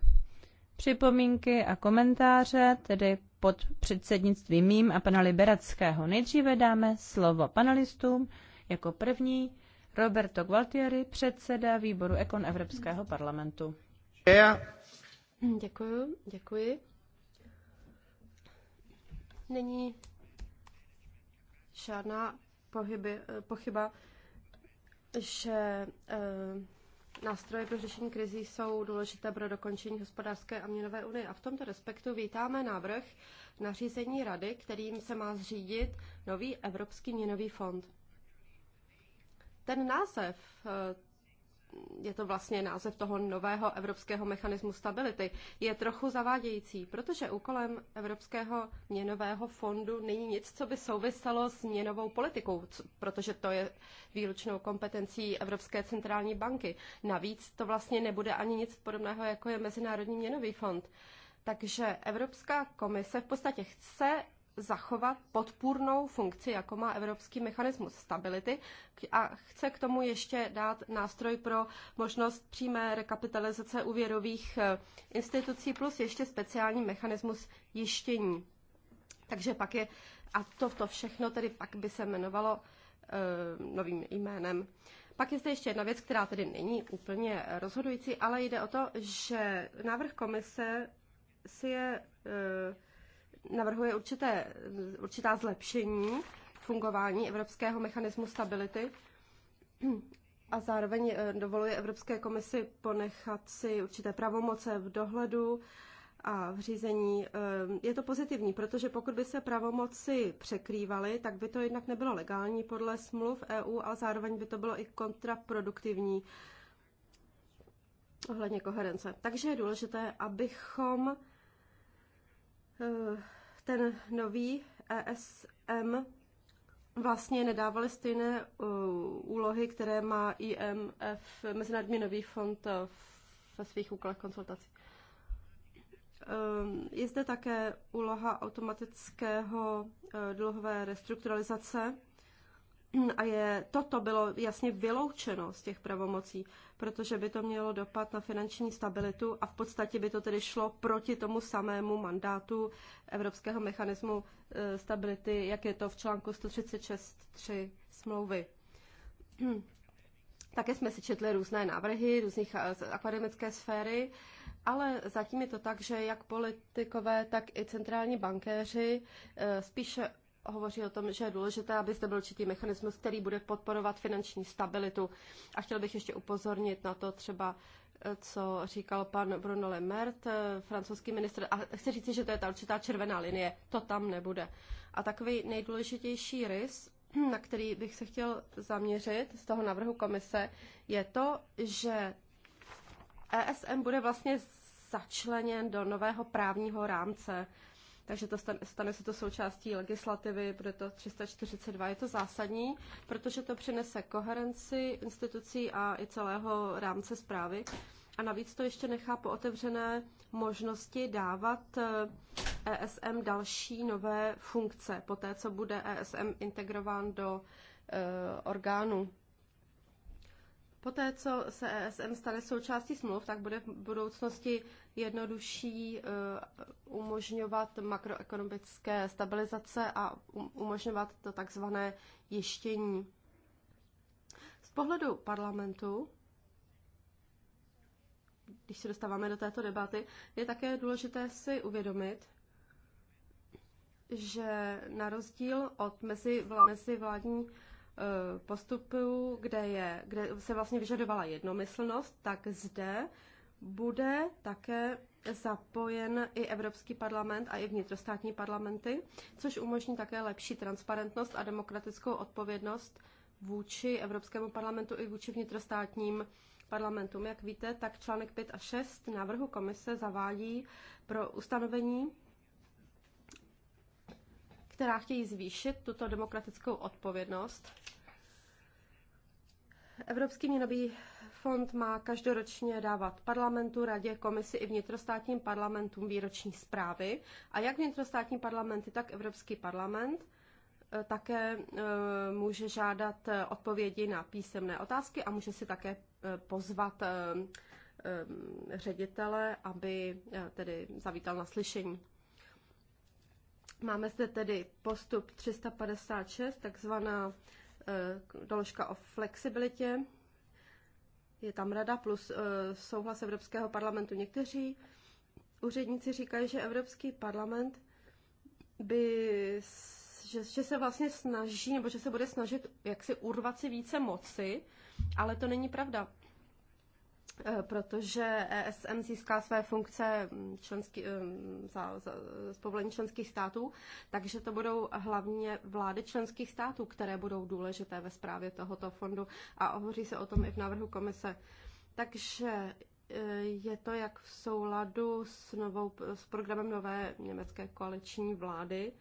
připomínky a komentáře, tedy pod předsednictvím mým a pana Liberackého. Nejdříve dáme slovo panelistům. Jako první Roberto Gualtieri, předseda výboru Ekon Evropského parlamentu. Děkuji, děkuji. Není žádná pohyby, eh, pochyba, že eh, Nástroje pro řešení krizí jsou důležité pro dokončení hospodářské a měnové unie a v tomto respektu vítáme návrh nařízení Rady, kterým se má zřídit nový Evropský měnový fond. Ten název eh, je to vlastně název toho nového evropského mechanismu stability, je trochu zavádějící, protože úkolem Evropského měnového fondu není nic, co by souviselo s měnovou politikou, protože to je výlučnou kompetencí Evropské centrální banky. Navíc to vlastně nebude ani nic podobného, jako je Mezinárodní měnový fond. Takže Evropská komise v podstatě chce zachovat podpůrnou funkci, jako má Evropský mechanismus stability a chce k tomu ještě dát nástroj pro možnost přímé rekapitalizace úvěrových eh, institucí plus ještě speciální mechanismus jištění. Takže pak je, a to, to všechno tedy pak by se jmenovalo e, novým jménem. Pak je zde ještě jedna věc, která tedy není úplně rozhodující, ale jde o to, že návrh komise si je e, navrhuje určité, určitá zlepšení fungování Evropského mechanismu stability a zároveň eh, dovoluje Evropské komisi ponechat si určité pravomoce v dohledu a v řízení. Eh, je to pozitivní, protože pokud by se pravomoci překrývaly, tak by to jednak nebylo legální podle smluv EU a zároveň by to bylo i kontraproduktivní ohledně koherence. Takže je důležité, abychom Eh, ten nový ESM vlastně nedávaly stejné eh, úlohy, které má IMF, Mezinárodní nový fond eh, ve svých úkolech konsultací. Je zde také úloha automatického dluhové restrukturalizace a je, toto bylo jasně vyloučeno z těch pravomocí, protože by to mělo dopad na finanční stabilitu a v podstatě by to tedy šlo proti tomu samému mandátu Evropského mechanismu e, stability, jak je to v článku 136.3 smlouvy. Také jsme si četli různé návrhy různých e, akademické sféry, ale zatím je to tak, že jak politikové, tak i centrální bankéři e, spíše hovoří o tom, že je důležité, aby zde byl určitý mechanismus, který bude podporovat finanční stabilitu. A chtěl bych ještě upozornit na to třeba, eh, co říkal pan Bruno Le Mert, eh, francouzský ministr. A chci říct, že to je ta určitá červená linie. To tam nebude. A takový nejdůležitější rys, na který bych se chtěl zaměřit z toho návrhu komise, je to, že ESM bude vlastně začleněn do nového právního rámce takže to stane, stane se to součástí legislativy, bude to 342. Je to zásadní, protože to přinese koherenci institucí a i celého rámce zprávy. A navíc to ještě nechá pootevřené možnosti dávat ESM eh, e další nové funkce, po té, co bude ESM integrován do e, eh, orgánu Poté, co se ESM stane součástí smluv, tak bude v budoucnosti jednodušší eh, umožňovat makroekonomické stabilizace a um-, umožňovat to takzvané ještění. Z pohledu parlamentu, když se dostáváme do této debaty, je také důležité si uvědomit, že na rozdíl od mezivládní mezi Eh, postupu, kde, je, kde se vlastně vyžadovala jednomyslnost, tak zde bude také zapojen i Evropský parlament a i vnitrostátní parlamenty, což umožní také lepší transparentnost a demokratickou odpovědnost vůči Evropskému parlamentu i vůči vnitrostátním parlamentům. Jak víte, tak článek 5 a 6 návrhu komise zavádí pro ustanovení která chtějí zvýšit tuto demokratickou odpovědnost. Evropský měnový fond má každoročně dávat parlamentu, radě, komisi i vnitrostátním parlamentům výroční zprávy. A jak vnitrostátní parlamenty, tak Evropský parlament eh, také eh, může žádat eh, odpovědi na písemné otázky a může si také pozvat ředitele, aby tedy zavítal na slyšení. Máme zde tedy postup 356, takzvaná eh, doložka o flexibilitě. Je tam rada plus eh, souhlas Evropského parlamentu. Někteří úředníci říkají, že Evropský parlament by, že, že se vlastně snaží, nebo že se bude snažit jaksi urvat si více moci, ale to není pravda. Eh, protože ESM získá své funkce mm, členský, eh, za, za, z povolení členských států, takže to budou hlavně vlády členských států, které budou důležité ve správě tohoto fondu a hovoří se o tom i v návrhu komise. Takže eh, je to jak v souladu s, novou, s programem nové německé koaliční vlády,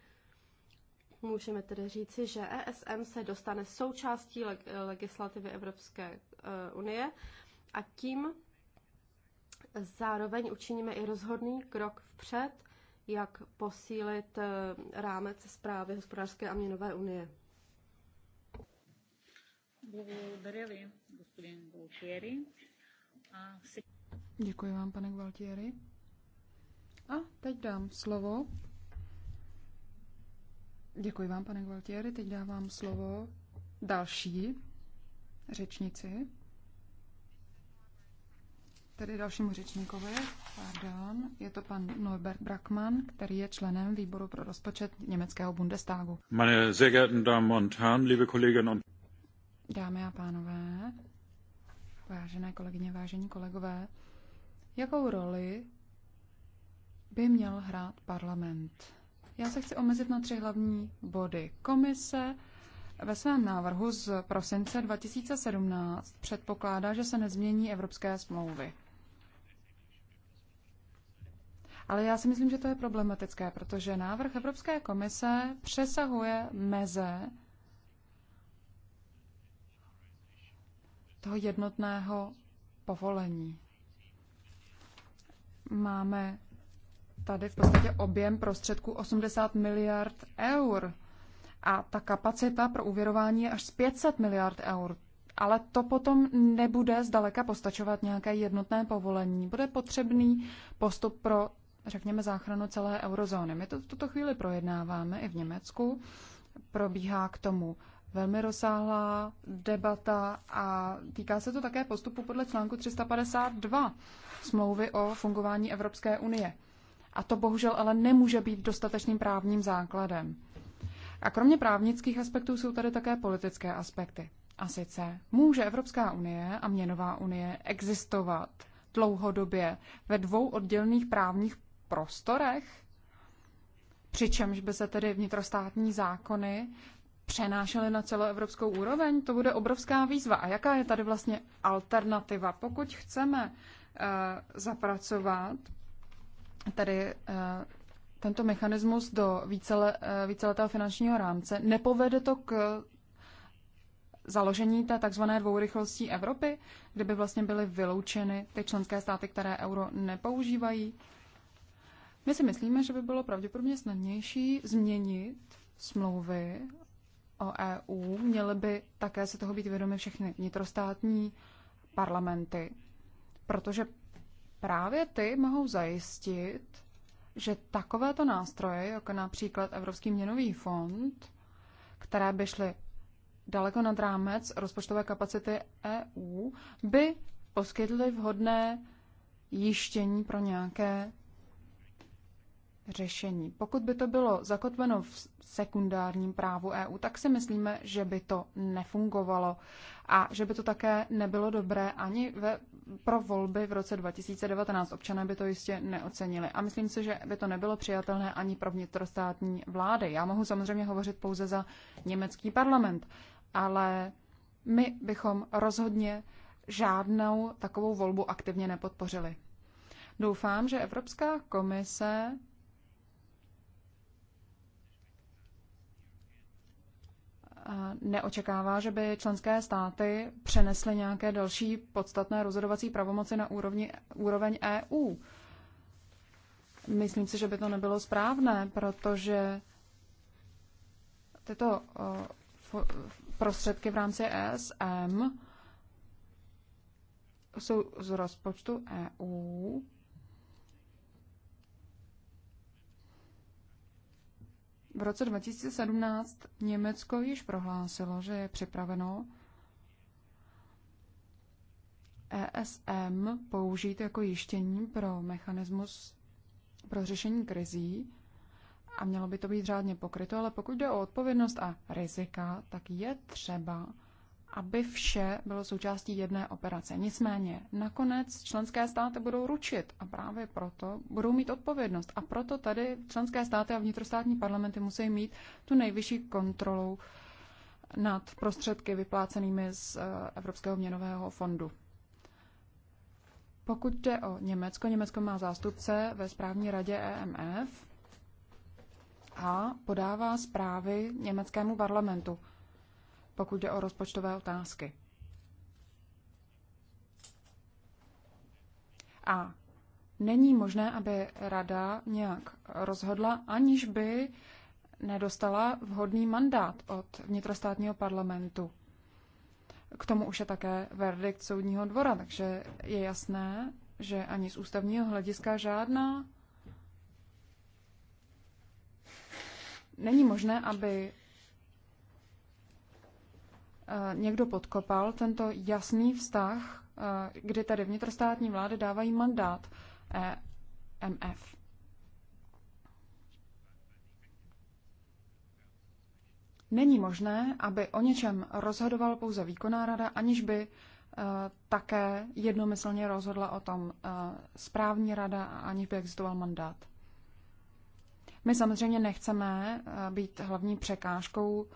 Můžeme tedy říci, že ESM se dostane součástí legislativy Evropské unie a tím zároveň učiníme i rozhodný krok vpřed, jak posílit eh, rámec zprávy hospodářské a měnové unie. Děkuji vám, pane Gualtieri. A teď dám slovo. Děkuji vám, pane Gualtieri. Teď dávám slovo další řečnici tedy dalšímu řečníkovi, pardon, je to pan Norbert Brackmann, který je členem výboru pro rozpočet německého Bundestagu. Meine sehr geehrten Damen und Herren, liebe Kolleginnen und Dámy a pánové, vážené kolegyně, vážení kolegové, jakou roli by měl hrát parlament? Já se chci omezit na tři hlavní body. Komise, ve svém návrhu z prosince 2017 předpokládá, že se nezmění evropské smlouvy. Ale já si myslím, že to je problematické, protože návrh Evropské komise přesahuje meze toho jednotného povolení. Máme tady v podstatě objem prostředků 80 miliard eur a ta kapacita pro uvěrování je až z 500 miliard eur. Ale to potom nebude zdaleka postačovat nějaké jednotné povolení. Bude potřebný postup pro řekněme, záchranu celé eurozóny. My to v tuto chvíli projednáváme i v Německu. Probíhá k tomu velmi rozsáhlá debata a týká se to také postupu podle článku 352 smlouvy o fungování Evropské unie. A to bohužel ale nemůže být dostatečným právním základem. A kromě právnických aspektů jsou tady také politické aspekty. A sice může Evropská unie a měnová unie existovat dlouhodobě ve dvou oddělených právních prostorech, přičemž by se tedy vnitrostátní zákony přenášely na celoevropskou úroveň, to bude obrovská výzva. A jaká je tady vlastně alternativa? Pokud chceme uh, zapracovat tedy uh, tento mechanismus do vícele, uh, víceletého finančního rámce, nepovede to k založení té takzvané dvourychlostí Evropy, kde by vlastně byly vyloučeny ty členské státy, které euro nepoužívají? My si myslíme, že by bylo pravděpodobně snadnější změnit smlouvy o EU. Měly by také se toho být vědomy všechny vnitrostátní parlamenty, protože právě ty mohou zajistit, že takovéto nástroje, jako například Evropský měnový fond, které by šly daleko nad rámec rozpočtové kapacity EU, by poskytly vhodné jištění pro nějaké řešení. Pokud by to bylo zakotveno v sekundárním právu EU, tak si myslíme, že by to nefungovalo a že by to také nebylo dobré ani ve, pro volby v roce 2019. Občané by to jistě neocenili a myslím si, že by to nebylo přijatelné ani pro vnitrostátní vlády. Já mohu samozřejmě hovořit pouze za německý parlament, ale my bychom rozhodně žádnou takovou volbu aktivně nepodpořili. Doufám, že Evropská komise neočekává, že by členské státy přenesly nějaké další podstatné rozhodovací pravomoci na úrovni, úroveň EU. Myslím si, že by to nebylo správné, protože tyto prostředky v rámci ESM jsou z rozpočtu EU V roce 2017 Německo již prohlásilo, že je připraveno ESM použít jako jištění pro mechanismus pro řešení krizí a mělo by to být řádně pokryto, ale pokud jde o odpovědnost a rizika, tak je třeba aby vše bylo součástí jedné operace. Nicméně, nakonec členské státy budou ručit a právě proto budou mít odpovědnost. A proto tady členské státy a vnitrostátní parlamenty musí mít tu nejvyšší kontrolu nad prostředky vyplácenými z eh, Evropského měnového fondu. Pokud jde o Německo, Německo má zástupce ve správní radě EMF a podává zprávy německému parlamentu pokud jde o rozpočtové otázky. A není možné, aby rada nějak rozhodla, aniž by nedostala vhodný mandát od vnitrostátního parlamentu. K tomu už je také verdikt soudního dvora, takže je jasné, že ani z ústavního hlediska žádná není možné, aby Eh, někdo podkopal tento jasný vztah, eh, kdy tady vnitrostátní vlády dávají mandát EMF. Není možné, aby o něčem rozhodoval pouze výkonná rada, aniž by eh, také jednomyslně rozhodla o tom správní rada a aniž by existoval mandát. My samozřejmě nechceme být hlavní překážkou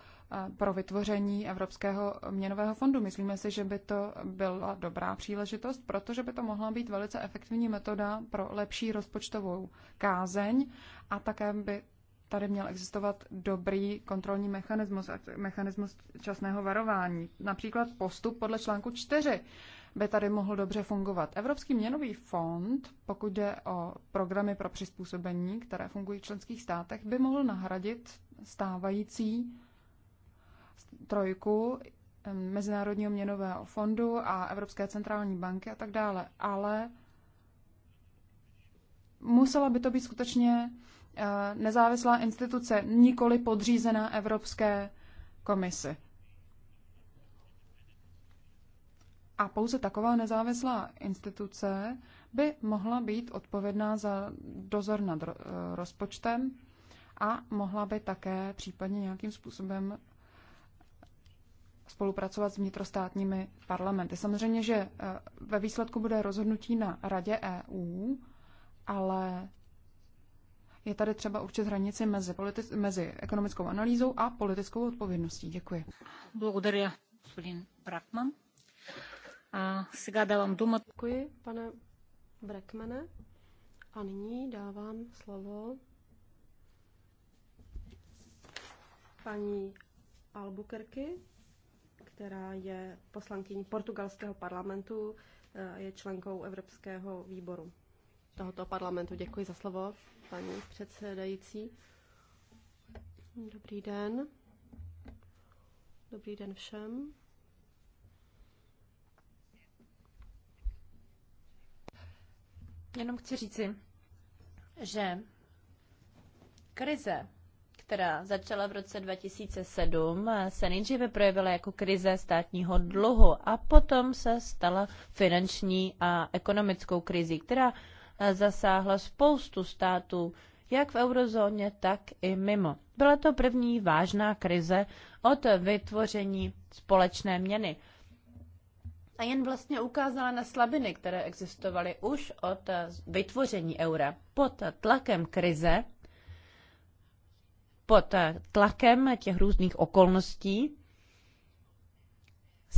pro vytvoření Evropského měnového fondu. Myslíme si, že by to byla dobrá příležitost, protože by to mohla být velice efektivní metoda pro lepší rozpočtovou kázeň a také by tady měl existovat dobrý kontrolní mechanismus, mechanismus časného varování. Například postup podle článku 4 by tady mohl dobře fungovat. Evropský měnový fond, pokud jde o programy pro přizpůsobení, které fungují v členských státech, by mohl nahradit stávající trojku Mezinárodního měnového fondu a Evropské centrální banky a tak dále, ale musela by to být skutečně eh, nezávislá instituce, nikoli podřízená Evropské komisi. A pouze taková nezávislá instituce by mohla být odpovědná za dozor nad eh, rozpočtem a mohla by také případně nějakým způsobem spolupracovat s vnitrostátními parlamenty. Samozřejmě, že eh, ve výsledku bude rozhodnutí na Radě EU, ale je tady třeba určit hranici mezi, politi- mezi ekonomickou analýzou a politickou odpovědností. Děkuji. dávám Děkuji, pane Brekmane. A nyní dávám slovo paní Albuquerque která je poslankyní portugalského parlamentu, eh, je členkou Evropského výboru tohoto parlamentu. Děkuji za slovo, paní předsedající. Dobrý den. Dobrý den všem. Jenom chci říci, že krize která začala v roce 2007, se nejdříve projevila jako krize státního dluhu a potom se stala finanční a ekonomickou krizi, která eh, zasáhla spoustu států, jak v eurozóně, tak i mimo. Byla to první vážná krize od vytvoření společné měny. A jen vlastně ukázala na slabiny, které existovaly už od eh, vytvoření eura. Pod tlakem krize pod eh, tlakem těch různých okolností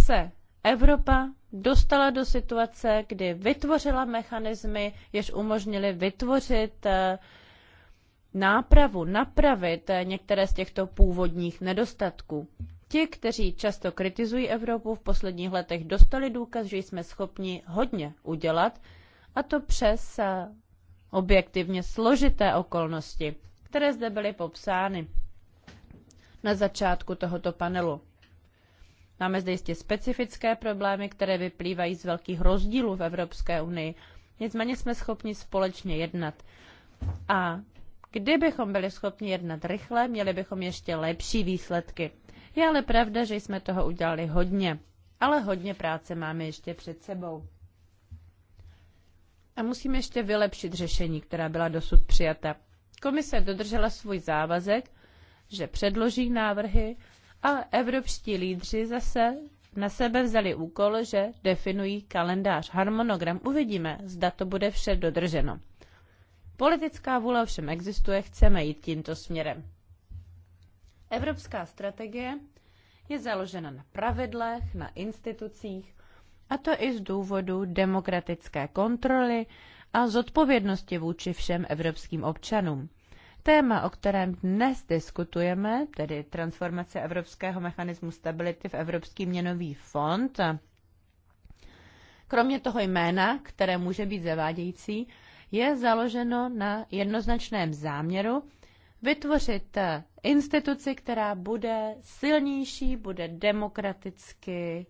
se Evropa dostala do situace, kdy vytvořila mechanismy, jež umožnili vytvořit eh, nápravu, napravit eh, některé z těchto původních nedostatků. Ti, kteří často kritizují Evropu, v posledních letech dostali důkaz, že jsme schopni hodně udělat, a to přes objektivně složité okolnosti které zde byly popsány na začátku tohoto panelu. Máme zde jistě specifické problémy, které vyplývají z velkých rozdílů v Evropské unii. Nicméně jsme schopni společně jednat. A kdybychom byli schopni jednat rychle, měli bychom ještě lepší výsledky. Je ale pravda, že jsme toho udělali hodně. Ale hodně práce máme ještě před sebou. A musíme ještě vylepšit řešení, která byla dosud přijata. Komise dodržela svůj závazek, že předloží návrhy a evropští lídři zase na sebe vzali úkol, že definují kalendář, harmonogram. Uvidíme, zda to bude vše dodrženo. Politická vůle ovšem existuje, chceme jít tímto směrem. Evropská strategie je založena na pravidlech, na institucích, a to i z důvodu demokratické kontroly, a zodpovědnosti vůči všem evropským občanům. Téma, o kterém dnes diskutujeme, tedy transformace Evropského mechanismu stability v Evropský měnový fond, kromě toho jména, které může být zavádějící, je založeno na jednoznačném záměru vytvořit instituci, která bude silnější, bude demokraticky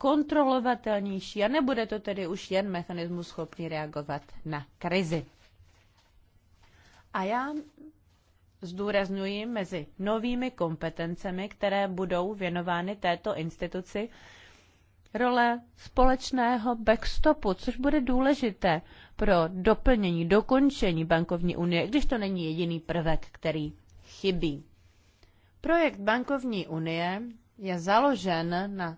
kontrolovatelnější a nebude to tedy už jen mechanismus schopný reagovat na krizi. A já zdůrazňuji mezi novými kompetencemi, které budou věnovány této instituci, role společného backstopu, což bude důležité pro doplnění, dokončení bankovní unie, když to není jediný prvek, který chybí. Projekt bankovní unie je založen na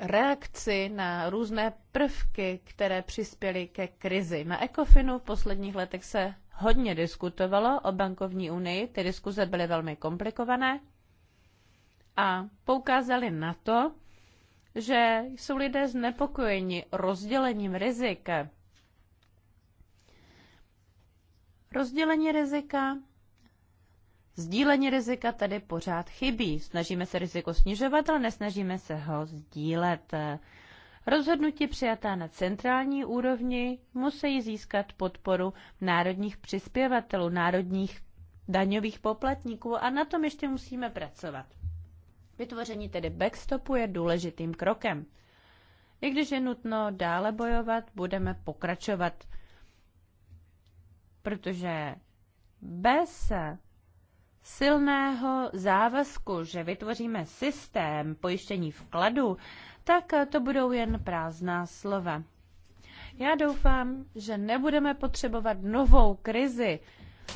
reakci na různé prvky, které přispěly ke krizi. Na Ecofinu v posledních letech se hodně diskutovalo o bankovní unii, ty diskuze byly velmi komplikované a poukázali na to, že jsou lidé znepokojeni rozdělením rizika. Rozdělení rizika Sdílení rizika tedy pořád chybí. Snažíme se riziko snižovat, ale nesnažíme se ho sdílet. Rozhodnutí přijatá na centrální úrovni musí získat podporu národních přispěvatelů, národních daňových poplatníků a na tom ještě musíme pracovat. Vytvoření tedy backstopu je důležitým krokem. I když je nutno dále bojovat, budeme pokračovat, protože bez silného závazku, že vytvoříme systém pojištění vkladu, tak to budou jen prázdná slova. Já doufám, že nebudeme potřebovat novou krizi,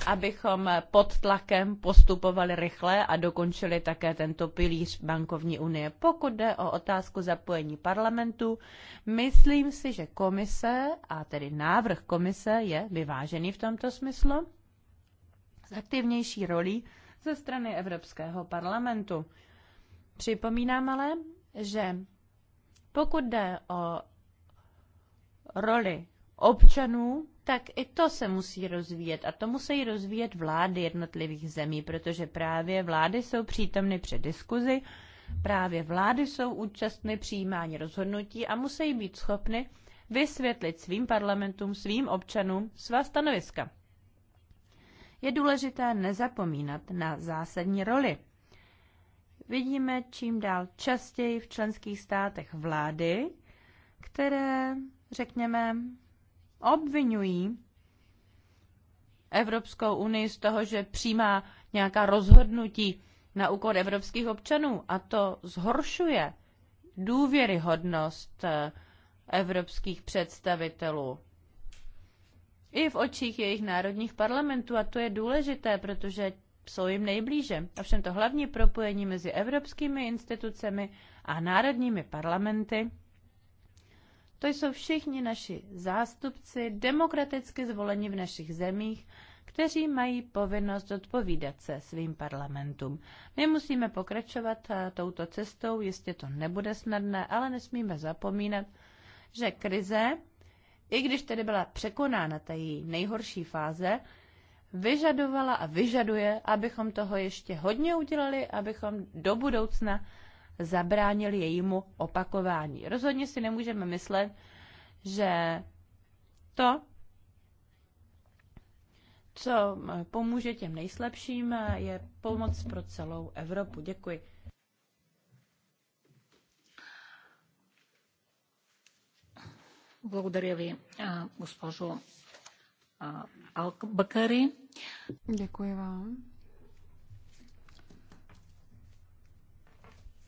abychom pod tlakem postupovali rychle a dokončili také tento pilíř bankovní unie. Pokud jde o otázku zapojení parlamentu, myslím si, že komise, a tedy návrh komise je vyvážený v tomto smyslu aktivnější rolí ze strany Evropského parlamentu. Připomínám ale, že pokud jde o roli občanů, tak i to se musí rozvíjet a to musí rozvíjet vlády jednotlivých zemí, protože právě vlády jsou přítomny při diskuzi, právě vlády jsou účastny přijímání rozhodnutí a musí být schopny vysvětlit svým parlamentům, svým občanům svá stanoviska. Je důležité nezapomínat na zásadní roli. Vidíme čím dál častěji v členských státech vlády, které, řekněme, obvinují Evropskou unii z toho, že přijímá nějaká rozhodnutí na úkor evropských občanů a to zhoršuje důvěryhodnost eh, evropských představitelů i v očích jejich národních parlamentů a to je důležité, protože jsou jim nejblíže. Ovšem to hlavní propojení mezi evropskými institucemi a národními parlamenty, to jsou všichni naši zástupci, demokraticky zvoleni v našich zemích, kteří mají povinnost odpovídat se svým parlamentům. My musíme pokračovat touto cestou, jistě to nebude snadné, ale nesmíme zapomínat, že krize i když tedy byla překonána ta její nejhorší fáze, vyžadovala a vyžaduje, abychom toho ještě hodně udělali, abychom do budoucna zabránili jejímu opakování. Rozhodně si nemůžeme myslet, že to, co pomůže těm nejslabším, je pomoc pro celou Evropu. Děkuji. Благодаря ви, госпожо Děkuji vám.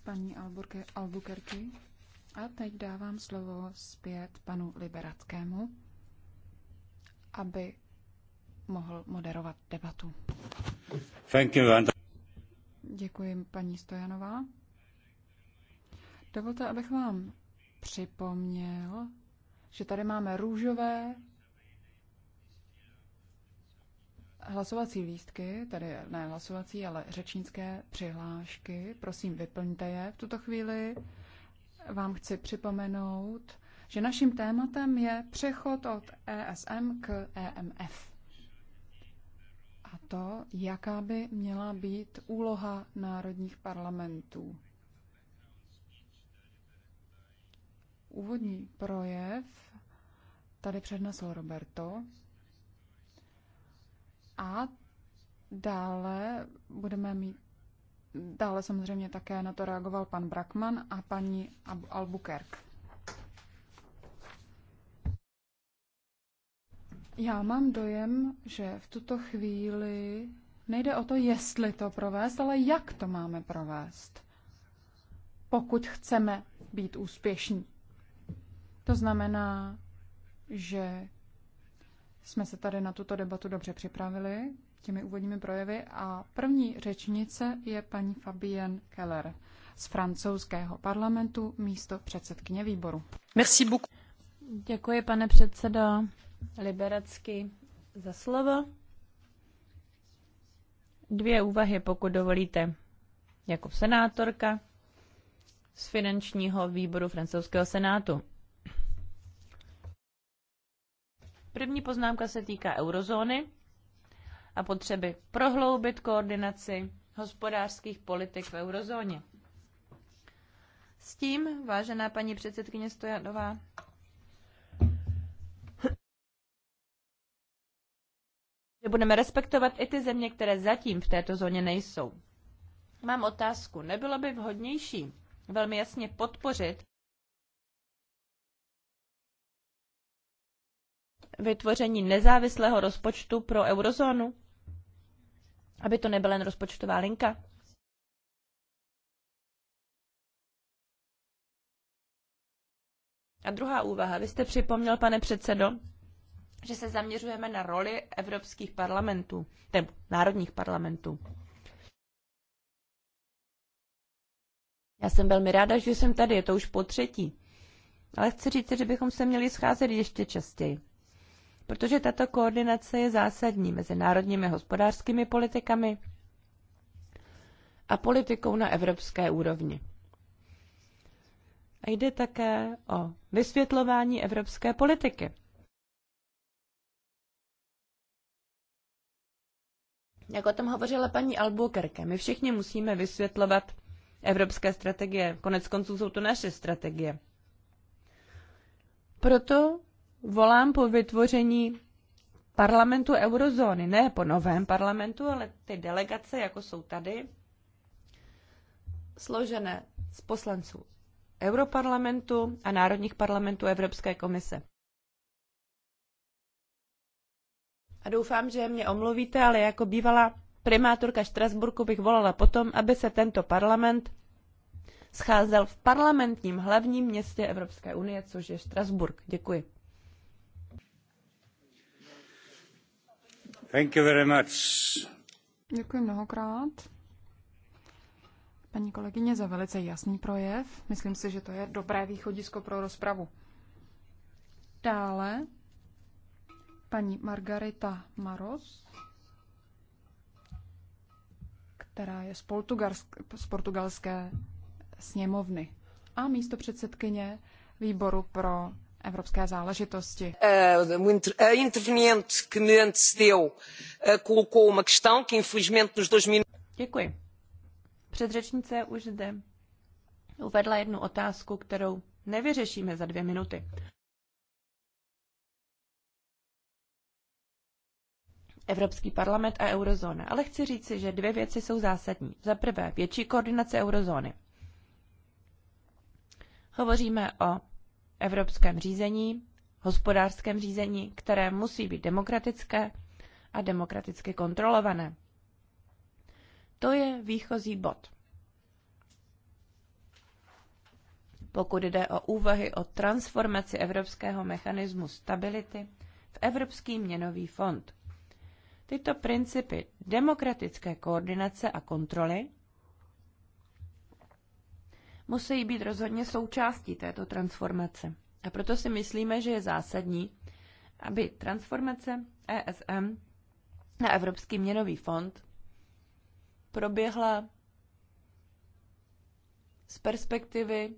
Paní Albukerky. A teď dávám slovo zpět panu Liberackému, aby mohl moderovat debatu. Thank you, and... Děkuji, paní Stojanová. Dovolte, abych vám připomněl, že tady máme růžové hlasovací lístky, tady ne hlasovací, ale řečnické přihlášky. Prosím, vyplňte je. V tuto chvíli vám chci připomenout, že naším tématem je přechod od ESM k EMF. A to, jaká by měla být úloha národních parlamentů. Úvodní projev tady přednesl Roberto a dále budeme mít Dále samozřejmě také na to reagoval pan Brakman a paní Albuquerque. Já mám dojem, že v tuto chvíli nejde o to, jestli to provést, ale jak to máme provést, pokud chceme být úspěšní. To znamená, že jsme se tady na tuto debatu dobře připravili těmi úvodními projevy a první řečnice je paní Fabienne Keller z francouzského parlamentu místo předsedkyně výboru. Merci beaucoup. Děkuji, pane předsedo Liberacky, za slovo. Dvě úvahy, pokud dovolíte. Jako senátorka z finančního výboru francouzského senátu. První poznámka se týká eurozóny a potřeby prohloubit koordinaci hospodářských politik v eurozóně. S tím, vážená paní předsedkyně Stojanová, že budeme respektovat i ty země, které zatím v této zóně nejsou. Mám otázku. Nebylo by vhodnější velmi jasně podpořit vytvoření nezávislého rozpočtu pro eurozónu? Aby to nebyla jen rozpočtová linka? A druhá úvaha. Vy jste připomněl, pane předsedo, že se zaměřujeme na roli evropských parlamentů, nebo národních parlamentů. Já jsem velmi ráda, že jsem tady, je to už po třetí. Ale chci říct, že bychom se měli scházet ještě častěji protože tato koordinace je zásadní mezi národními hospodářskými politikami a politikou na evropské úrovni. A jde také o vysvětlování evropské politiky. Jak o tom hovořila paní Albuquerque, my všichni musíme vysvětlovat evropské strategie. Konec konců jsou to naše strategie. Proto volám po vytvoření parlamentu eurozóny, ne po novém parlamentu, ale ty delegace, jako jsou tady, složené z poslanců Europarlamentu a národních parlamentů Evropské komise. A doufám, že mě omluvíte, ale jako bývalá primátorka Štrasburku bych volala potom, aby se tento parlament scházel v parlamentním hlavním městě Evropské unie, což je Štrasburg. Děkuji. Děkuji mnohokrát. Paní kolegyně za velice jasný projev. Myslím si, že to je dobré východisko pro rozpravu. Dále paní Margarita Maros, která je z, z portugalské sněmovny a místo předsedkyně výboru pro evropské záležitosti. Eh, um eh, Děkuji. Předřečnice už zde uvedla jednu otázku, kterou nevyřešíme za dvě minuty. Evropský parlament a eurozóna. Ale chci říci, že dvě věci jsou zásadní. Za prvé, větší koordinace eurozóny. Hovoříme o evropském řízení, hospodářském řízení, které musí být demokratické a demokraticky kontrolované. To je výchozí bod. Pokud jde o úvahy o transformaci evropského mechanismu stability v Evropský měnový fond. Tyto principy demokratické koordinace a kontroly musí být rozhodně součástí této transformace. A proto si myslíme, že je zásadní, aby transformace ESM na Evropský měnový fond proběhla z perspektivy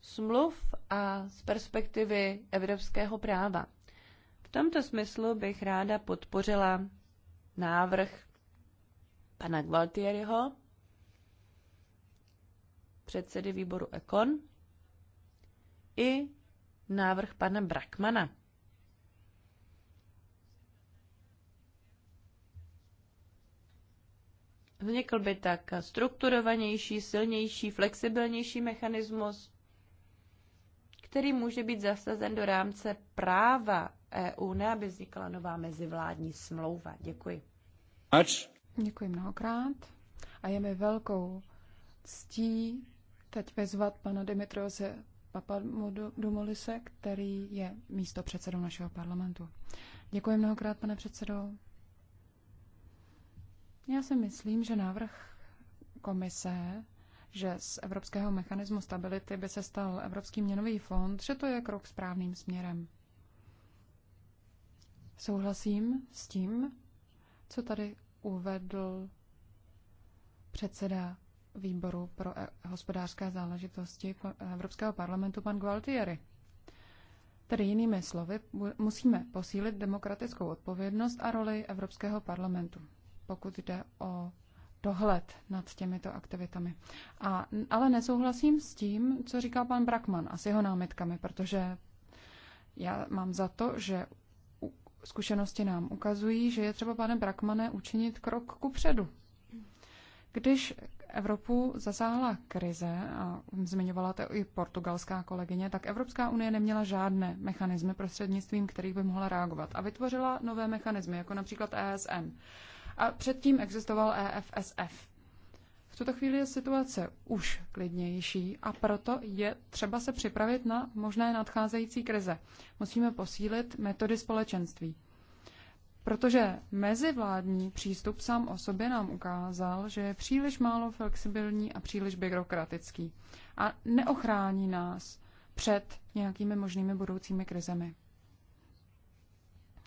smluv a z perspektivy evropského práva. V tomto smyslu bych ráda podpořila návrh pana Gualtieriho, předsedy výboru Ekon i návrh pana Brakmana. Vznikl by tak strukturovanější, silnější, flexibilnější mechanismus, který může být zasazen do rámce práva EU, ne aby vznikla nová mezivládní smlouva. Děkuji. Ač. Děkuji mnohokrát a je mi velkou ctí teď vyzvat pana Dimitrose Papadomolise, který je místo předsedou našeho parlamentu. Děkuji mnohokrát, pane předsedo. Já si myslím, že návrh komise, že z Evropského mechanismu stability by se stal Evropský měnový fond, že to je krok správným směrem. Souhlasím s tím, co tady uvedl předseda výboru pro eh, hospodářské záležitosti eh, Evropského parlamentu pan Gualtieri. Tedy jinými slovy, musíme posílit demokratickou odpovědnost a roli Evropského parlamentu, pokud jde o dohled nad těmito aktivitami. A, ale nesouhlasím s tím, co říkal pan Brakman a s jeho námitkami, protože já mám za to, že zkušenosti nám ukazují, že je třeba, pane Brakmane, učinit krok ku předu. Když Evropu zasáhla krize, a zmiňovala to i portugalská kolegyně, tak Evropská unie neměla žádné mechanismy prostřednictvím, kterých by mohla reagovat a vytvořila nové mechanismy, jako například ESM. A předtím existoval EFSF. V tuto chvíli je situace už klidnější a proto je třeba se připravit na možné nadcházející krize. Musíme posílit metody společenství. Protože mezivládní přístup sám o sobě nám ukázal, že je příliš málo flexibilní a příliš byrokratický a neochrání nás před nějakými možnými budoucími krizemi.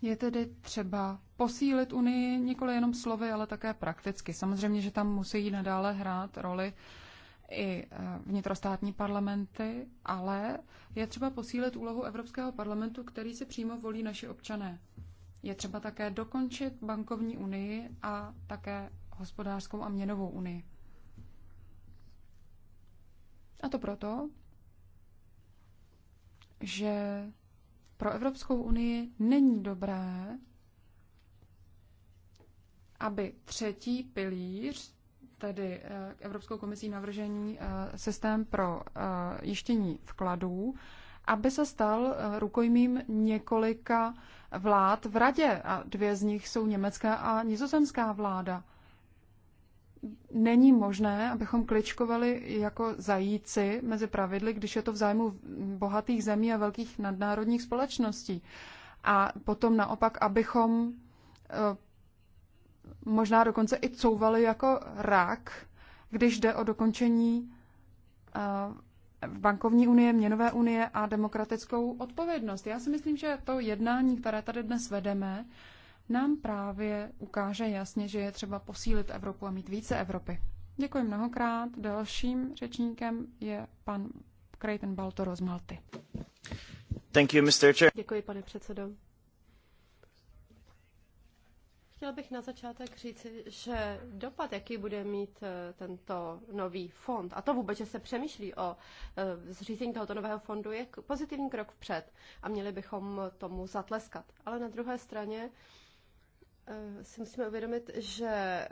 Je tedy třeba posílit Unii nikoli jenom slovy, ale také prakticky. Samozřejmě, že tam musí nadále hrát roli i e, vnitrostátní parlamenty, ale je třeba posílit úlohu Evropského parlamentu, který si přímo volí naši občané. Je třeba také dokončit bankovní unii a také hospodářskou a měnovou unii. A to proto, že pro Evropskou unii není dobré, aby třetí pilíř, tedy eh, Evropskou komisí navržení eh, systém pro eh, jištění vkladů, aby se stal eh, rukojmím několika vlád v radě a dvě z nich jsou německá a nizozemská vláda. Není možné, abychom kličkovali jako zajíci mezi pravidly, když je to v zájmu bohatých zemí a velkých nadnárodních společností. A potom naopak, abychom eh, možná dokonce i couvali jako rak, když jde o dokončení eh, bankovní unie, měnové unie a demokratickou odpovědnost. Já si myslím, že to jednání, které tady dnes vedeme, nám právě ukáže jasně, že je třeba posílit Evropu a mít více Evropy. Děkuji mnohokrát. Dalším řečníkem je pan Creighton Baltoro z Malty. Thank you, Mr. Chair. Děkuji, pane předsedo. Chtěla bych na začátek říci, že dopad, jaký bude mít eh, tento nový fond, a to vůbec, že se přemýšlí o eh, zřízení tohoto nového fondu, je pozitivní krok vpřed a měli bychom tomu zatleskat. Ale na druhé straně eh, si musíme uvědomit, že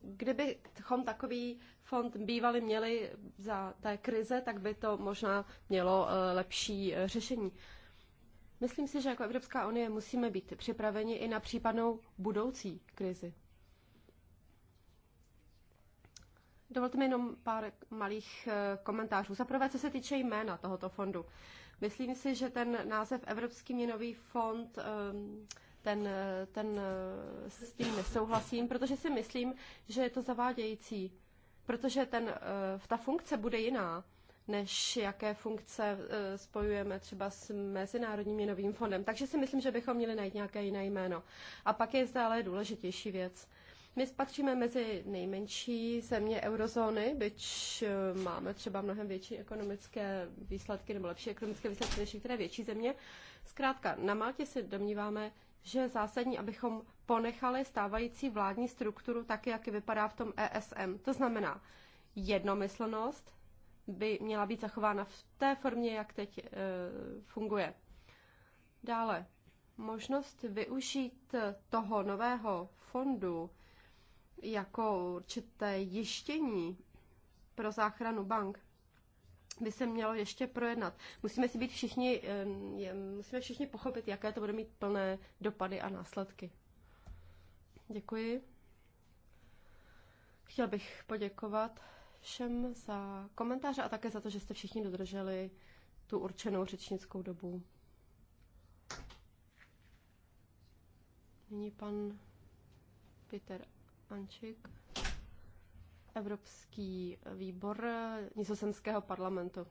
kdybychom takový fond bývali měli za té krize, tak by to možná mělo lepší řešení. Myslím si, že jako Evropská unie musíme být připraveni i na případnou budoucí krizi. Dovolte mi jenom pár malých eh, komentářů. Za prvé, co se týče jména tohoto fondu. Myslím si, že ten název Evropský měnový fond, ehm, ten, eh, ten eh, s tím nesouhlasím, protože si myslím, že je to zavádějící, protože ten, ta funkce bude jiná než jaké funkce eh, spojujeme třeba s Mezinárodním měnovým fondem. Takže si myslím, že bychom měli najít nějaké jiné jméno. A pak je zde ale důležitější věc. My spatříme mezi nejmenší země eurozóny, byť eh, máme třeba mnohem větší ekonomické výsledky nebo lepší ekonomické výsledky než některé větší země. Zkrátka, na Maltě si domníváme, že je zásadní, abychom ponechali stávající vládní strukturu tak, jak vypadá v tom ESM. To znamená jednomyslnost, by měla být zachována v té formě, jak teď e, funguje. Dále, možnost využít toho nového fondu jako určité jištění pro záchranu bank by se mělo ještě projednat. Musíme si být všichni, eh, musíme všichni pochopit, jaké to bude mít plné dopady a následky. Děkuji. Chtěl bych poděkovat všem za komentáře a také za to, že jste všichni dodrželi tu určenou řečnickou dobu. Nyní pan Peter Ančik, Evropský výbor Nizozemského parlamentu.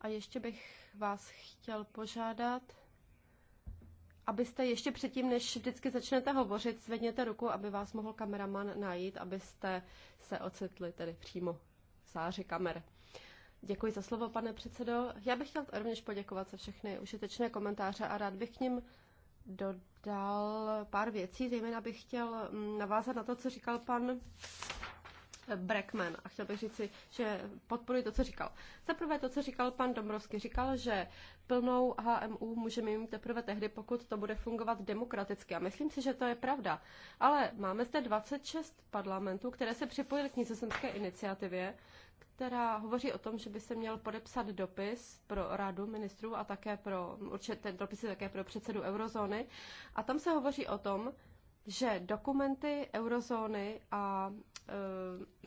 A ještě bych vás chtěl požádat, abyste ještě předtím, než vždycky začnete hovořit, zvedněte ruku, aby vás mohl kameraman najít, abyste se ocitli tedy přímo v záři kamer. Děkuji za slovo, pane předsedo. Já bych chtěl rovněž poděkovat za všechny užitečné komentáře a rád bych k ním dodal pár věcí. Zejména bych chtěl mm, navázat na to, co říkal pan Breckman a chtěl bych říci, že podporuji to, co říkal. Za prvé to, co říkal pan Dombrovský, říkal, že plnou HMU můžeme mít teprve tehdy, pokud to bude fungovat demokraticky. A myslím si, že to je pravda. Ale máme zde 26 parlamentů, které se připojily k nizozemské iniciativě, která hovoří o tom, že by se měl podepsat dopis pro radu ministrů a také pro, určitě ten dopis je také pro předsedu eurozóny. A tam se hovoří o tom, že dokumenty eurozóny a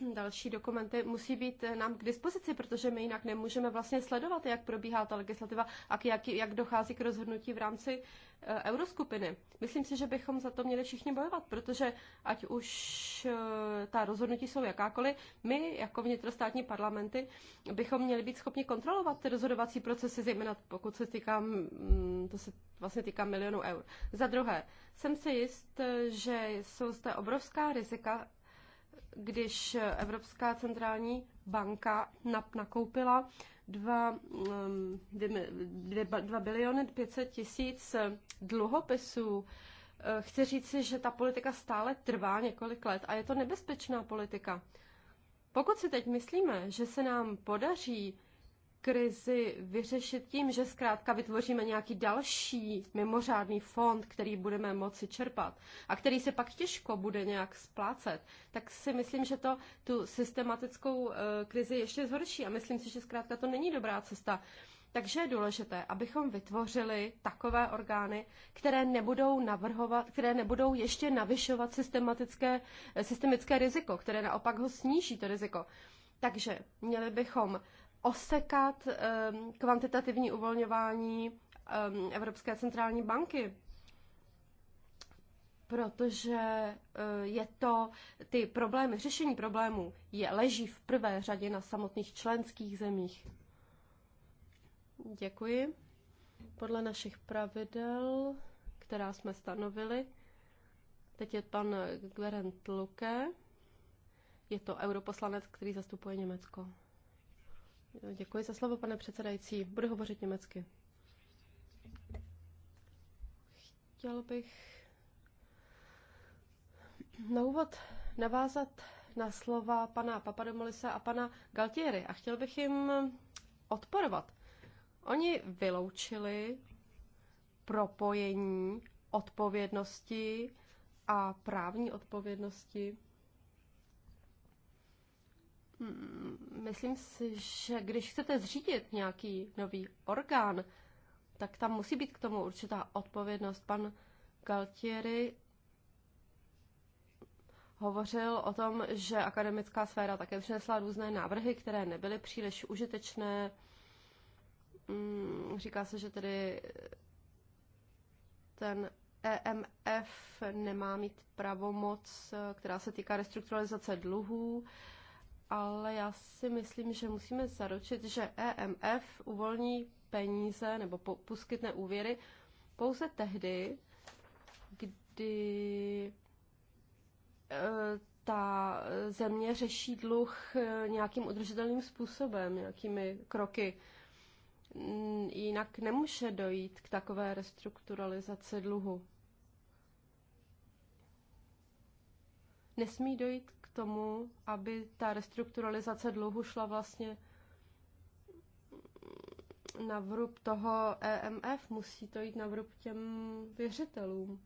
eh, další dokumenty musí být nám k dispozici, protože my jinak nemůžeme vlastně sledovat, jak probíhá ta legislativa a jak, jak dochází k rozhodnutí v rámci Eh, euroskupiny. Myslím si, že bychom za to měli všichni bojovat, protože ať už eh, ta rozhodnutí jsou jakákoliv, my jako vnitrostátní parlamenty bychom měli být schopni kontrolovat ty rozhodovací procesy, zejména pokud se týká, mm, to se vlastně týká milionů eur. Za druhé, jsem si jist, eh, že jsou zde obrovská rizika když Evropská centrální banka NAP nakoupila 2, 2, 2 biliony 500 tisíc dluhopisů, eh, chci říci, že ta politika stále trvá několik let a je to nebezpečná politika. Pokud si teď myslíme, že se nám podaří krizi vyřešit tím, že zkrátka vytvoříme nějaký další mimořádný fond, který budeme moci čerpat a který se pak těžko bude nějak splácet, tak si myslím, že to tu systematickou eh, krizi ještě zhorší a myslím si, že zkrátka to není dobrá cesta. Takže je důležité, abychom vytvořili takové orgány, které nebudou navrhovat, které nebudou ještě navyšovat systematické, eh, systemické riziko, které naopak ho sníží to riziko. Takže měli bychom osekat kvantitativní uvolňování Evropské centrální banky protože eh, je to, ty problémy, řešení problémů je, leží v prvé řadě na samotných členských zemích. Děkuji. Podle našich pravidel, která jsme stanovili, teď je pan Gwerent Luke, je to europoslanec, který zastupuje Německo. Děkuji za slovo, pane předsedající. Budu hovořit německy. Chtěl bych na úvod navázat na slova pana Papadomolisa a pana Galtieri a chtěl bych jim odporovat. Oni vyloučili propojení odpovědnosti a právní odpovědnosti Mm, myslím si, že když chcete zřídit nějaký nový orgán, tak tam musí být k tomu určitá odpovědnost. Pan Galtieri hovořil o tom, že akademická sféra také přinesla různé návrhy, které nebyly příliš užitečné. Mm, říká se, že tedy ten EMF nemá mít pravomoc, která se týká restrukturalizace dluhů ale já si myslím, že musíme zaručit, že EMF uvolní peníze nebo poskytne úvěry pouze tehdy, kdy e, ta země řeší dluh e, nějakým udržitelným způsobem, nějakými kroky. Jinak nemůže dojít k takové restrukturalizaci dluhu. Nesmí dojít tomu, aby ta restrukturalizace dluhu šla vlastně na vrub toho EMF, musí to jít na vrub těm věřitelům.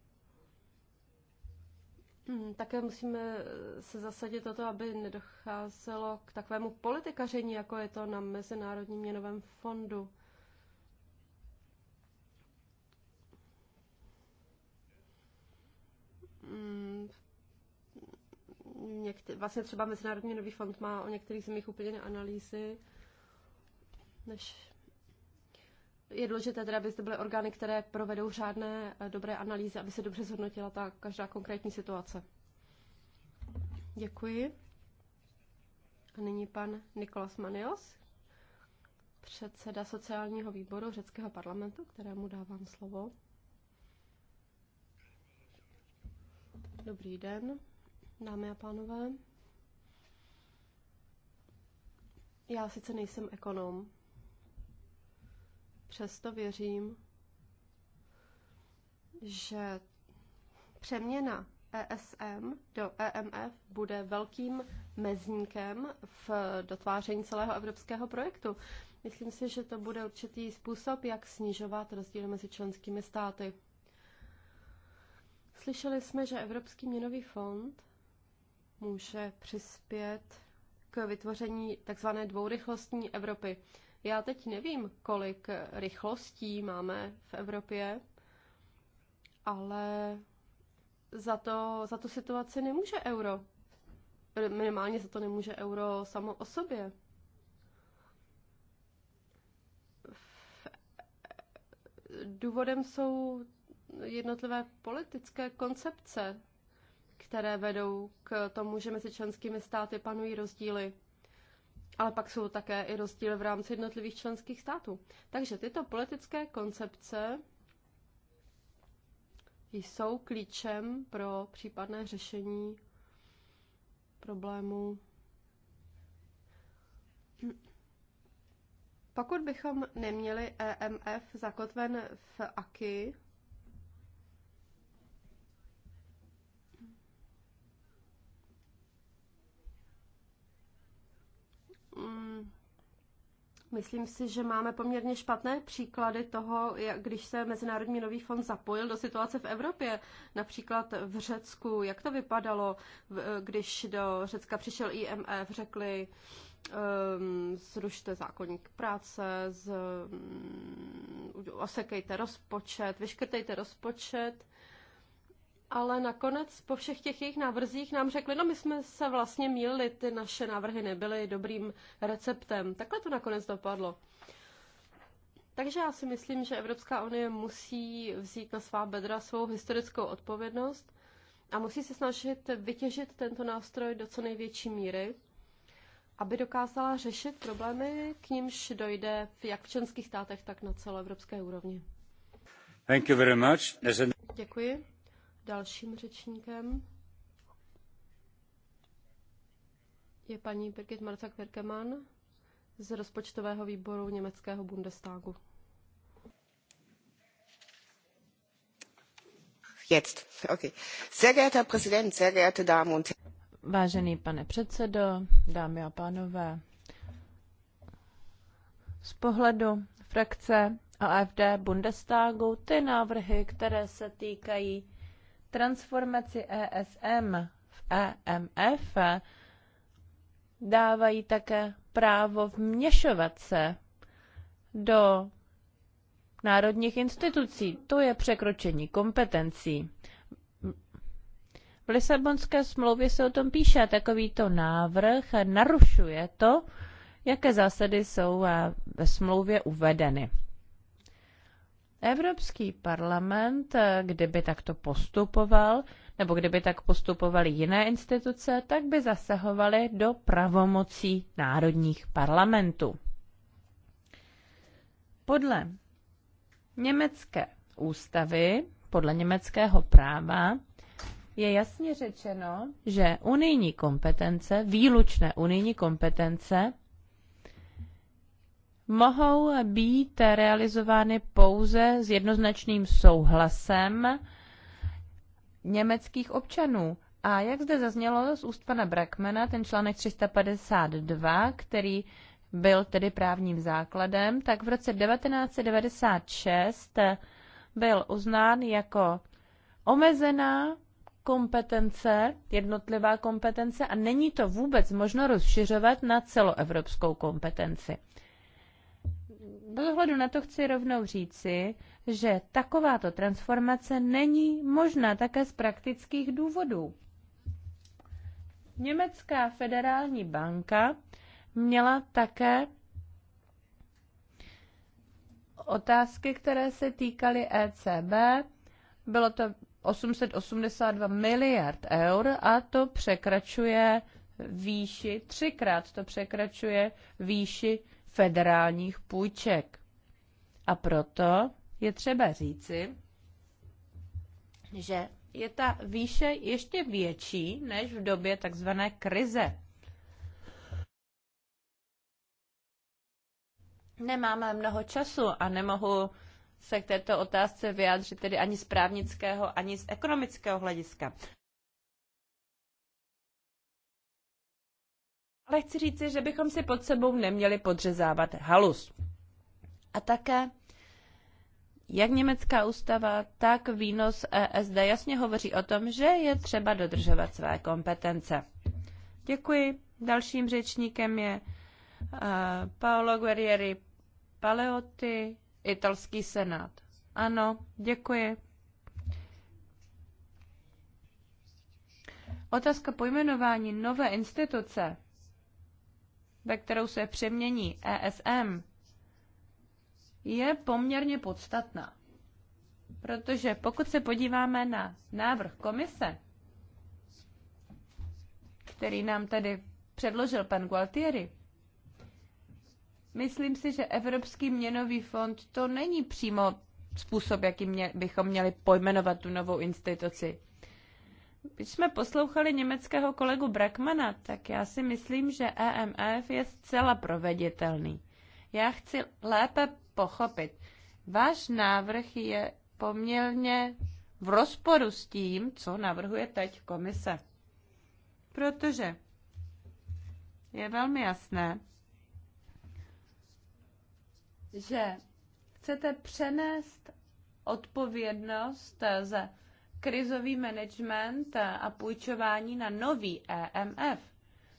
Hmm, také musíme se zasadit o to, aby nedocházelo k takovému politikaření, jako je to na Mezinárodním měnovém fondu. V hmm, Někte- vlastně třeba Mezinárodní nový fond má o některých zemích úplně analýzy, než je důležité teda, aby zde byly orgány, které provedou řádné eh, dobré analýzy, aby se dobře zhodnotila ta každá konkrétní situace. Děkuji. A nyní pan Nikolas Manios, předseda sociálního výboru řeckého parlamentu, kterému dávám slovo. Dobrý den dámy a pánové. Já sice nejsem ekonom, přesto věřím, že přeměna ESM do EMF bude velkým mezníkem v dotváření celého evropského projektu. Myslím si, že to bude určitý způsob, jak snižovat rozdíly mezi členskými státy. Slyšeli jsme, že Evropský měnový fond může přispět k vytvoření tzv. dvourychlostní Evropy. Já teď nevím, kolik rychlostí máme v Evropě, ale za, to, za tu situaci nemůže euro. Minimálně za to nemůže euro samo o sobě. Důvodem jsou jednotlivé politické koncepce které vedou k tomu, že mezi členskými státy panují rozdíly. Ale pak jsou také i rozdíly v rámci jednotlivých členských států. Takže tyto politické koncepce jsou klíčem pro případné řešení problémů. Pokud bychom neměli EMF zakotven v AKI, Mm, myslím si, že máme poměrně špatné příklady toho, jak, když se Mezinárodní nový fond zapojil do situace v Evropě, například v Řecku. Jak to vypadalo, když do Řecka přišel IMF, řekli, um, zrušte zákonník práce, z, um, osekejte rozpočet, vyškrtejte rozpočet ale nakonec po všech těch jejich návrzích nám řekli, no my jsme se vlastně mýlili, ty naše návrhy nebyly dobrým receptem. Takhle to nakonec dopadlo. Takže já si myslím, že Evropská unie musí vzít na svá bedra svou historickou odpovědnost a musí se snažit vytěžit tento nástroj do co největší míry, aby dokázala řešit problémy, k nímž dojde v jak v členských státech, tak na celoevropské úrovni. Thank you very much. Děkuji. Dalším řečníkem je paní Birgit Marca Kverkeman z rozpočtového výboru německého Bundestagu. Jetzt. Okay. Sehr geehrter Präsident, sehr geehrte Damen und Vážený pane předsedo, dámy a pánové, z pohledu frakce AFD Bundestagu ty návrhy, které se týkají transformaci ESM v EMF dávají také právo vměšovat se do národních institucí. To je překročení kompetencí. V Lisabonské smlouvě se o tom píše a takovýto návrh narušuje to, jaké zásady jsou eh, ve smlouvě uvedeny. Evropský parlament, eh, kdyby takto postupoval, nebo kdyby tak postupovaly jiné instituce, tak by zasahovaly do pravomocí národních parlamentů. Podle německé ústavy, podle německého práva, je jasně řečeno, že unijní kompetence, výlučné unijní kompetence, mohou být realizovány pouze s jednoznačným souhlasem německých občanů. A jak zde zaznělo z úst pana Brackmana, ten článek 352, který byl tedy právním základem, tak v roce 1996 byl uznán jako omezená kompetence, jednotlivá kompetence a není to vůbec možno rozšiřovat na celoevropskou kompetenci bez ohledu na to chci rovnou říci, že takováto transformace není možná také z praktických důvodů. Německá federální banka měla také otázky, které se týkaly ECB. Bylo to 882 miliard eur a to překračuje výši, třikrát to překračuje výši federálních půjček. A proto je třeba říci, že je ta výše ještě větší než v době takzvané krize. Nemáme mnoho času a nemohu se k této otázce vyjádřit tedy ani z právnického, ani z ekonomického hlediska. ale chci říci, že bychom si pod sebou neměli podřezávat halus. A také jak německá ústava, tak výnos ESD jasně hovoří o tom, že je třeba dodržovat své kompetence. Děkuji. Dalším řečníkem je uh, Paolo Guerrieri Paleotti, italský senát. Ano, děkuji. Otázka pojmenování nové instituce ve kterou se přemění ESM, je poměrně podstatná. Protože pokud se podíváme na návrh komise, který nám tady předložil pan Gualtieri, myslím si, že Evropský měnový fond to není přímo způsob, jakým mě, bychom měli pojmenovat tu novou instituci. Když jsme poslouchali německého kolegu Brackmana, tak já si myslím, že EMF je zcela proveditelný. Já chci lépe pochopit. Váš návrh je poměrně v rozporu s tím, co navrhuje teď komise. Protože je velmi jasné, že chcete přenést odpovědnost za krizový management a půjčování na nový EMF.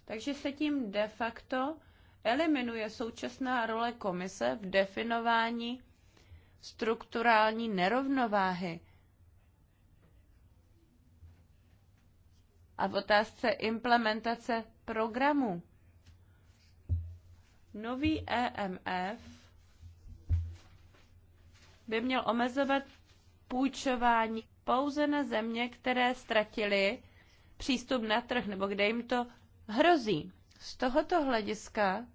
Takže se tím de facto eliminuje současná role komise v definování strukturální nerovnováhy a v otázce implementace programu. Nový EMF by měl omezovat půjčování pouze na země, které ztratily přístup na trh nebo kde jim to hrozí. Z tohoto hlediska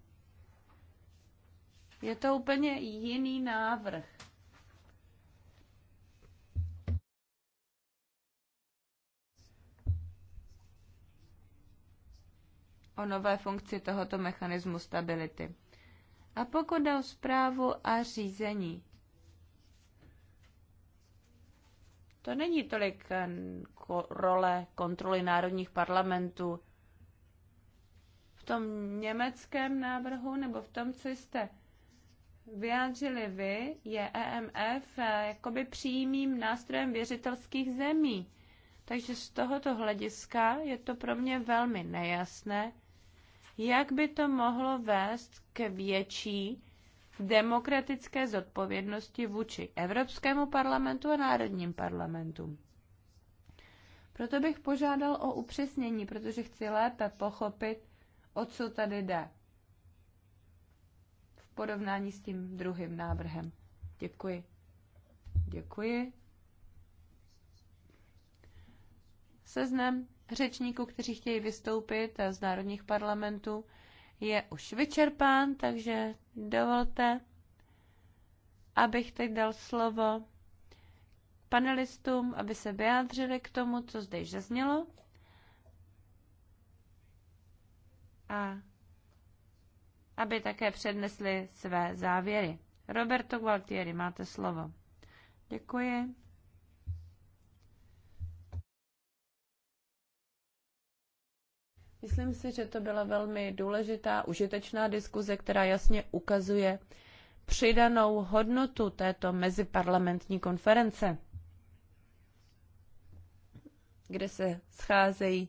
je to úplně jiný návrh. o nové funkci tohoto mechanismu stability. A pokud jde o zprávu a řízení, To není tolik eh, role kontroly národních parlamentů v tom německém návrhu nebo v tom, co jste vyjádřili vy, je EMF eh, jakoby přímým nástrojem věřitelských zemí. Takže z tohoto hlediska je to pro mě velmi nejasné, jak by to mohlo vést ke větší demokratické zodpovědnosti vůči Evropskému parlamentu a národním parlamentům. Proto bych požádal o upřesnění, protože chci lépe pochopit, o co tady jde v porovnání s tím druhým návrhem. Děkuji. Děkuji. Seznam řečníků, kteří chtějí vystoupit z národních parlamentů, je už vyčerpán, takže dovolte, abych teď dal slovo panelistům, aby se vyjádřili k tomu, co zde již zaznělo. A aby také přednesli své závěry. Roberto Gualtieri, máte slovo. Děkuji. Myslím si, že to byla velmi důležitá, užitečná diskuze, která jasně ukazuje přidanou hodnotu této meziparlamentní konference, kde se scházejí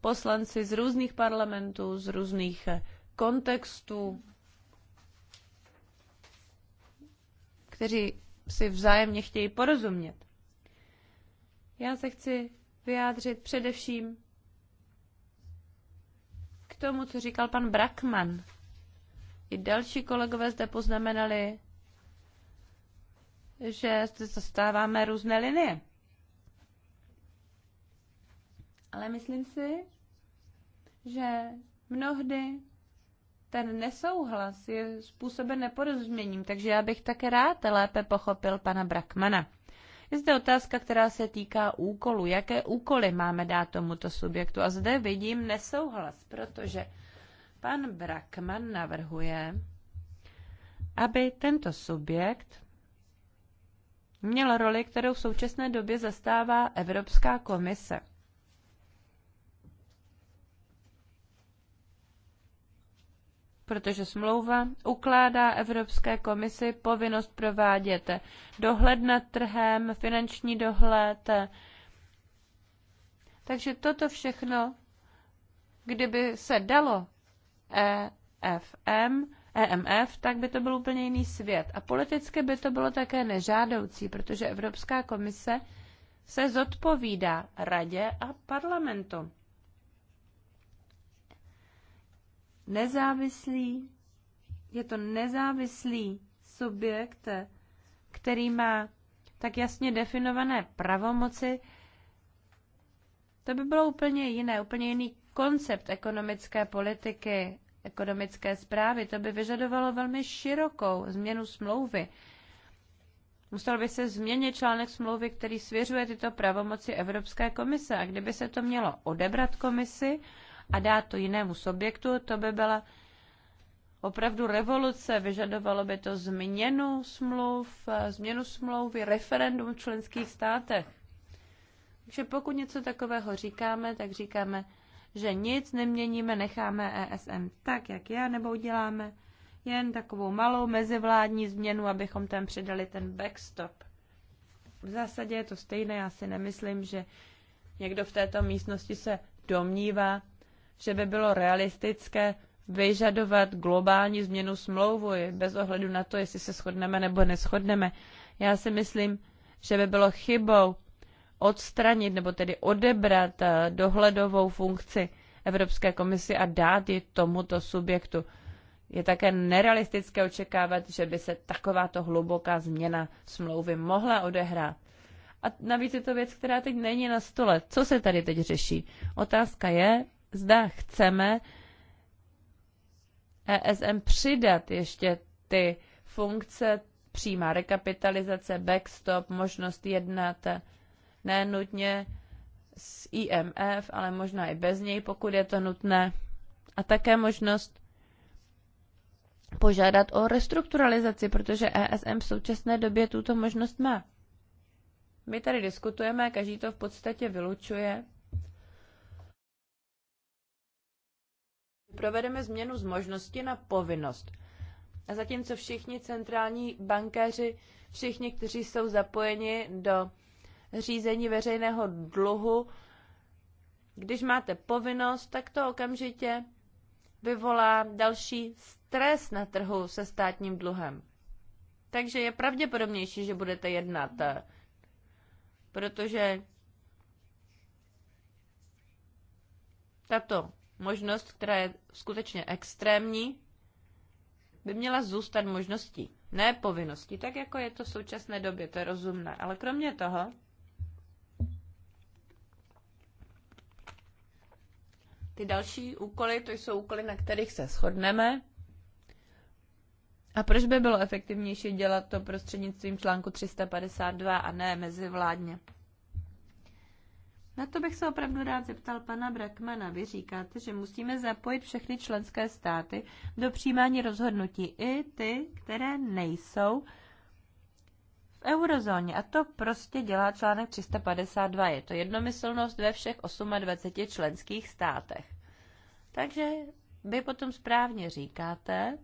poslanci z různých parlamentů, z různých kontextů, kteří si vzájemně chtějí porozumět. Já se chci vyjádřit především tomu, co říkal pan Brakman, I další kolegové zde poznamenali, že zde zastáváme různé linie. Ale myslím si, že mnohdy ten nesouhlas je způsoben neporozuměním, takže já bych také rád lépe pochopil pana Brakmana. Je zde otázka, která se týká úkolu. Jaké úkoly máme dát tomuto subjektu? A zde vidím nesouhlas, protože pan Brakman navrhuje, aby tento subjekt měl roli, kterou v současné době zastává Evropská komise. protože smlouva ukládá Evropské komisi povinnost provádět dohled nad trhem, finanční dohled. Takže toto všechno, kdyby se dalo EFM, EMF, tak by to byl úplně jiný svět. A politicky by to bylo také nežádoucí, protože Evropská komise se zodpovídá radě a parlamentu. nezávislý, je to nezávislý subjekt, který má tak jasně definované pravomoci, to by bylo úplně jiné, úplně jiný koncept ekonomické politiky, ekonomické zprávy. To by vyžadovalo velmi širokou změnu smlouvy. Musel by se změnit článek smlouvy, který svěřuje tyto pravomoci Evropské komise. A kdyby se to mělo odebrat komisi, a dát to jinému subjektu, to by byla opravdu revoluce, vyžadovalo by to změnu smluv, změnu smlouvy, referendum v členských státech. Takže pokud něco takového říkáme, tak říkáme, že nic neměníme, necháme ESM tak, jak je, nebo uděláme jen takovou malou mezivládní změnu, abychom tam přidali ten backstop. V zásadě je to stejné, já si nemyslím, že někdo v této místnosti se domnívá, že by bylo realistické vyžadovat globální změnu smlouvy bez ohledu na to, jestli se shodneme nebo neschodneme. Já si myslím, že by bylo chybou odstranit nebo tedy odebrat eh, dohledovou funkci Evropské komisi a dát ji tomuto subjektu. Je také nerealistické očekávat, že by se takováto hluboká změna smlouvy mohla odehrát. A navíc je to věc, která teď není na stole. Co se tady teď řeší? Otázka je, zda chceme ESM přidat ještě ty funkce přímá rekapitalizace, backstop, možnost jednat ne nutně s IMF, ale možná i bez něj, pokud je to nutné. A také možnost požádat o restrukturalizaci, protože ESM v současné době tuto možnost má. My tady diskutujeme, každý to v podstatě vylučuje, provedeme změnu z možnosti na povinnost. A zatímco všichni centrální bankéři, všichni, kteří jsou zapojeni do řízení veřejného dluhu, když máte povinnost, tak to okamžitě vyvolá další stres na trhu se státním dluhem. Takže je pravděpodobnější, že budete jednat, protože tato možnost, která je skutečně extrémní, by měla zůstat možností, ne povinností, tak jako je to v současné době, to je rozumné. Ale kromě toho, ty další úkoly, to jsou úkoly, na kterých se shodneme. A proč by bylo efektivnější dělat to prostřednictvím článku 352 a ne mezivládně? Na to bych se opravdu rád zeptal pana Brakmana. Vy říkáte, že musíme zapojit všechny členské státy do přijímání rozhodnutí, i ty, které nejsou v eurozóně. A to prostě dělá článek 352. Je to jednomyslnost ve všech 28 členských státech. Takže vy potom správně říkáte,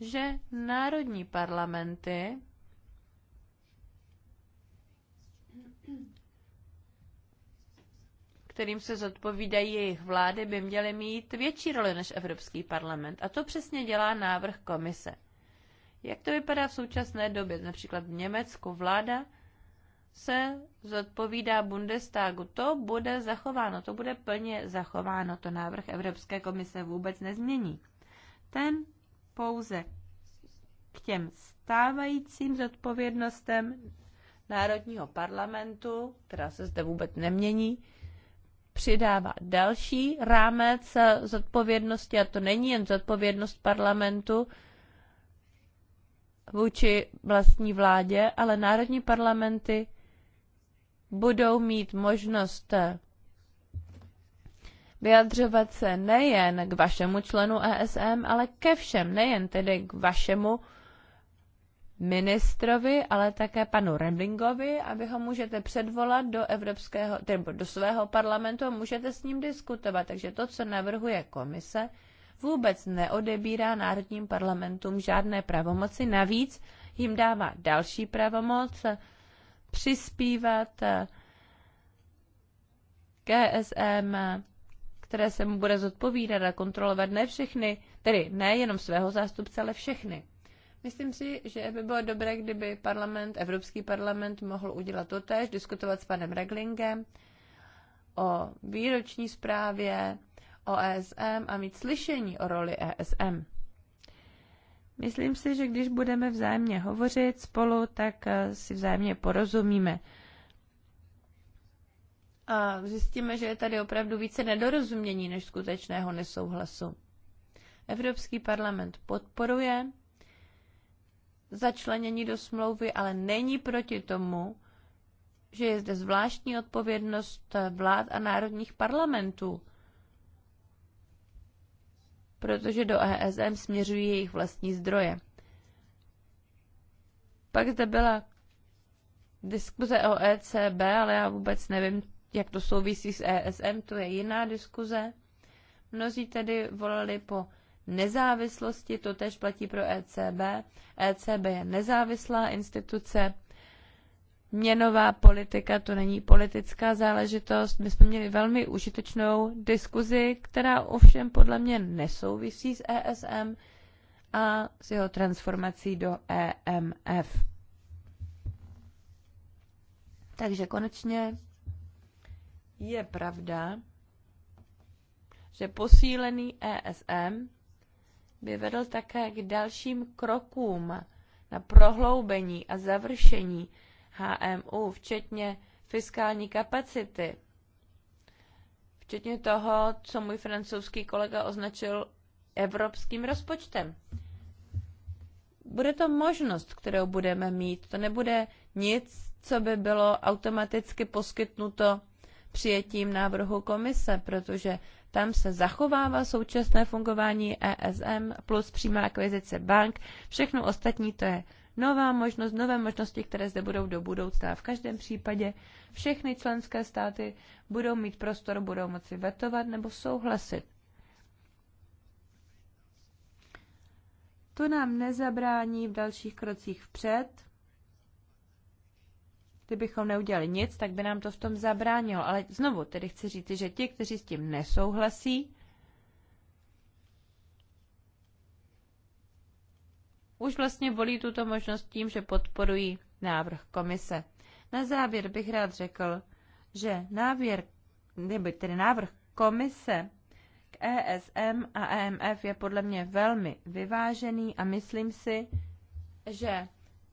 že národní parlamenty kterým se zodpovídají jejich vlády, by měly mít větší roli než Evropský parlament. A to přesně dělá návrh komise. Jak to vypadá v současné době? Například v Německu vláda se zodpovídá Bundestagu. To bude zachováno, to bude plně zachováno. To návrh Evropské komise vůbec nezmění. Ten pouze k těm stávajícím zodpovědnostem Národního parlamentu, která se zde vůbec nemění, přidává další rámec zodpovědnosti, a to není jen zodpovědnost parlamentu vůči vlastní vládě, ale národní parlamenty budou mít možnost vyjadřovat se nejen k vašemu členu ESM, ale ke všem, nejen tedy k vašemu ministrovi, ale také panu Remlingovi a vy ho můžete předvolat do evropského, tedy do svého parlamentu a můžete s ním diskutovat. Takže to, co navrhuje komise, vůbec neodebírá národním parlamentům žádné pravomoci. Navíc jim dává další pravomoc přispívat KSM, e které se mu bude zodpovídat a kontrolovat ne všechny, tedy nejenom svého zástupce, ale všechny. Myslím si, že by bylo dobré, kdyby parlament, Evropský parlament mohl udělat to tež, diskutovat s panem Reglingem o výroční zprávě, o ESM a mít slyšení o roli ESM. Myslím si, že když budeme vzájemně hovořit spolu, tak eh, si vzájemně porozumíme. A zjistíme, že je tady opravdu více nedorozumění než skutečného nesouhlasu. Evropský parlament podporuje začlenění do smlouvy, ale není proti tomu, že je zde zvláštní odpovědnost vlád a národních parlamentů, protože do ESM směřují jejich vlastní zdroje. Pak zde byla diskuze o ECB, ale já vůbec nevím, jak to souvisí s ESM, to je jiná diskuze. Mnozí tedy volali po nezávislosti, to tež platí pro ECB. ECB je nezávislá instituce, měnová politika to není politická záležitost. My jsme měli velmi užitečnou diskuzi, která ovšem podle mě nesouvisí s ESM a s jeho transformací do EMF. Takže konečně je pravda, že posílený ESM by vedl také k dalším krokům na prohloubení a završení HMU, včetně fiskální kapacity, včetně toho, co můj francouzský kolega označil evropským rozpočtem. Bude to možnost, kterou budeme mít. To nebude nic, co by bylo automaticky poskytnuto přijetím návrhu komise, protože tam se zachovává současné fungování ESM plus přímá akvizice bank. Všechno ostatní to je nová možnost, nové možnosti, které zde budou do budoucna. V každém případě všechny členské státy budou mít prostor, budou moci vetovat nebo souhlasit. To nám nezabrání v dalších krocích vpřed, kdybychom neudělali nic, tak by nám to v tom zabránilo. Ale znovu tedy chci říct, že ti, kteří s tím nesouhlasí, už vlastně volí tuto možnost tím, že podporují návrh komise. Na závěr bych rád řekl, že návěr, nebo tedy návrh komise k ESM a EMF je podle mě velmi vyvážený a myslím si, že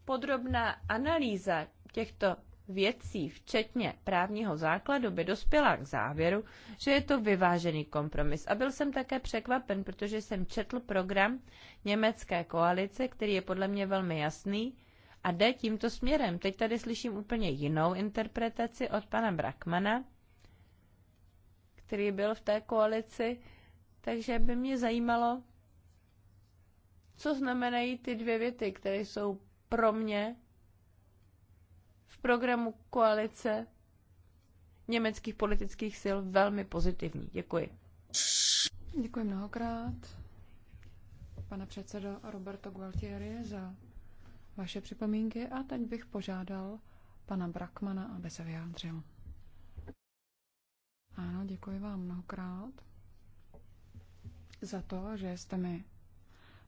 podrobná analýza těchto věcí, včetně právního základu, by dospěla k závěru, že je to vyvážený kompromis. A byl jsem také překvapen, protože jsem četl program německé koalice, který je podle mě velmi jasný a jde tímto směrem. Teď tady slyším úplně jinou interpretaci od pana Brakmana, který byl v té koalici, takže by mě zajímalo, co znamenají ty dvě věty, které jsou pro mě v programu koalice německých politických sil velmi pozitivní. Děkuji. Děkuji mnohokrát, pane předsedo Roberto Gualtieri, za vaše připomínky a teď bych požádal pana Brakmana, aby se vyjádřil. Ano, děkuji vám mnohokrát za to, že jste mi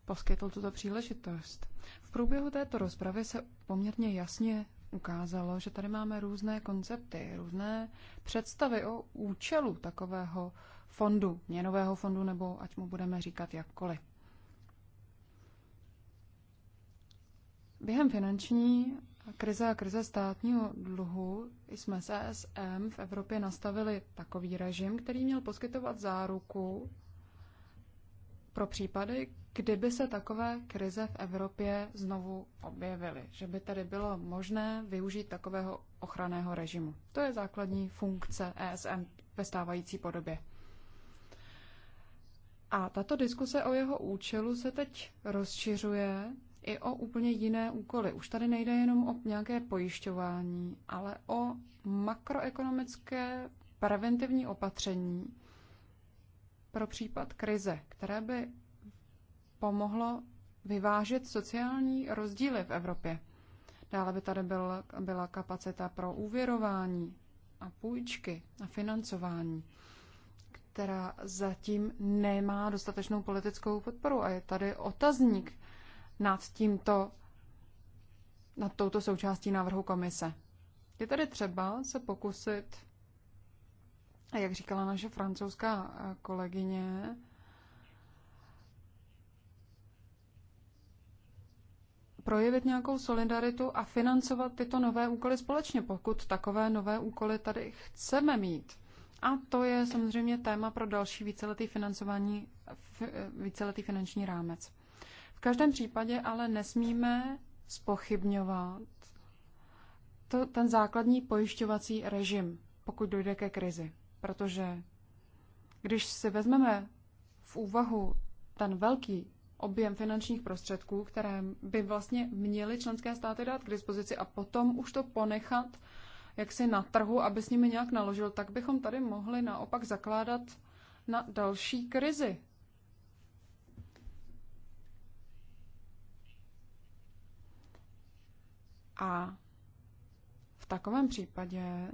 poskytl tuto příležitost. V průběhu této rozpravy se poměrně jasně ukázalo, že tady máme různé koncepty, různé představy o účelu takového fondu, měnového fondu, nebo ať mu budeme říkat jakkoliv. Během finanční krize a krize státního dluhu jsme s ESM v Evropě nastavili takový režim, který měl poskytovat záruku pro případy, kdyby se takové krize v Evropě znovu objevily, že by tady bylo možné využít takového ochranného režimu. To je základní funkce ESM ve stávající podobě. A tato diskuse o jeho účelu se teď rozšiřuje i o úplně jiné úkoly. Už tady nejde jenom o nějaké pojišťování, ale o makroekonomické preventivní opatření pro případ krize, které by pomohlo vyvážet sociální rozdíly v Evropě. Dále by tady byl, byla kapacita pro úvěrování a půjčky a financování, která zatím nemá dostatečnou politickou podporu. A je tady otazník nad tímto, nad touto součástí návrhu komise. Je tady třeba se pokusit, jak říkala naše francouzská kolegyně, projevit nějakou solidaritu a financovat tyto nové úkoly společně, pokud takové nové úkoly tady chceme mít. A to je samozřejmě téma pro další víceletý, financování, víceletý finanční rámec. V každém případě ale nesmíme spochybňovat to, ten základní pojišťovací režim, pokud dojde ke krizi. Protože když si vezmeme v úvahu ten velký objem finančních prostředků, které by vlastně měly členské státy dát k dispozici a potom už to ponechat jaksi na trhu, aby s nimi nějak naložil, tak bychom tady mohli naopak zakládat na další krizi. A v takovém případě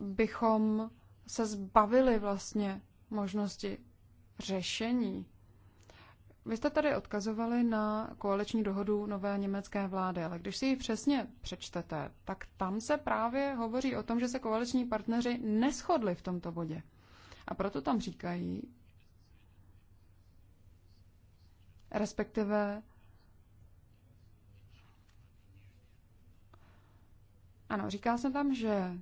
bychom se zbavili vlastně možnosti řešení. Vy jste tady odkazovali na koaliční dohodu nové německé vlády, ale když si ji přesně přečtete, tak tam se právě hovoří o tom, že se koaliční partneři neschodli v tomto bodě. A proto tam říkají, respektive Ano, říká se tam, že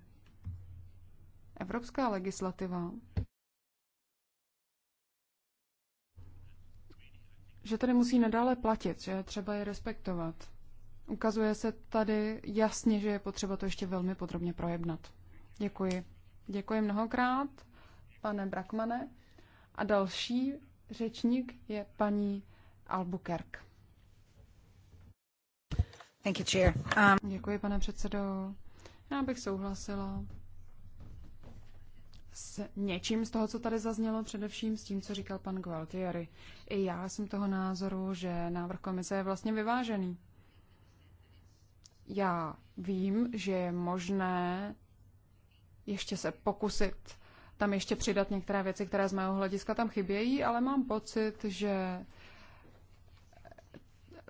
evropská legislativa že tady musí nadále platit, že je třeba je respektovat. Ukazuje se tady jasně, že je potřeba to ještě velmi podrobně projednat. Děkuji. Děkuji mnohokrát, pane Brakmane. A další řečník je paní Albuquerque. Thank you, chair. Um... Děkuji, pane předsedo. Já bych souhlasila s něčím z toho, co tady zaznělo, především s tím, co říkal pan Gualtieri. I já jsem toho názoru, že návrh komise je vlastně vyvážený. Já vím, že je možné ještě se pokusit tam ještě přidat některé věci, které z mého hlediska tam chybějí, ale mám pocit, že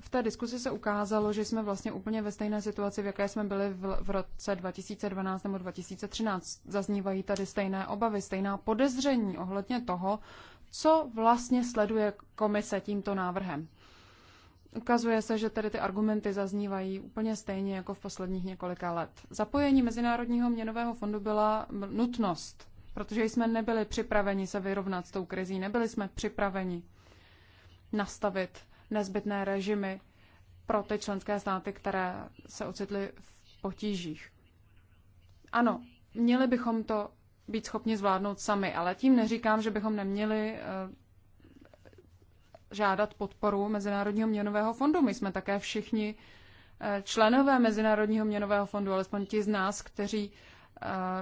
v té diskusi se ukázalo, že jsme vlastně úplně ve stejné situaci, v jaké jsme byli v, v roce 2012 nebo 2013. Zaznívají tady stejné obavy, stejná podezření ohledně toho, co vlastně sleduje komise tímto návrhem. Ukazuje se, že tedy ty argumenty zaznívají úplně stejně jako v posledních několika let. Zapojení Mezinárodního měnového fondu byla nutnost, protože jsme nebyli připraveni se vyrovnat s tou krizí, nebyli jsme připraveni nastavit nezbytné režimy pro ty členské státy, které se ocitly v potížích. Ano, měli bychom to být schopni zvládnout sami, ale tím neříkám, že bychom neměli eh, žádat podporu Mezinárodního měnového fondu. My jsme také všichni eh, členové Mezinárodního měnového fondu, alespoň ti z nás, kteří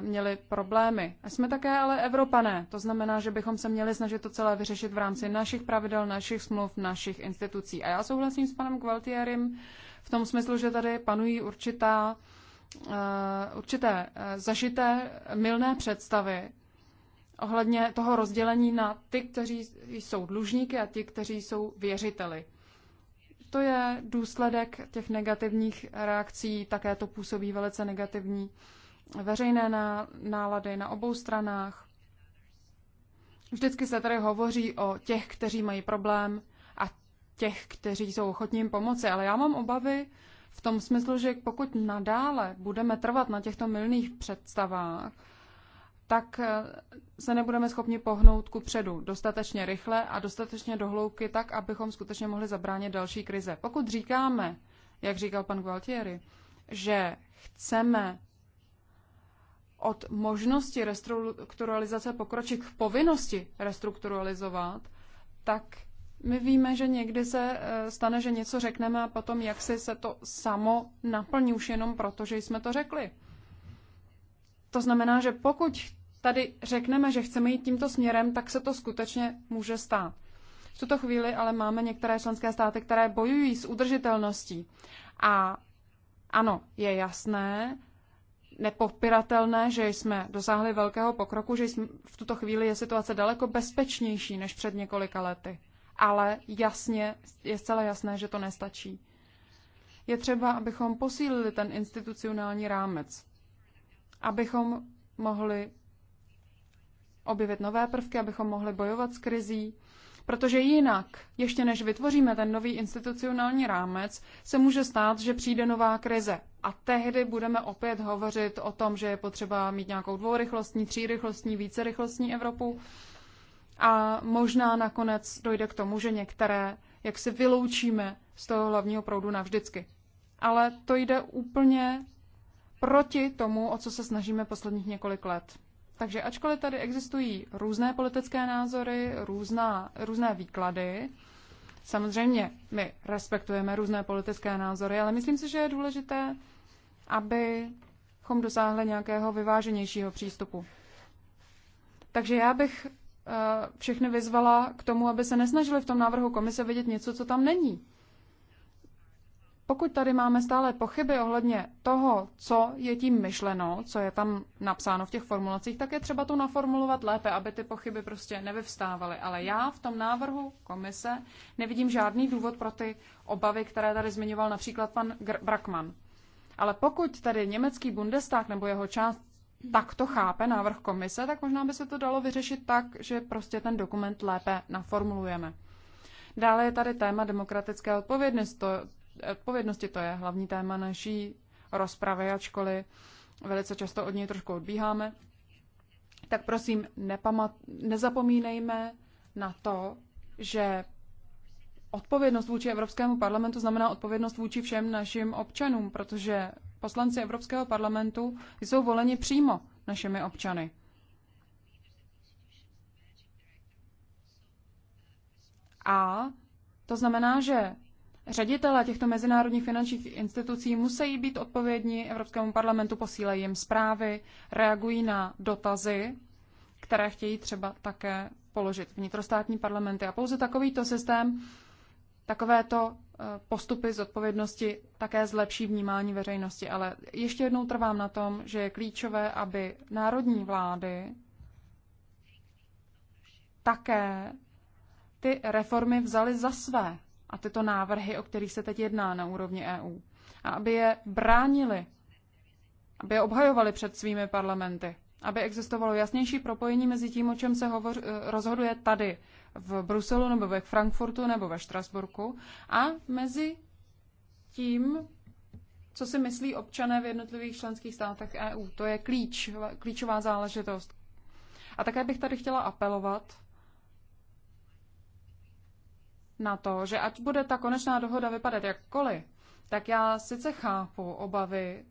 měli problémy. A jsme také ale Evropané. To znamená, že bychom se měli snažit to celé vyřešit v rámci našich pravidel, našich smluv, našich institucí. A já souhlasím s panem Gualtierim v tom smyslu, že tady panují určitá, určité e, zažité milné představy ohledně toho rozdělení na ty, kteří jsou dlužníky a ti, kteří jsou věřiteli to je důsledek těch negativních reakcí, také to působí velice negativní veřejné nálady na obou stranách. Vždycky se tady hovoří o těch, kteří mají problém a těch, kteří jsou ochotní jim pomoci, ale já mám obavy v tom smyslu, že pokud nadále budeme trvat na těchto mylných představách, tak eh, se nebudeme schopni pohnout ku předu dostatečně rychle a dostatečně dohloubky tak, abychom skutečně mohli zabránit další krize. Pokud říkáme, jak říkal pan Gualtieri, že chceme od možnosti restrukturalizace pokročit k povinnosti restrukturalizovat, tak my víme, že někdy se eh, stane, že něco řekneme a potom jak si se to samo naplní už jenom proto, že jsme to řekli. To znamená, že pokud tady řekneme, že chceme jít tímto směrem, tak se to skutečně může stát. V tuto chvíli ale máme některé členské státy, které bojují s udržitelností. A ano, je jasné, nepopiratelné, že jsme dosáhli velkého pokroku, že jsme, v tuto chvíli je situace daleko bezpečnější než před několika lety. Ale jasně, je zcela jasné, že to nestačí. Je třeba, abychom posílili ten institucionální rámec, abychom mohli objevit nové prvky, abychom mohli bojovat s krizí, protože jinak, ještě než vytvoříme ten nový institucionální rámec, se může stát, že přijde nová krize. A tehdy budeme opět hovořit o tom, že je potřeba mít nějakou dvourychlostní, třírychlostní, vícerychlostní Evropu. A možná nakonec dojde k tomu, že některé jak se vyloučíme z toho hlavního proudu navždycky. Ale to jde úplně proti tomu, o co se snažíme posledních několik let. Takže ačkoliv tady existují různé politické názory, různá, různé výklady, samozřejmě my respektujeme různé politické názory, ale myslím si, že je důležité, abychom dosáhli nějakého vyváženějšího přístupu. Takže já bych eh, všechny vyzvala k tomu, aby se nesnažili v tom návrhu komise vidět něco, co tam není. Pokud tady máme stále pochyby ohledně toho, co je tím myšleno, co je tam napsáno v těch formulacích, tak je třeba to naformulovat lépe, aby ty pochyby prostě nevyvstávaly. Ale já v tom návrhu komise nevidím žádný důvod pro ty obavy, které tady zmiňoval například pan Gr- Brackmann. Ale pokud tady německý Bundestag nebo jeho část tak to chápe návrh komise, tak možná by se to dalo vyřešit tak, že prostě ten dokument lépe naformulujeme. Dále je tady téma demokratické odpovědnosti. To, odpovědnosti. To je hlavní téma naší rozpravy, ačkoliv velice často od něj trošku odbíháme. Tak prosím, nepamat, nezapomínejme na to, že odpovědnost vůči Evropskému parlamentu znamená odpovědnost vůči všem našim občanům, protože poslanci Evropského parlamentu jsou voleni přímo našimi občany. A to znamená, že Ředitele těchto mezinárodních finančních institucí musí být odpovědní Evropskému parlamentu, posílají jim zprávy, reagují na dotazy, které chtějí třeba také položit vnitrostátní parlamenty. A pouze takovýto systém, takovéto eh, postupy z odpovědnosti také zlepší vnímání veřejnosti. Ale ještě jednou trvám na tom, že je klíčové, aby národní vlády také ty reformy vzaly za své a tyto návrhy, o kterých se teď jedná na úrovni EU. A aby je bránili, aby je obhajovali před svými parlamenty, aby existovalo jasnější propojení mezi tím, o čem se hovoř, eh, rozhoduje tady v Bruselu nebo ve Frankfurtu nebo ve Štrasburku a mezi tím, co si myslí občané v jednotlivých členských státech EU. To je klíč, klíčová záležitost. A také bych tady chtěla apelovat na to, že ať bude ta konečná dohoda vypadat jakkoliv, tak já sice chápu obavy,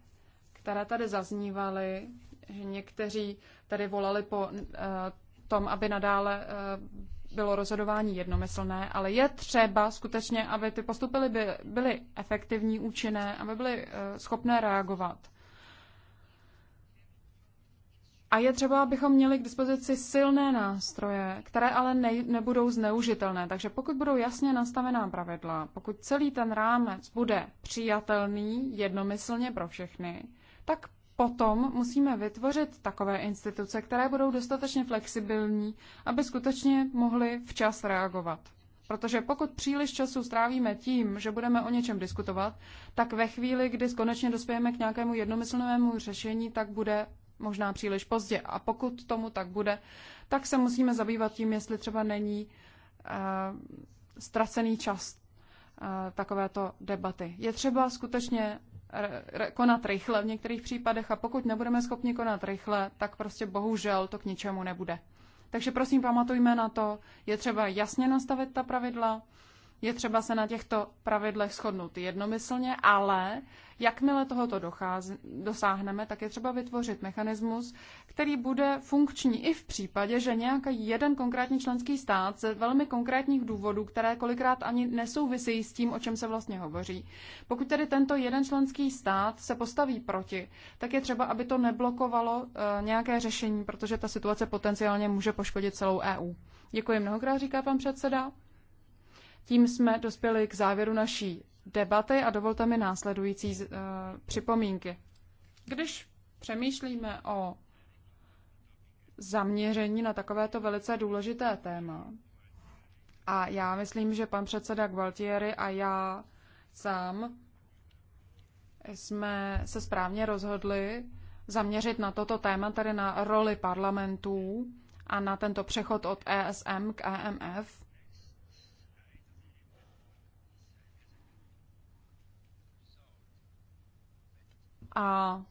které tady zaznívaly, že někteří tady volali po eh, tom, aby nadále eh, bylo rozhodování jednomyslné, ale je třeba skutečně, aby ty postupy byly, byly efektivní, účinné, aby byly eh, schopné reagovat. A je třeba, abychom měli k dispozici silné nástroje, které ale ne, nebudou zneužitelné. Takže pokud budou jasně nastavená pravidla, pokud celý ten rámec bude přijatelný jednomyslně pro všechny, tak potom musíme vytvořit takové instituce, které budou dostatečně flexibilní, aby skutečně mohly včas reagovat. Protože pokud příliš času strávíme tím, že budeme o něčem diskutovat, tak ve chvíli, kdy konečně dospějeme k nějakému jednomyslnému řešení, tak bude možná příliš pozdě. A pokud tomu tak bude, tak se musíme zabývat tím, jestli třeba není uh, ztracený čas uh, takovéto debaty. Je třeba skutečně konat rychle v některých případech a pokud nebudeme schopni konat rychle, tak prostě bohužel to k ničemu nebude. Takže prosím pamatujme na to, je třeba jasně nastavit ta pravidla, je třeba se na těchto pravidlech shodnout jednomyslně, ale jakmile tohoto docház- dosáhneme, tak je třeba vytvořit mechanismus, který bude funkční i v případě, že nějaký jeden konkrétní členský stát ze velmi konkrétních důvodů, které kolikrát ani nesouvisejí s tím, o čem se vlastně hovoří. Pokud tedy tento jeden členský stát se postaví proti, tak je třeba, aby to neblokovalo e, nějaké řešení, protože ta situace potenciálně může poškodit celou EU. Děkuji mnohokrát, říká pan předseda. Tím jsme dospěli k závěru naší debaty a dovolte mi následující uh, připomínky. Když přemýšlíme o zaměření na takovéto velice důležité téma, a já myslím, že pan předseda Gualtieri a já sám jsme se správně rozhodli zaměřit na toto téma, tedy na roli parlamentů a na tento přechod od ESM k EMF. A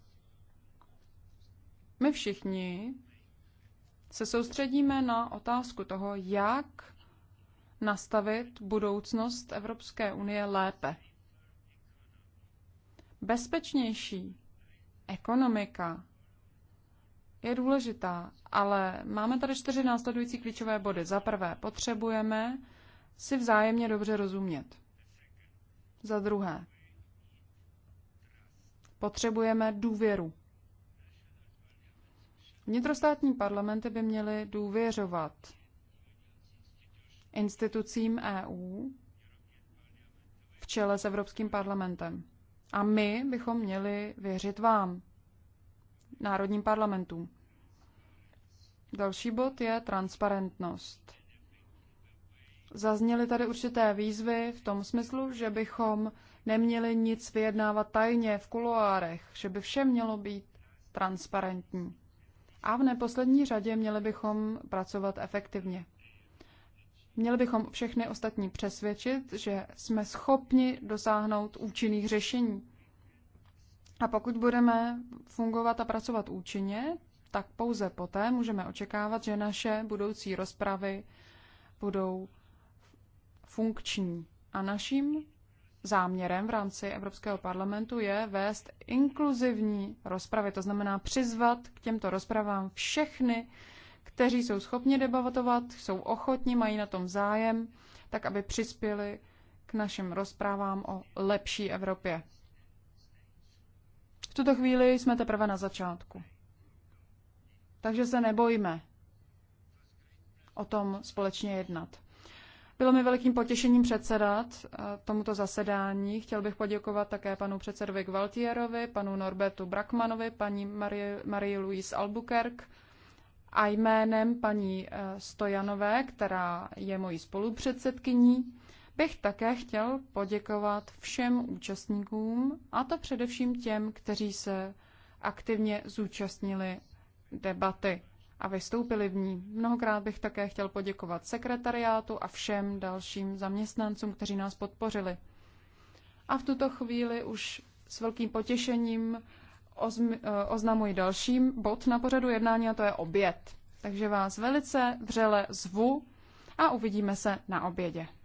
my všichni se soustředíme na otázku toho, jak nastavit budoucnost Evropské unie lépe. Bezpečnější ekonomika je důležitá, ale máme tady čtyři následující klíčové body. Za prvé, potřebujeme si vzájemně dobře rozumět. Za druhé, Potřebujeme důvěru. Vnitrostátní parlamenty by měly důvěřovat institucím EU v čele s Evropským parlamentem. A my bychom měli věřit vám, národním parlamentům. Další bod je transparentnost. Zazněly tady určité výzvy v tom smyslu, že bychom neměli nic vyjednávat tajně v kuloárech, že by vše mělo být transparentní. A v neposlední řadě měli bychom pracovat efektivně. Měli bychom všechny ostatní přesvědčit, že jsme schopni dosáhnout účinných řešení. A pokud budeme fungovat a pracovat účinně, tak pouze poté můžeme očekávat, že naše budoucí rozpravy budou funkční. A naším záměrem v rámci Evropského parlamentu je vést inkluzivní rozpravy, to znamená přizvat k těmto rozpravám všechny, kteří jsou schopni debatovat, jsou ochotní, mají na tom zájem, tak aby přispěli k našim rozprávám o lepší Evropě. V tuto chvíli jsme teprve na začátku. Takže se nebojíme o tom společně jednat. Bylo mi velikým potěšením předsedat eh, tomuto zasedání. Chtěl bych poděkovat také panu předsedovi Gvaltierovi, panu Norbertu Brakmanovi, paní Marie-Louise Albuquerque a jménem paní eh, Stojanové, která je mojí spolupředsedkyní, bych také chtěl poděkovat všem účastníkům, a to především těm, kteří se aktivně zúčastnili debaty a vystoupili v ní. Mnohokrát bych také chtěl poděkovat sekretariátu a všem dalším zaměstnancům, kteří nás podpořili. A v tuto chvíli už s velkým potěšením eh, oznamuji dalším bod na pořadu jednání a to je oběd. Takže vás velice vřele zvu a uvidíme se na obědě.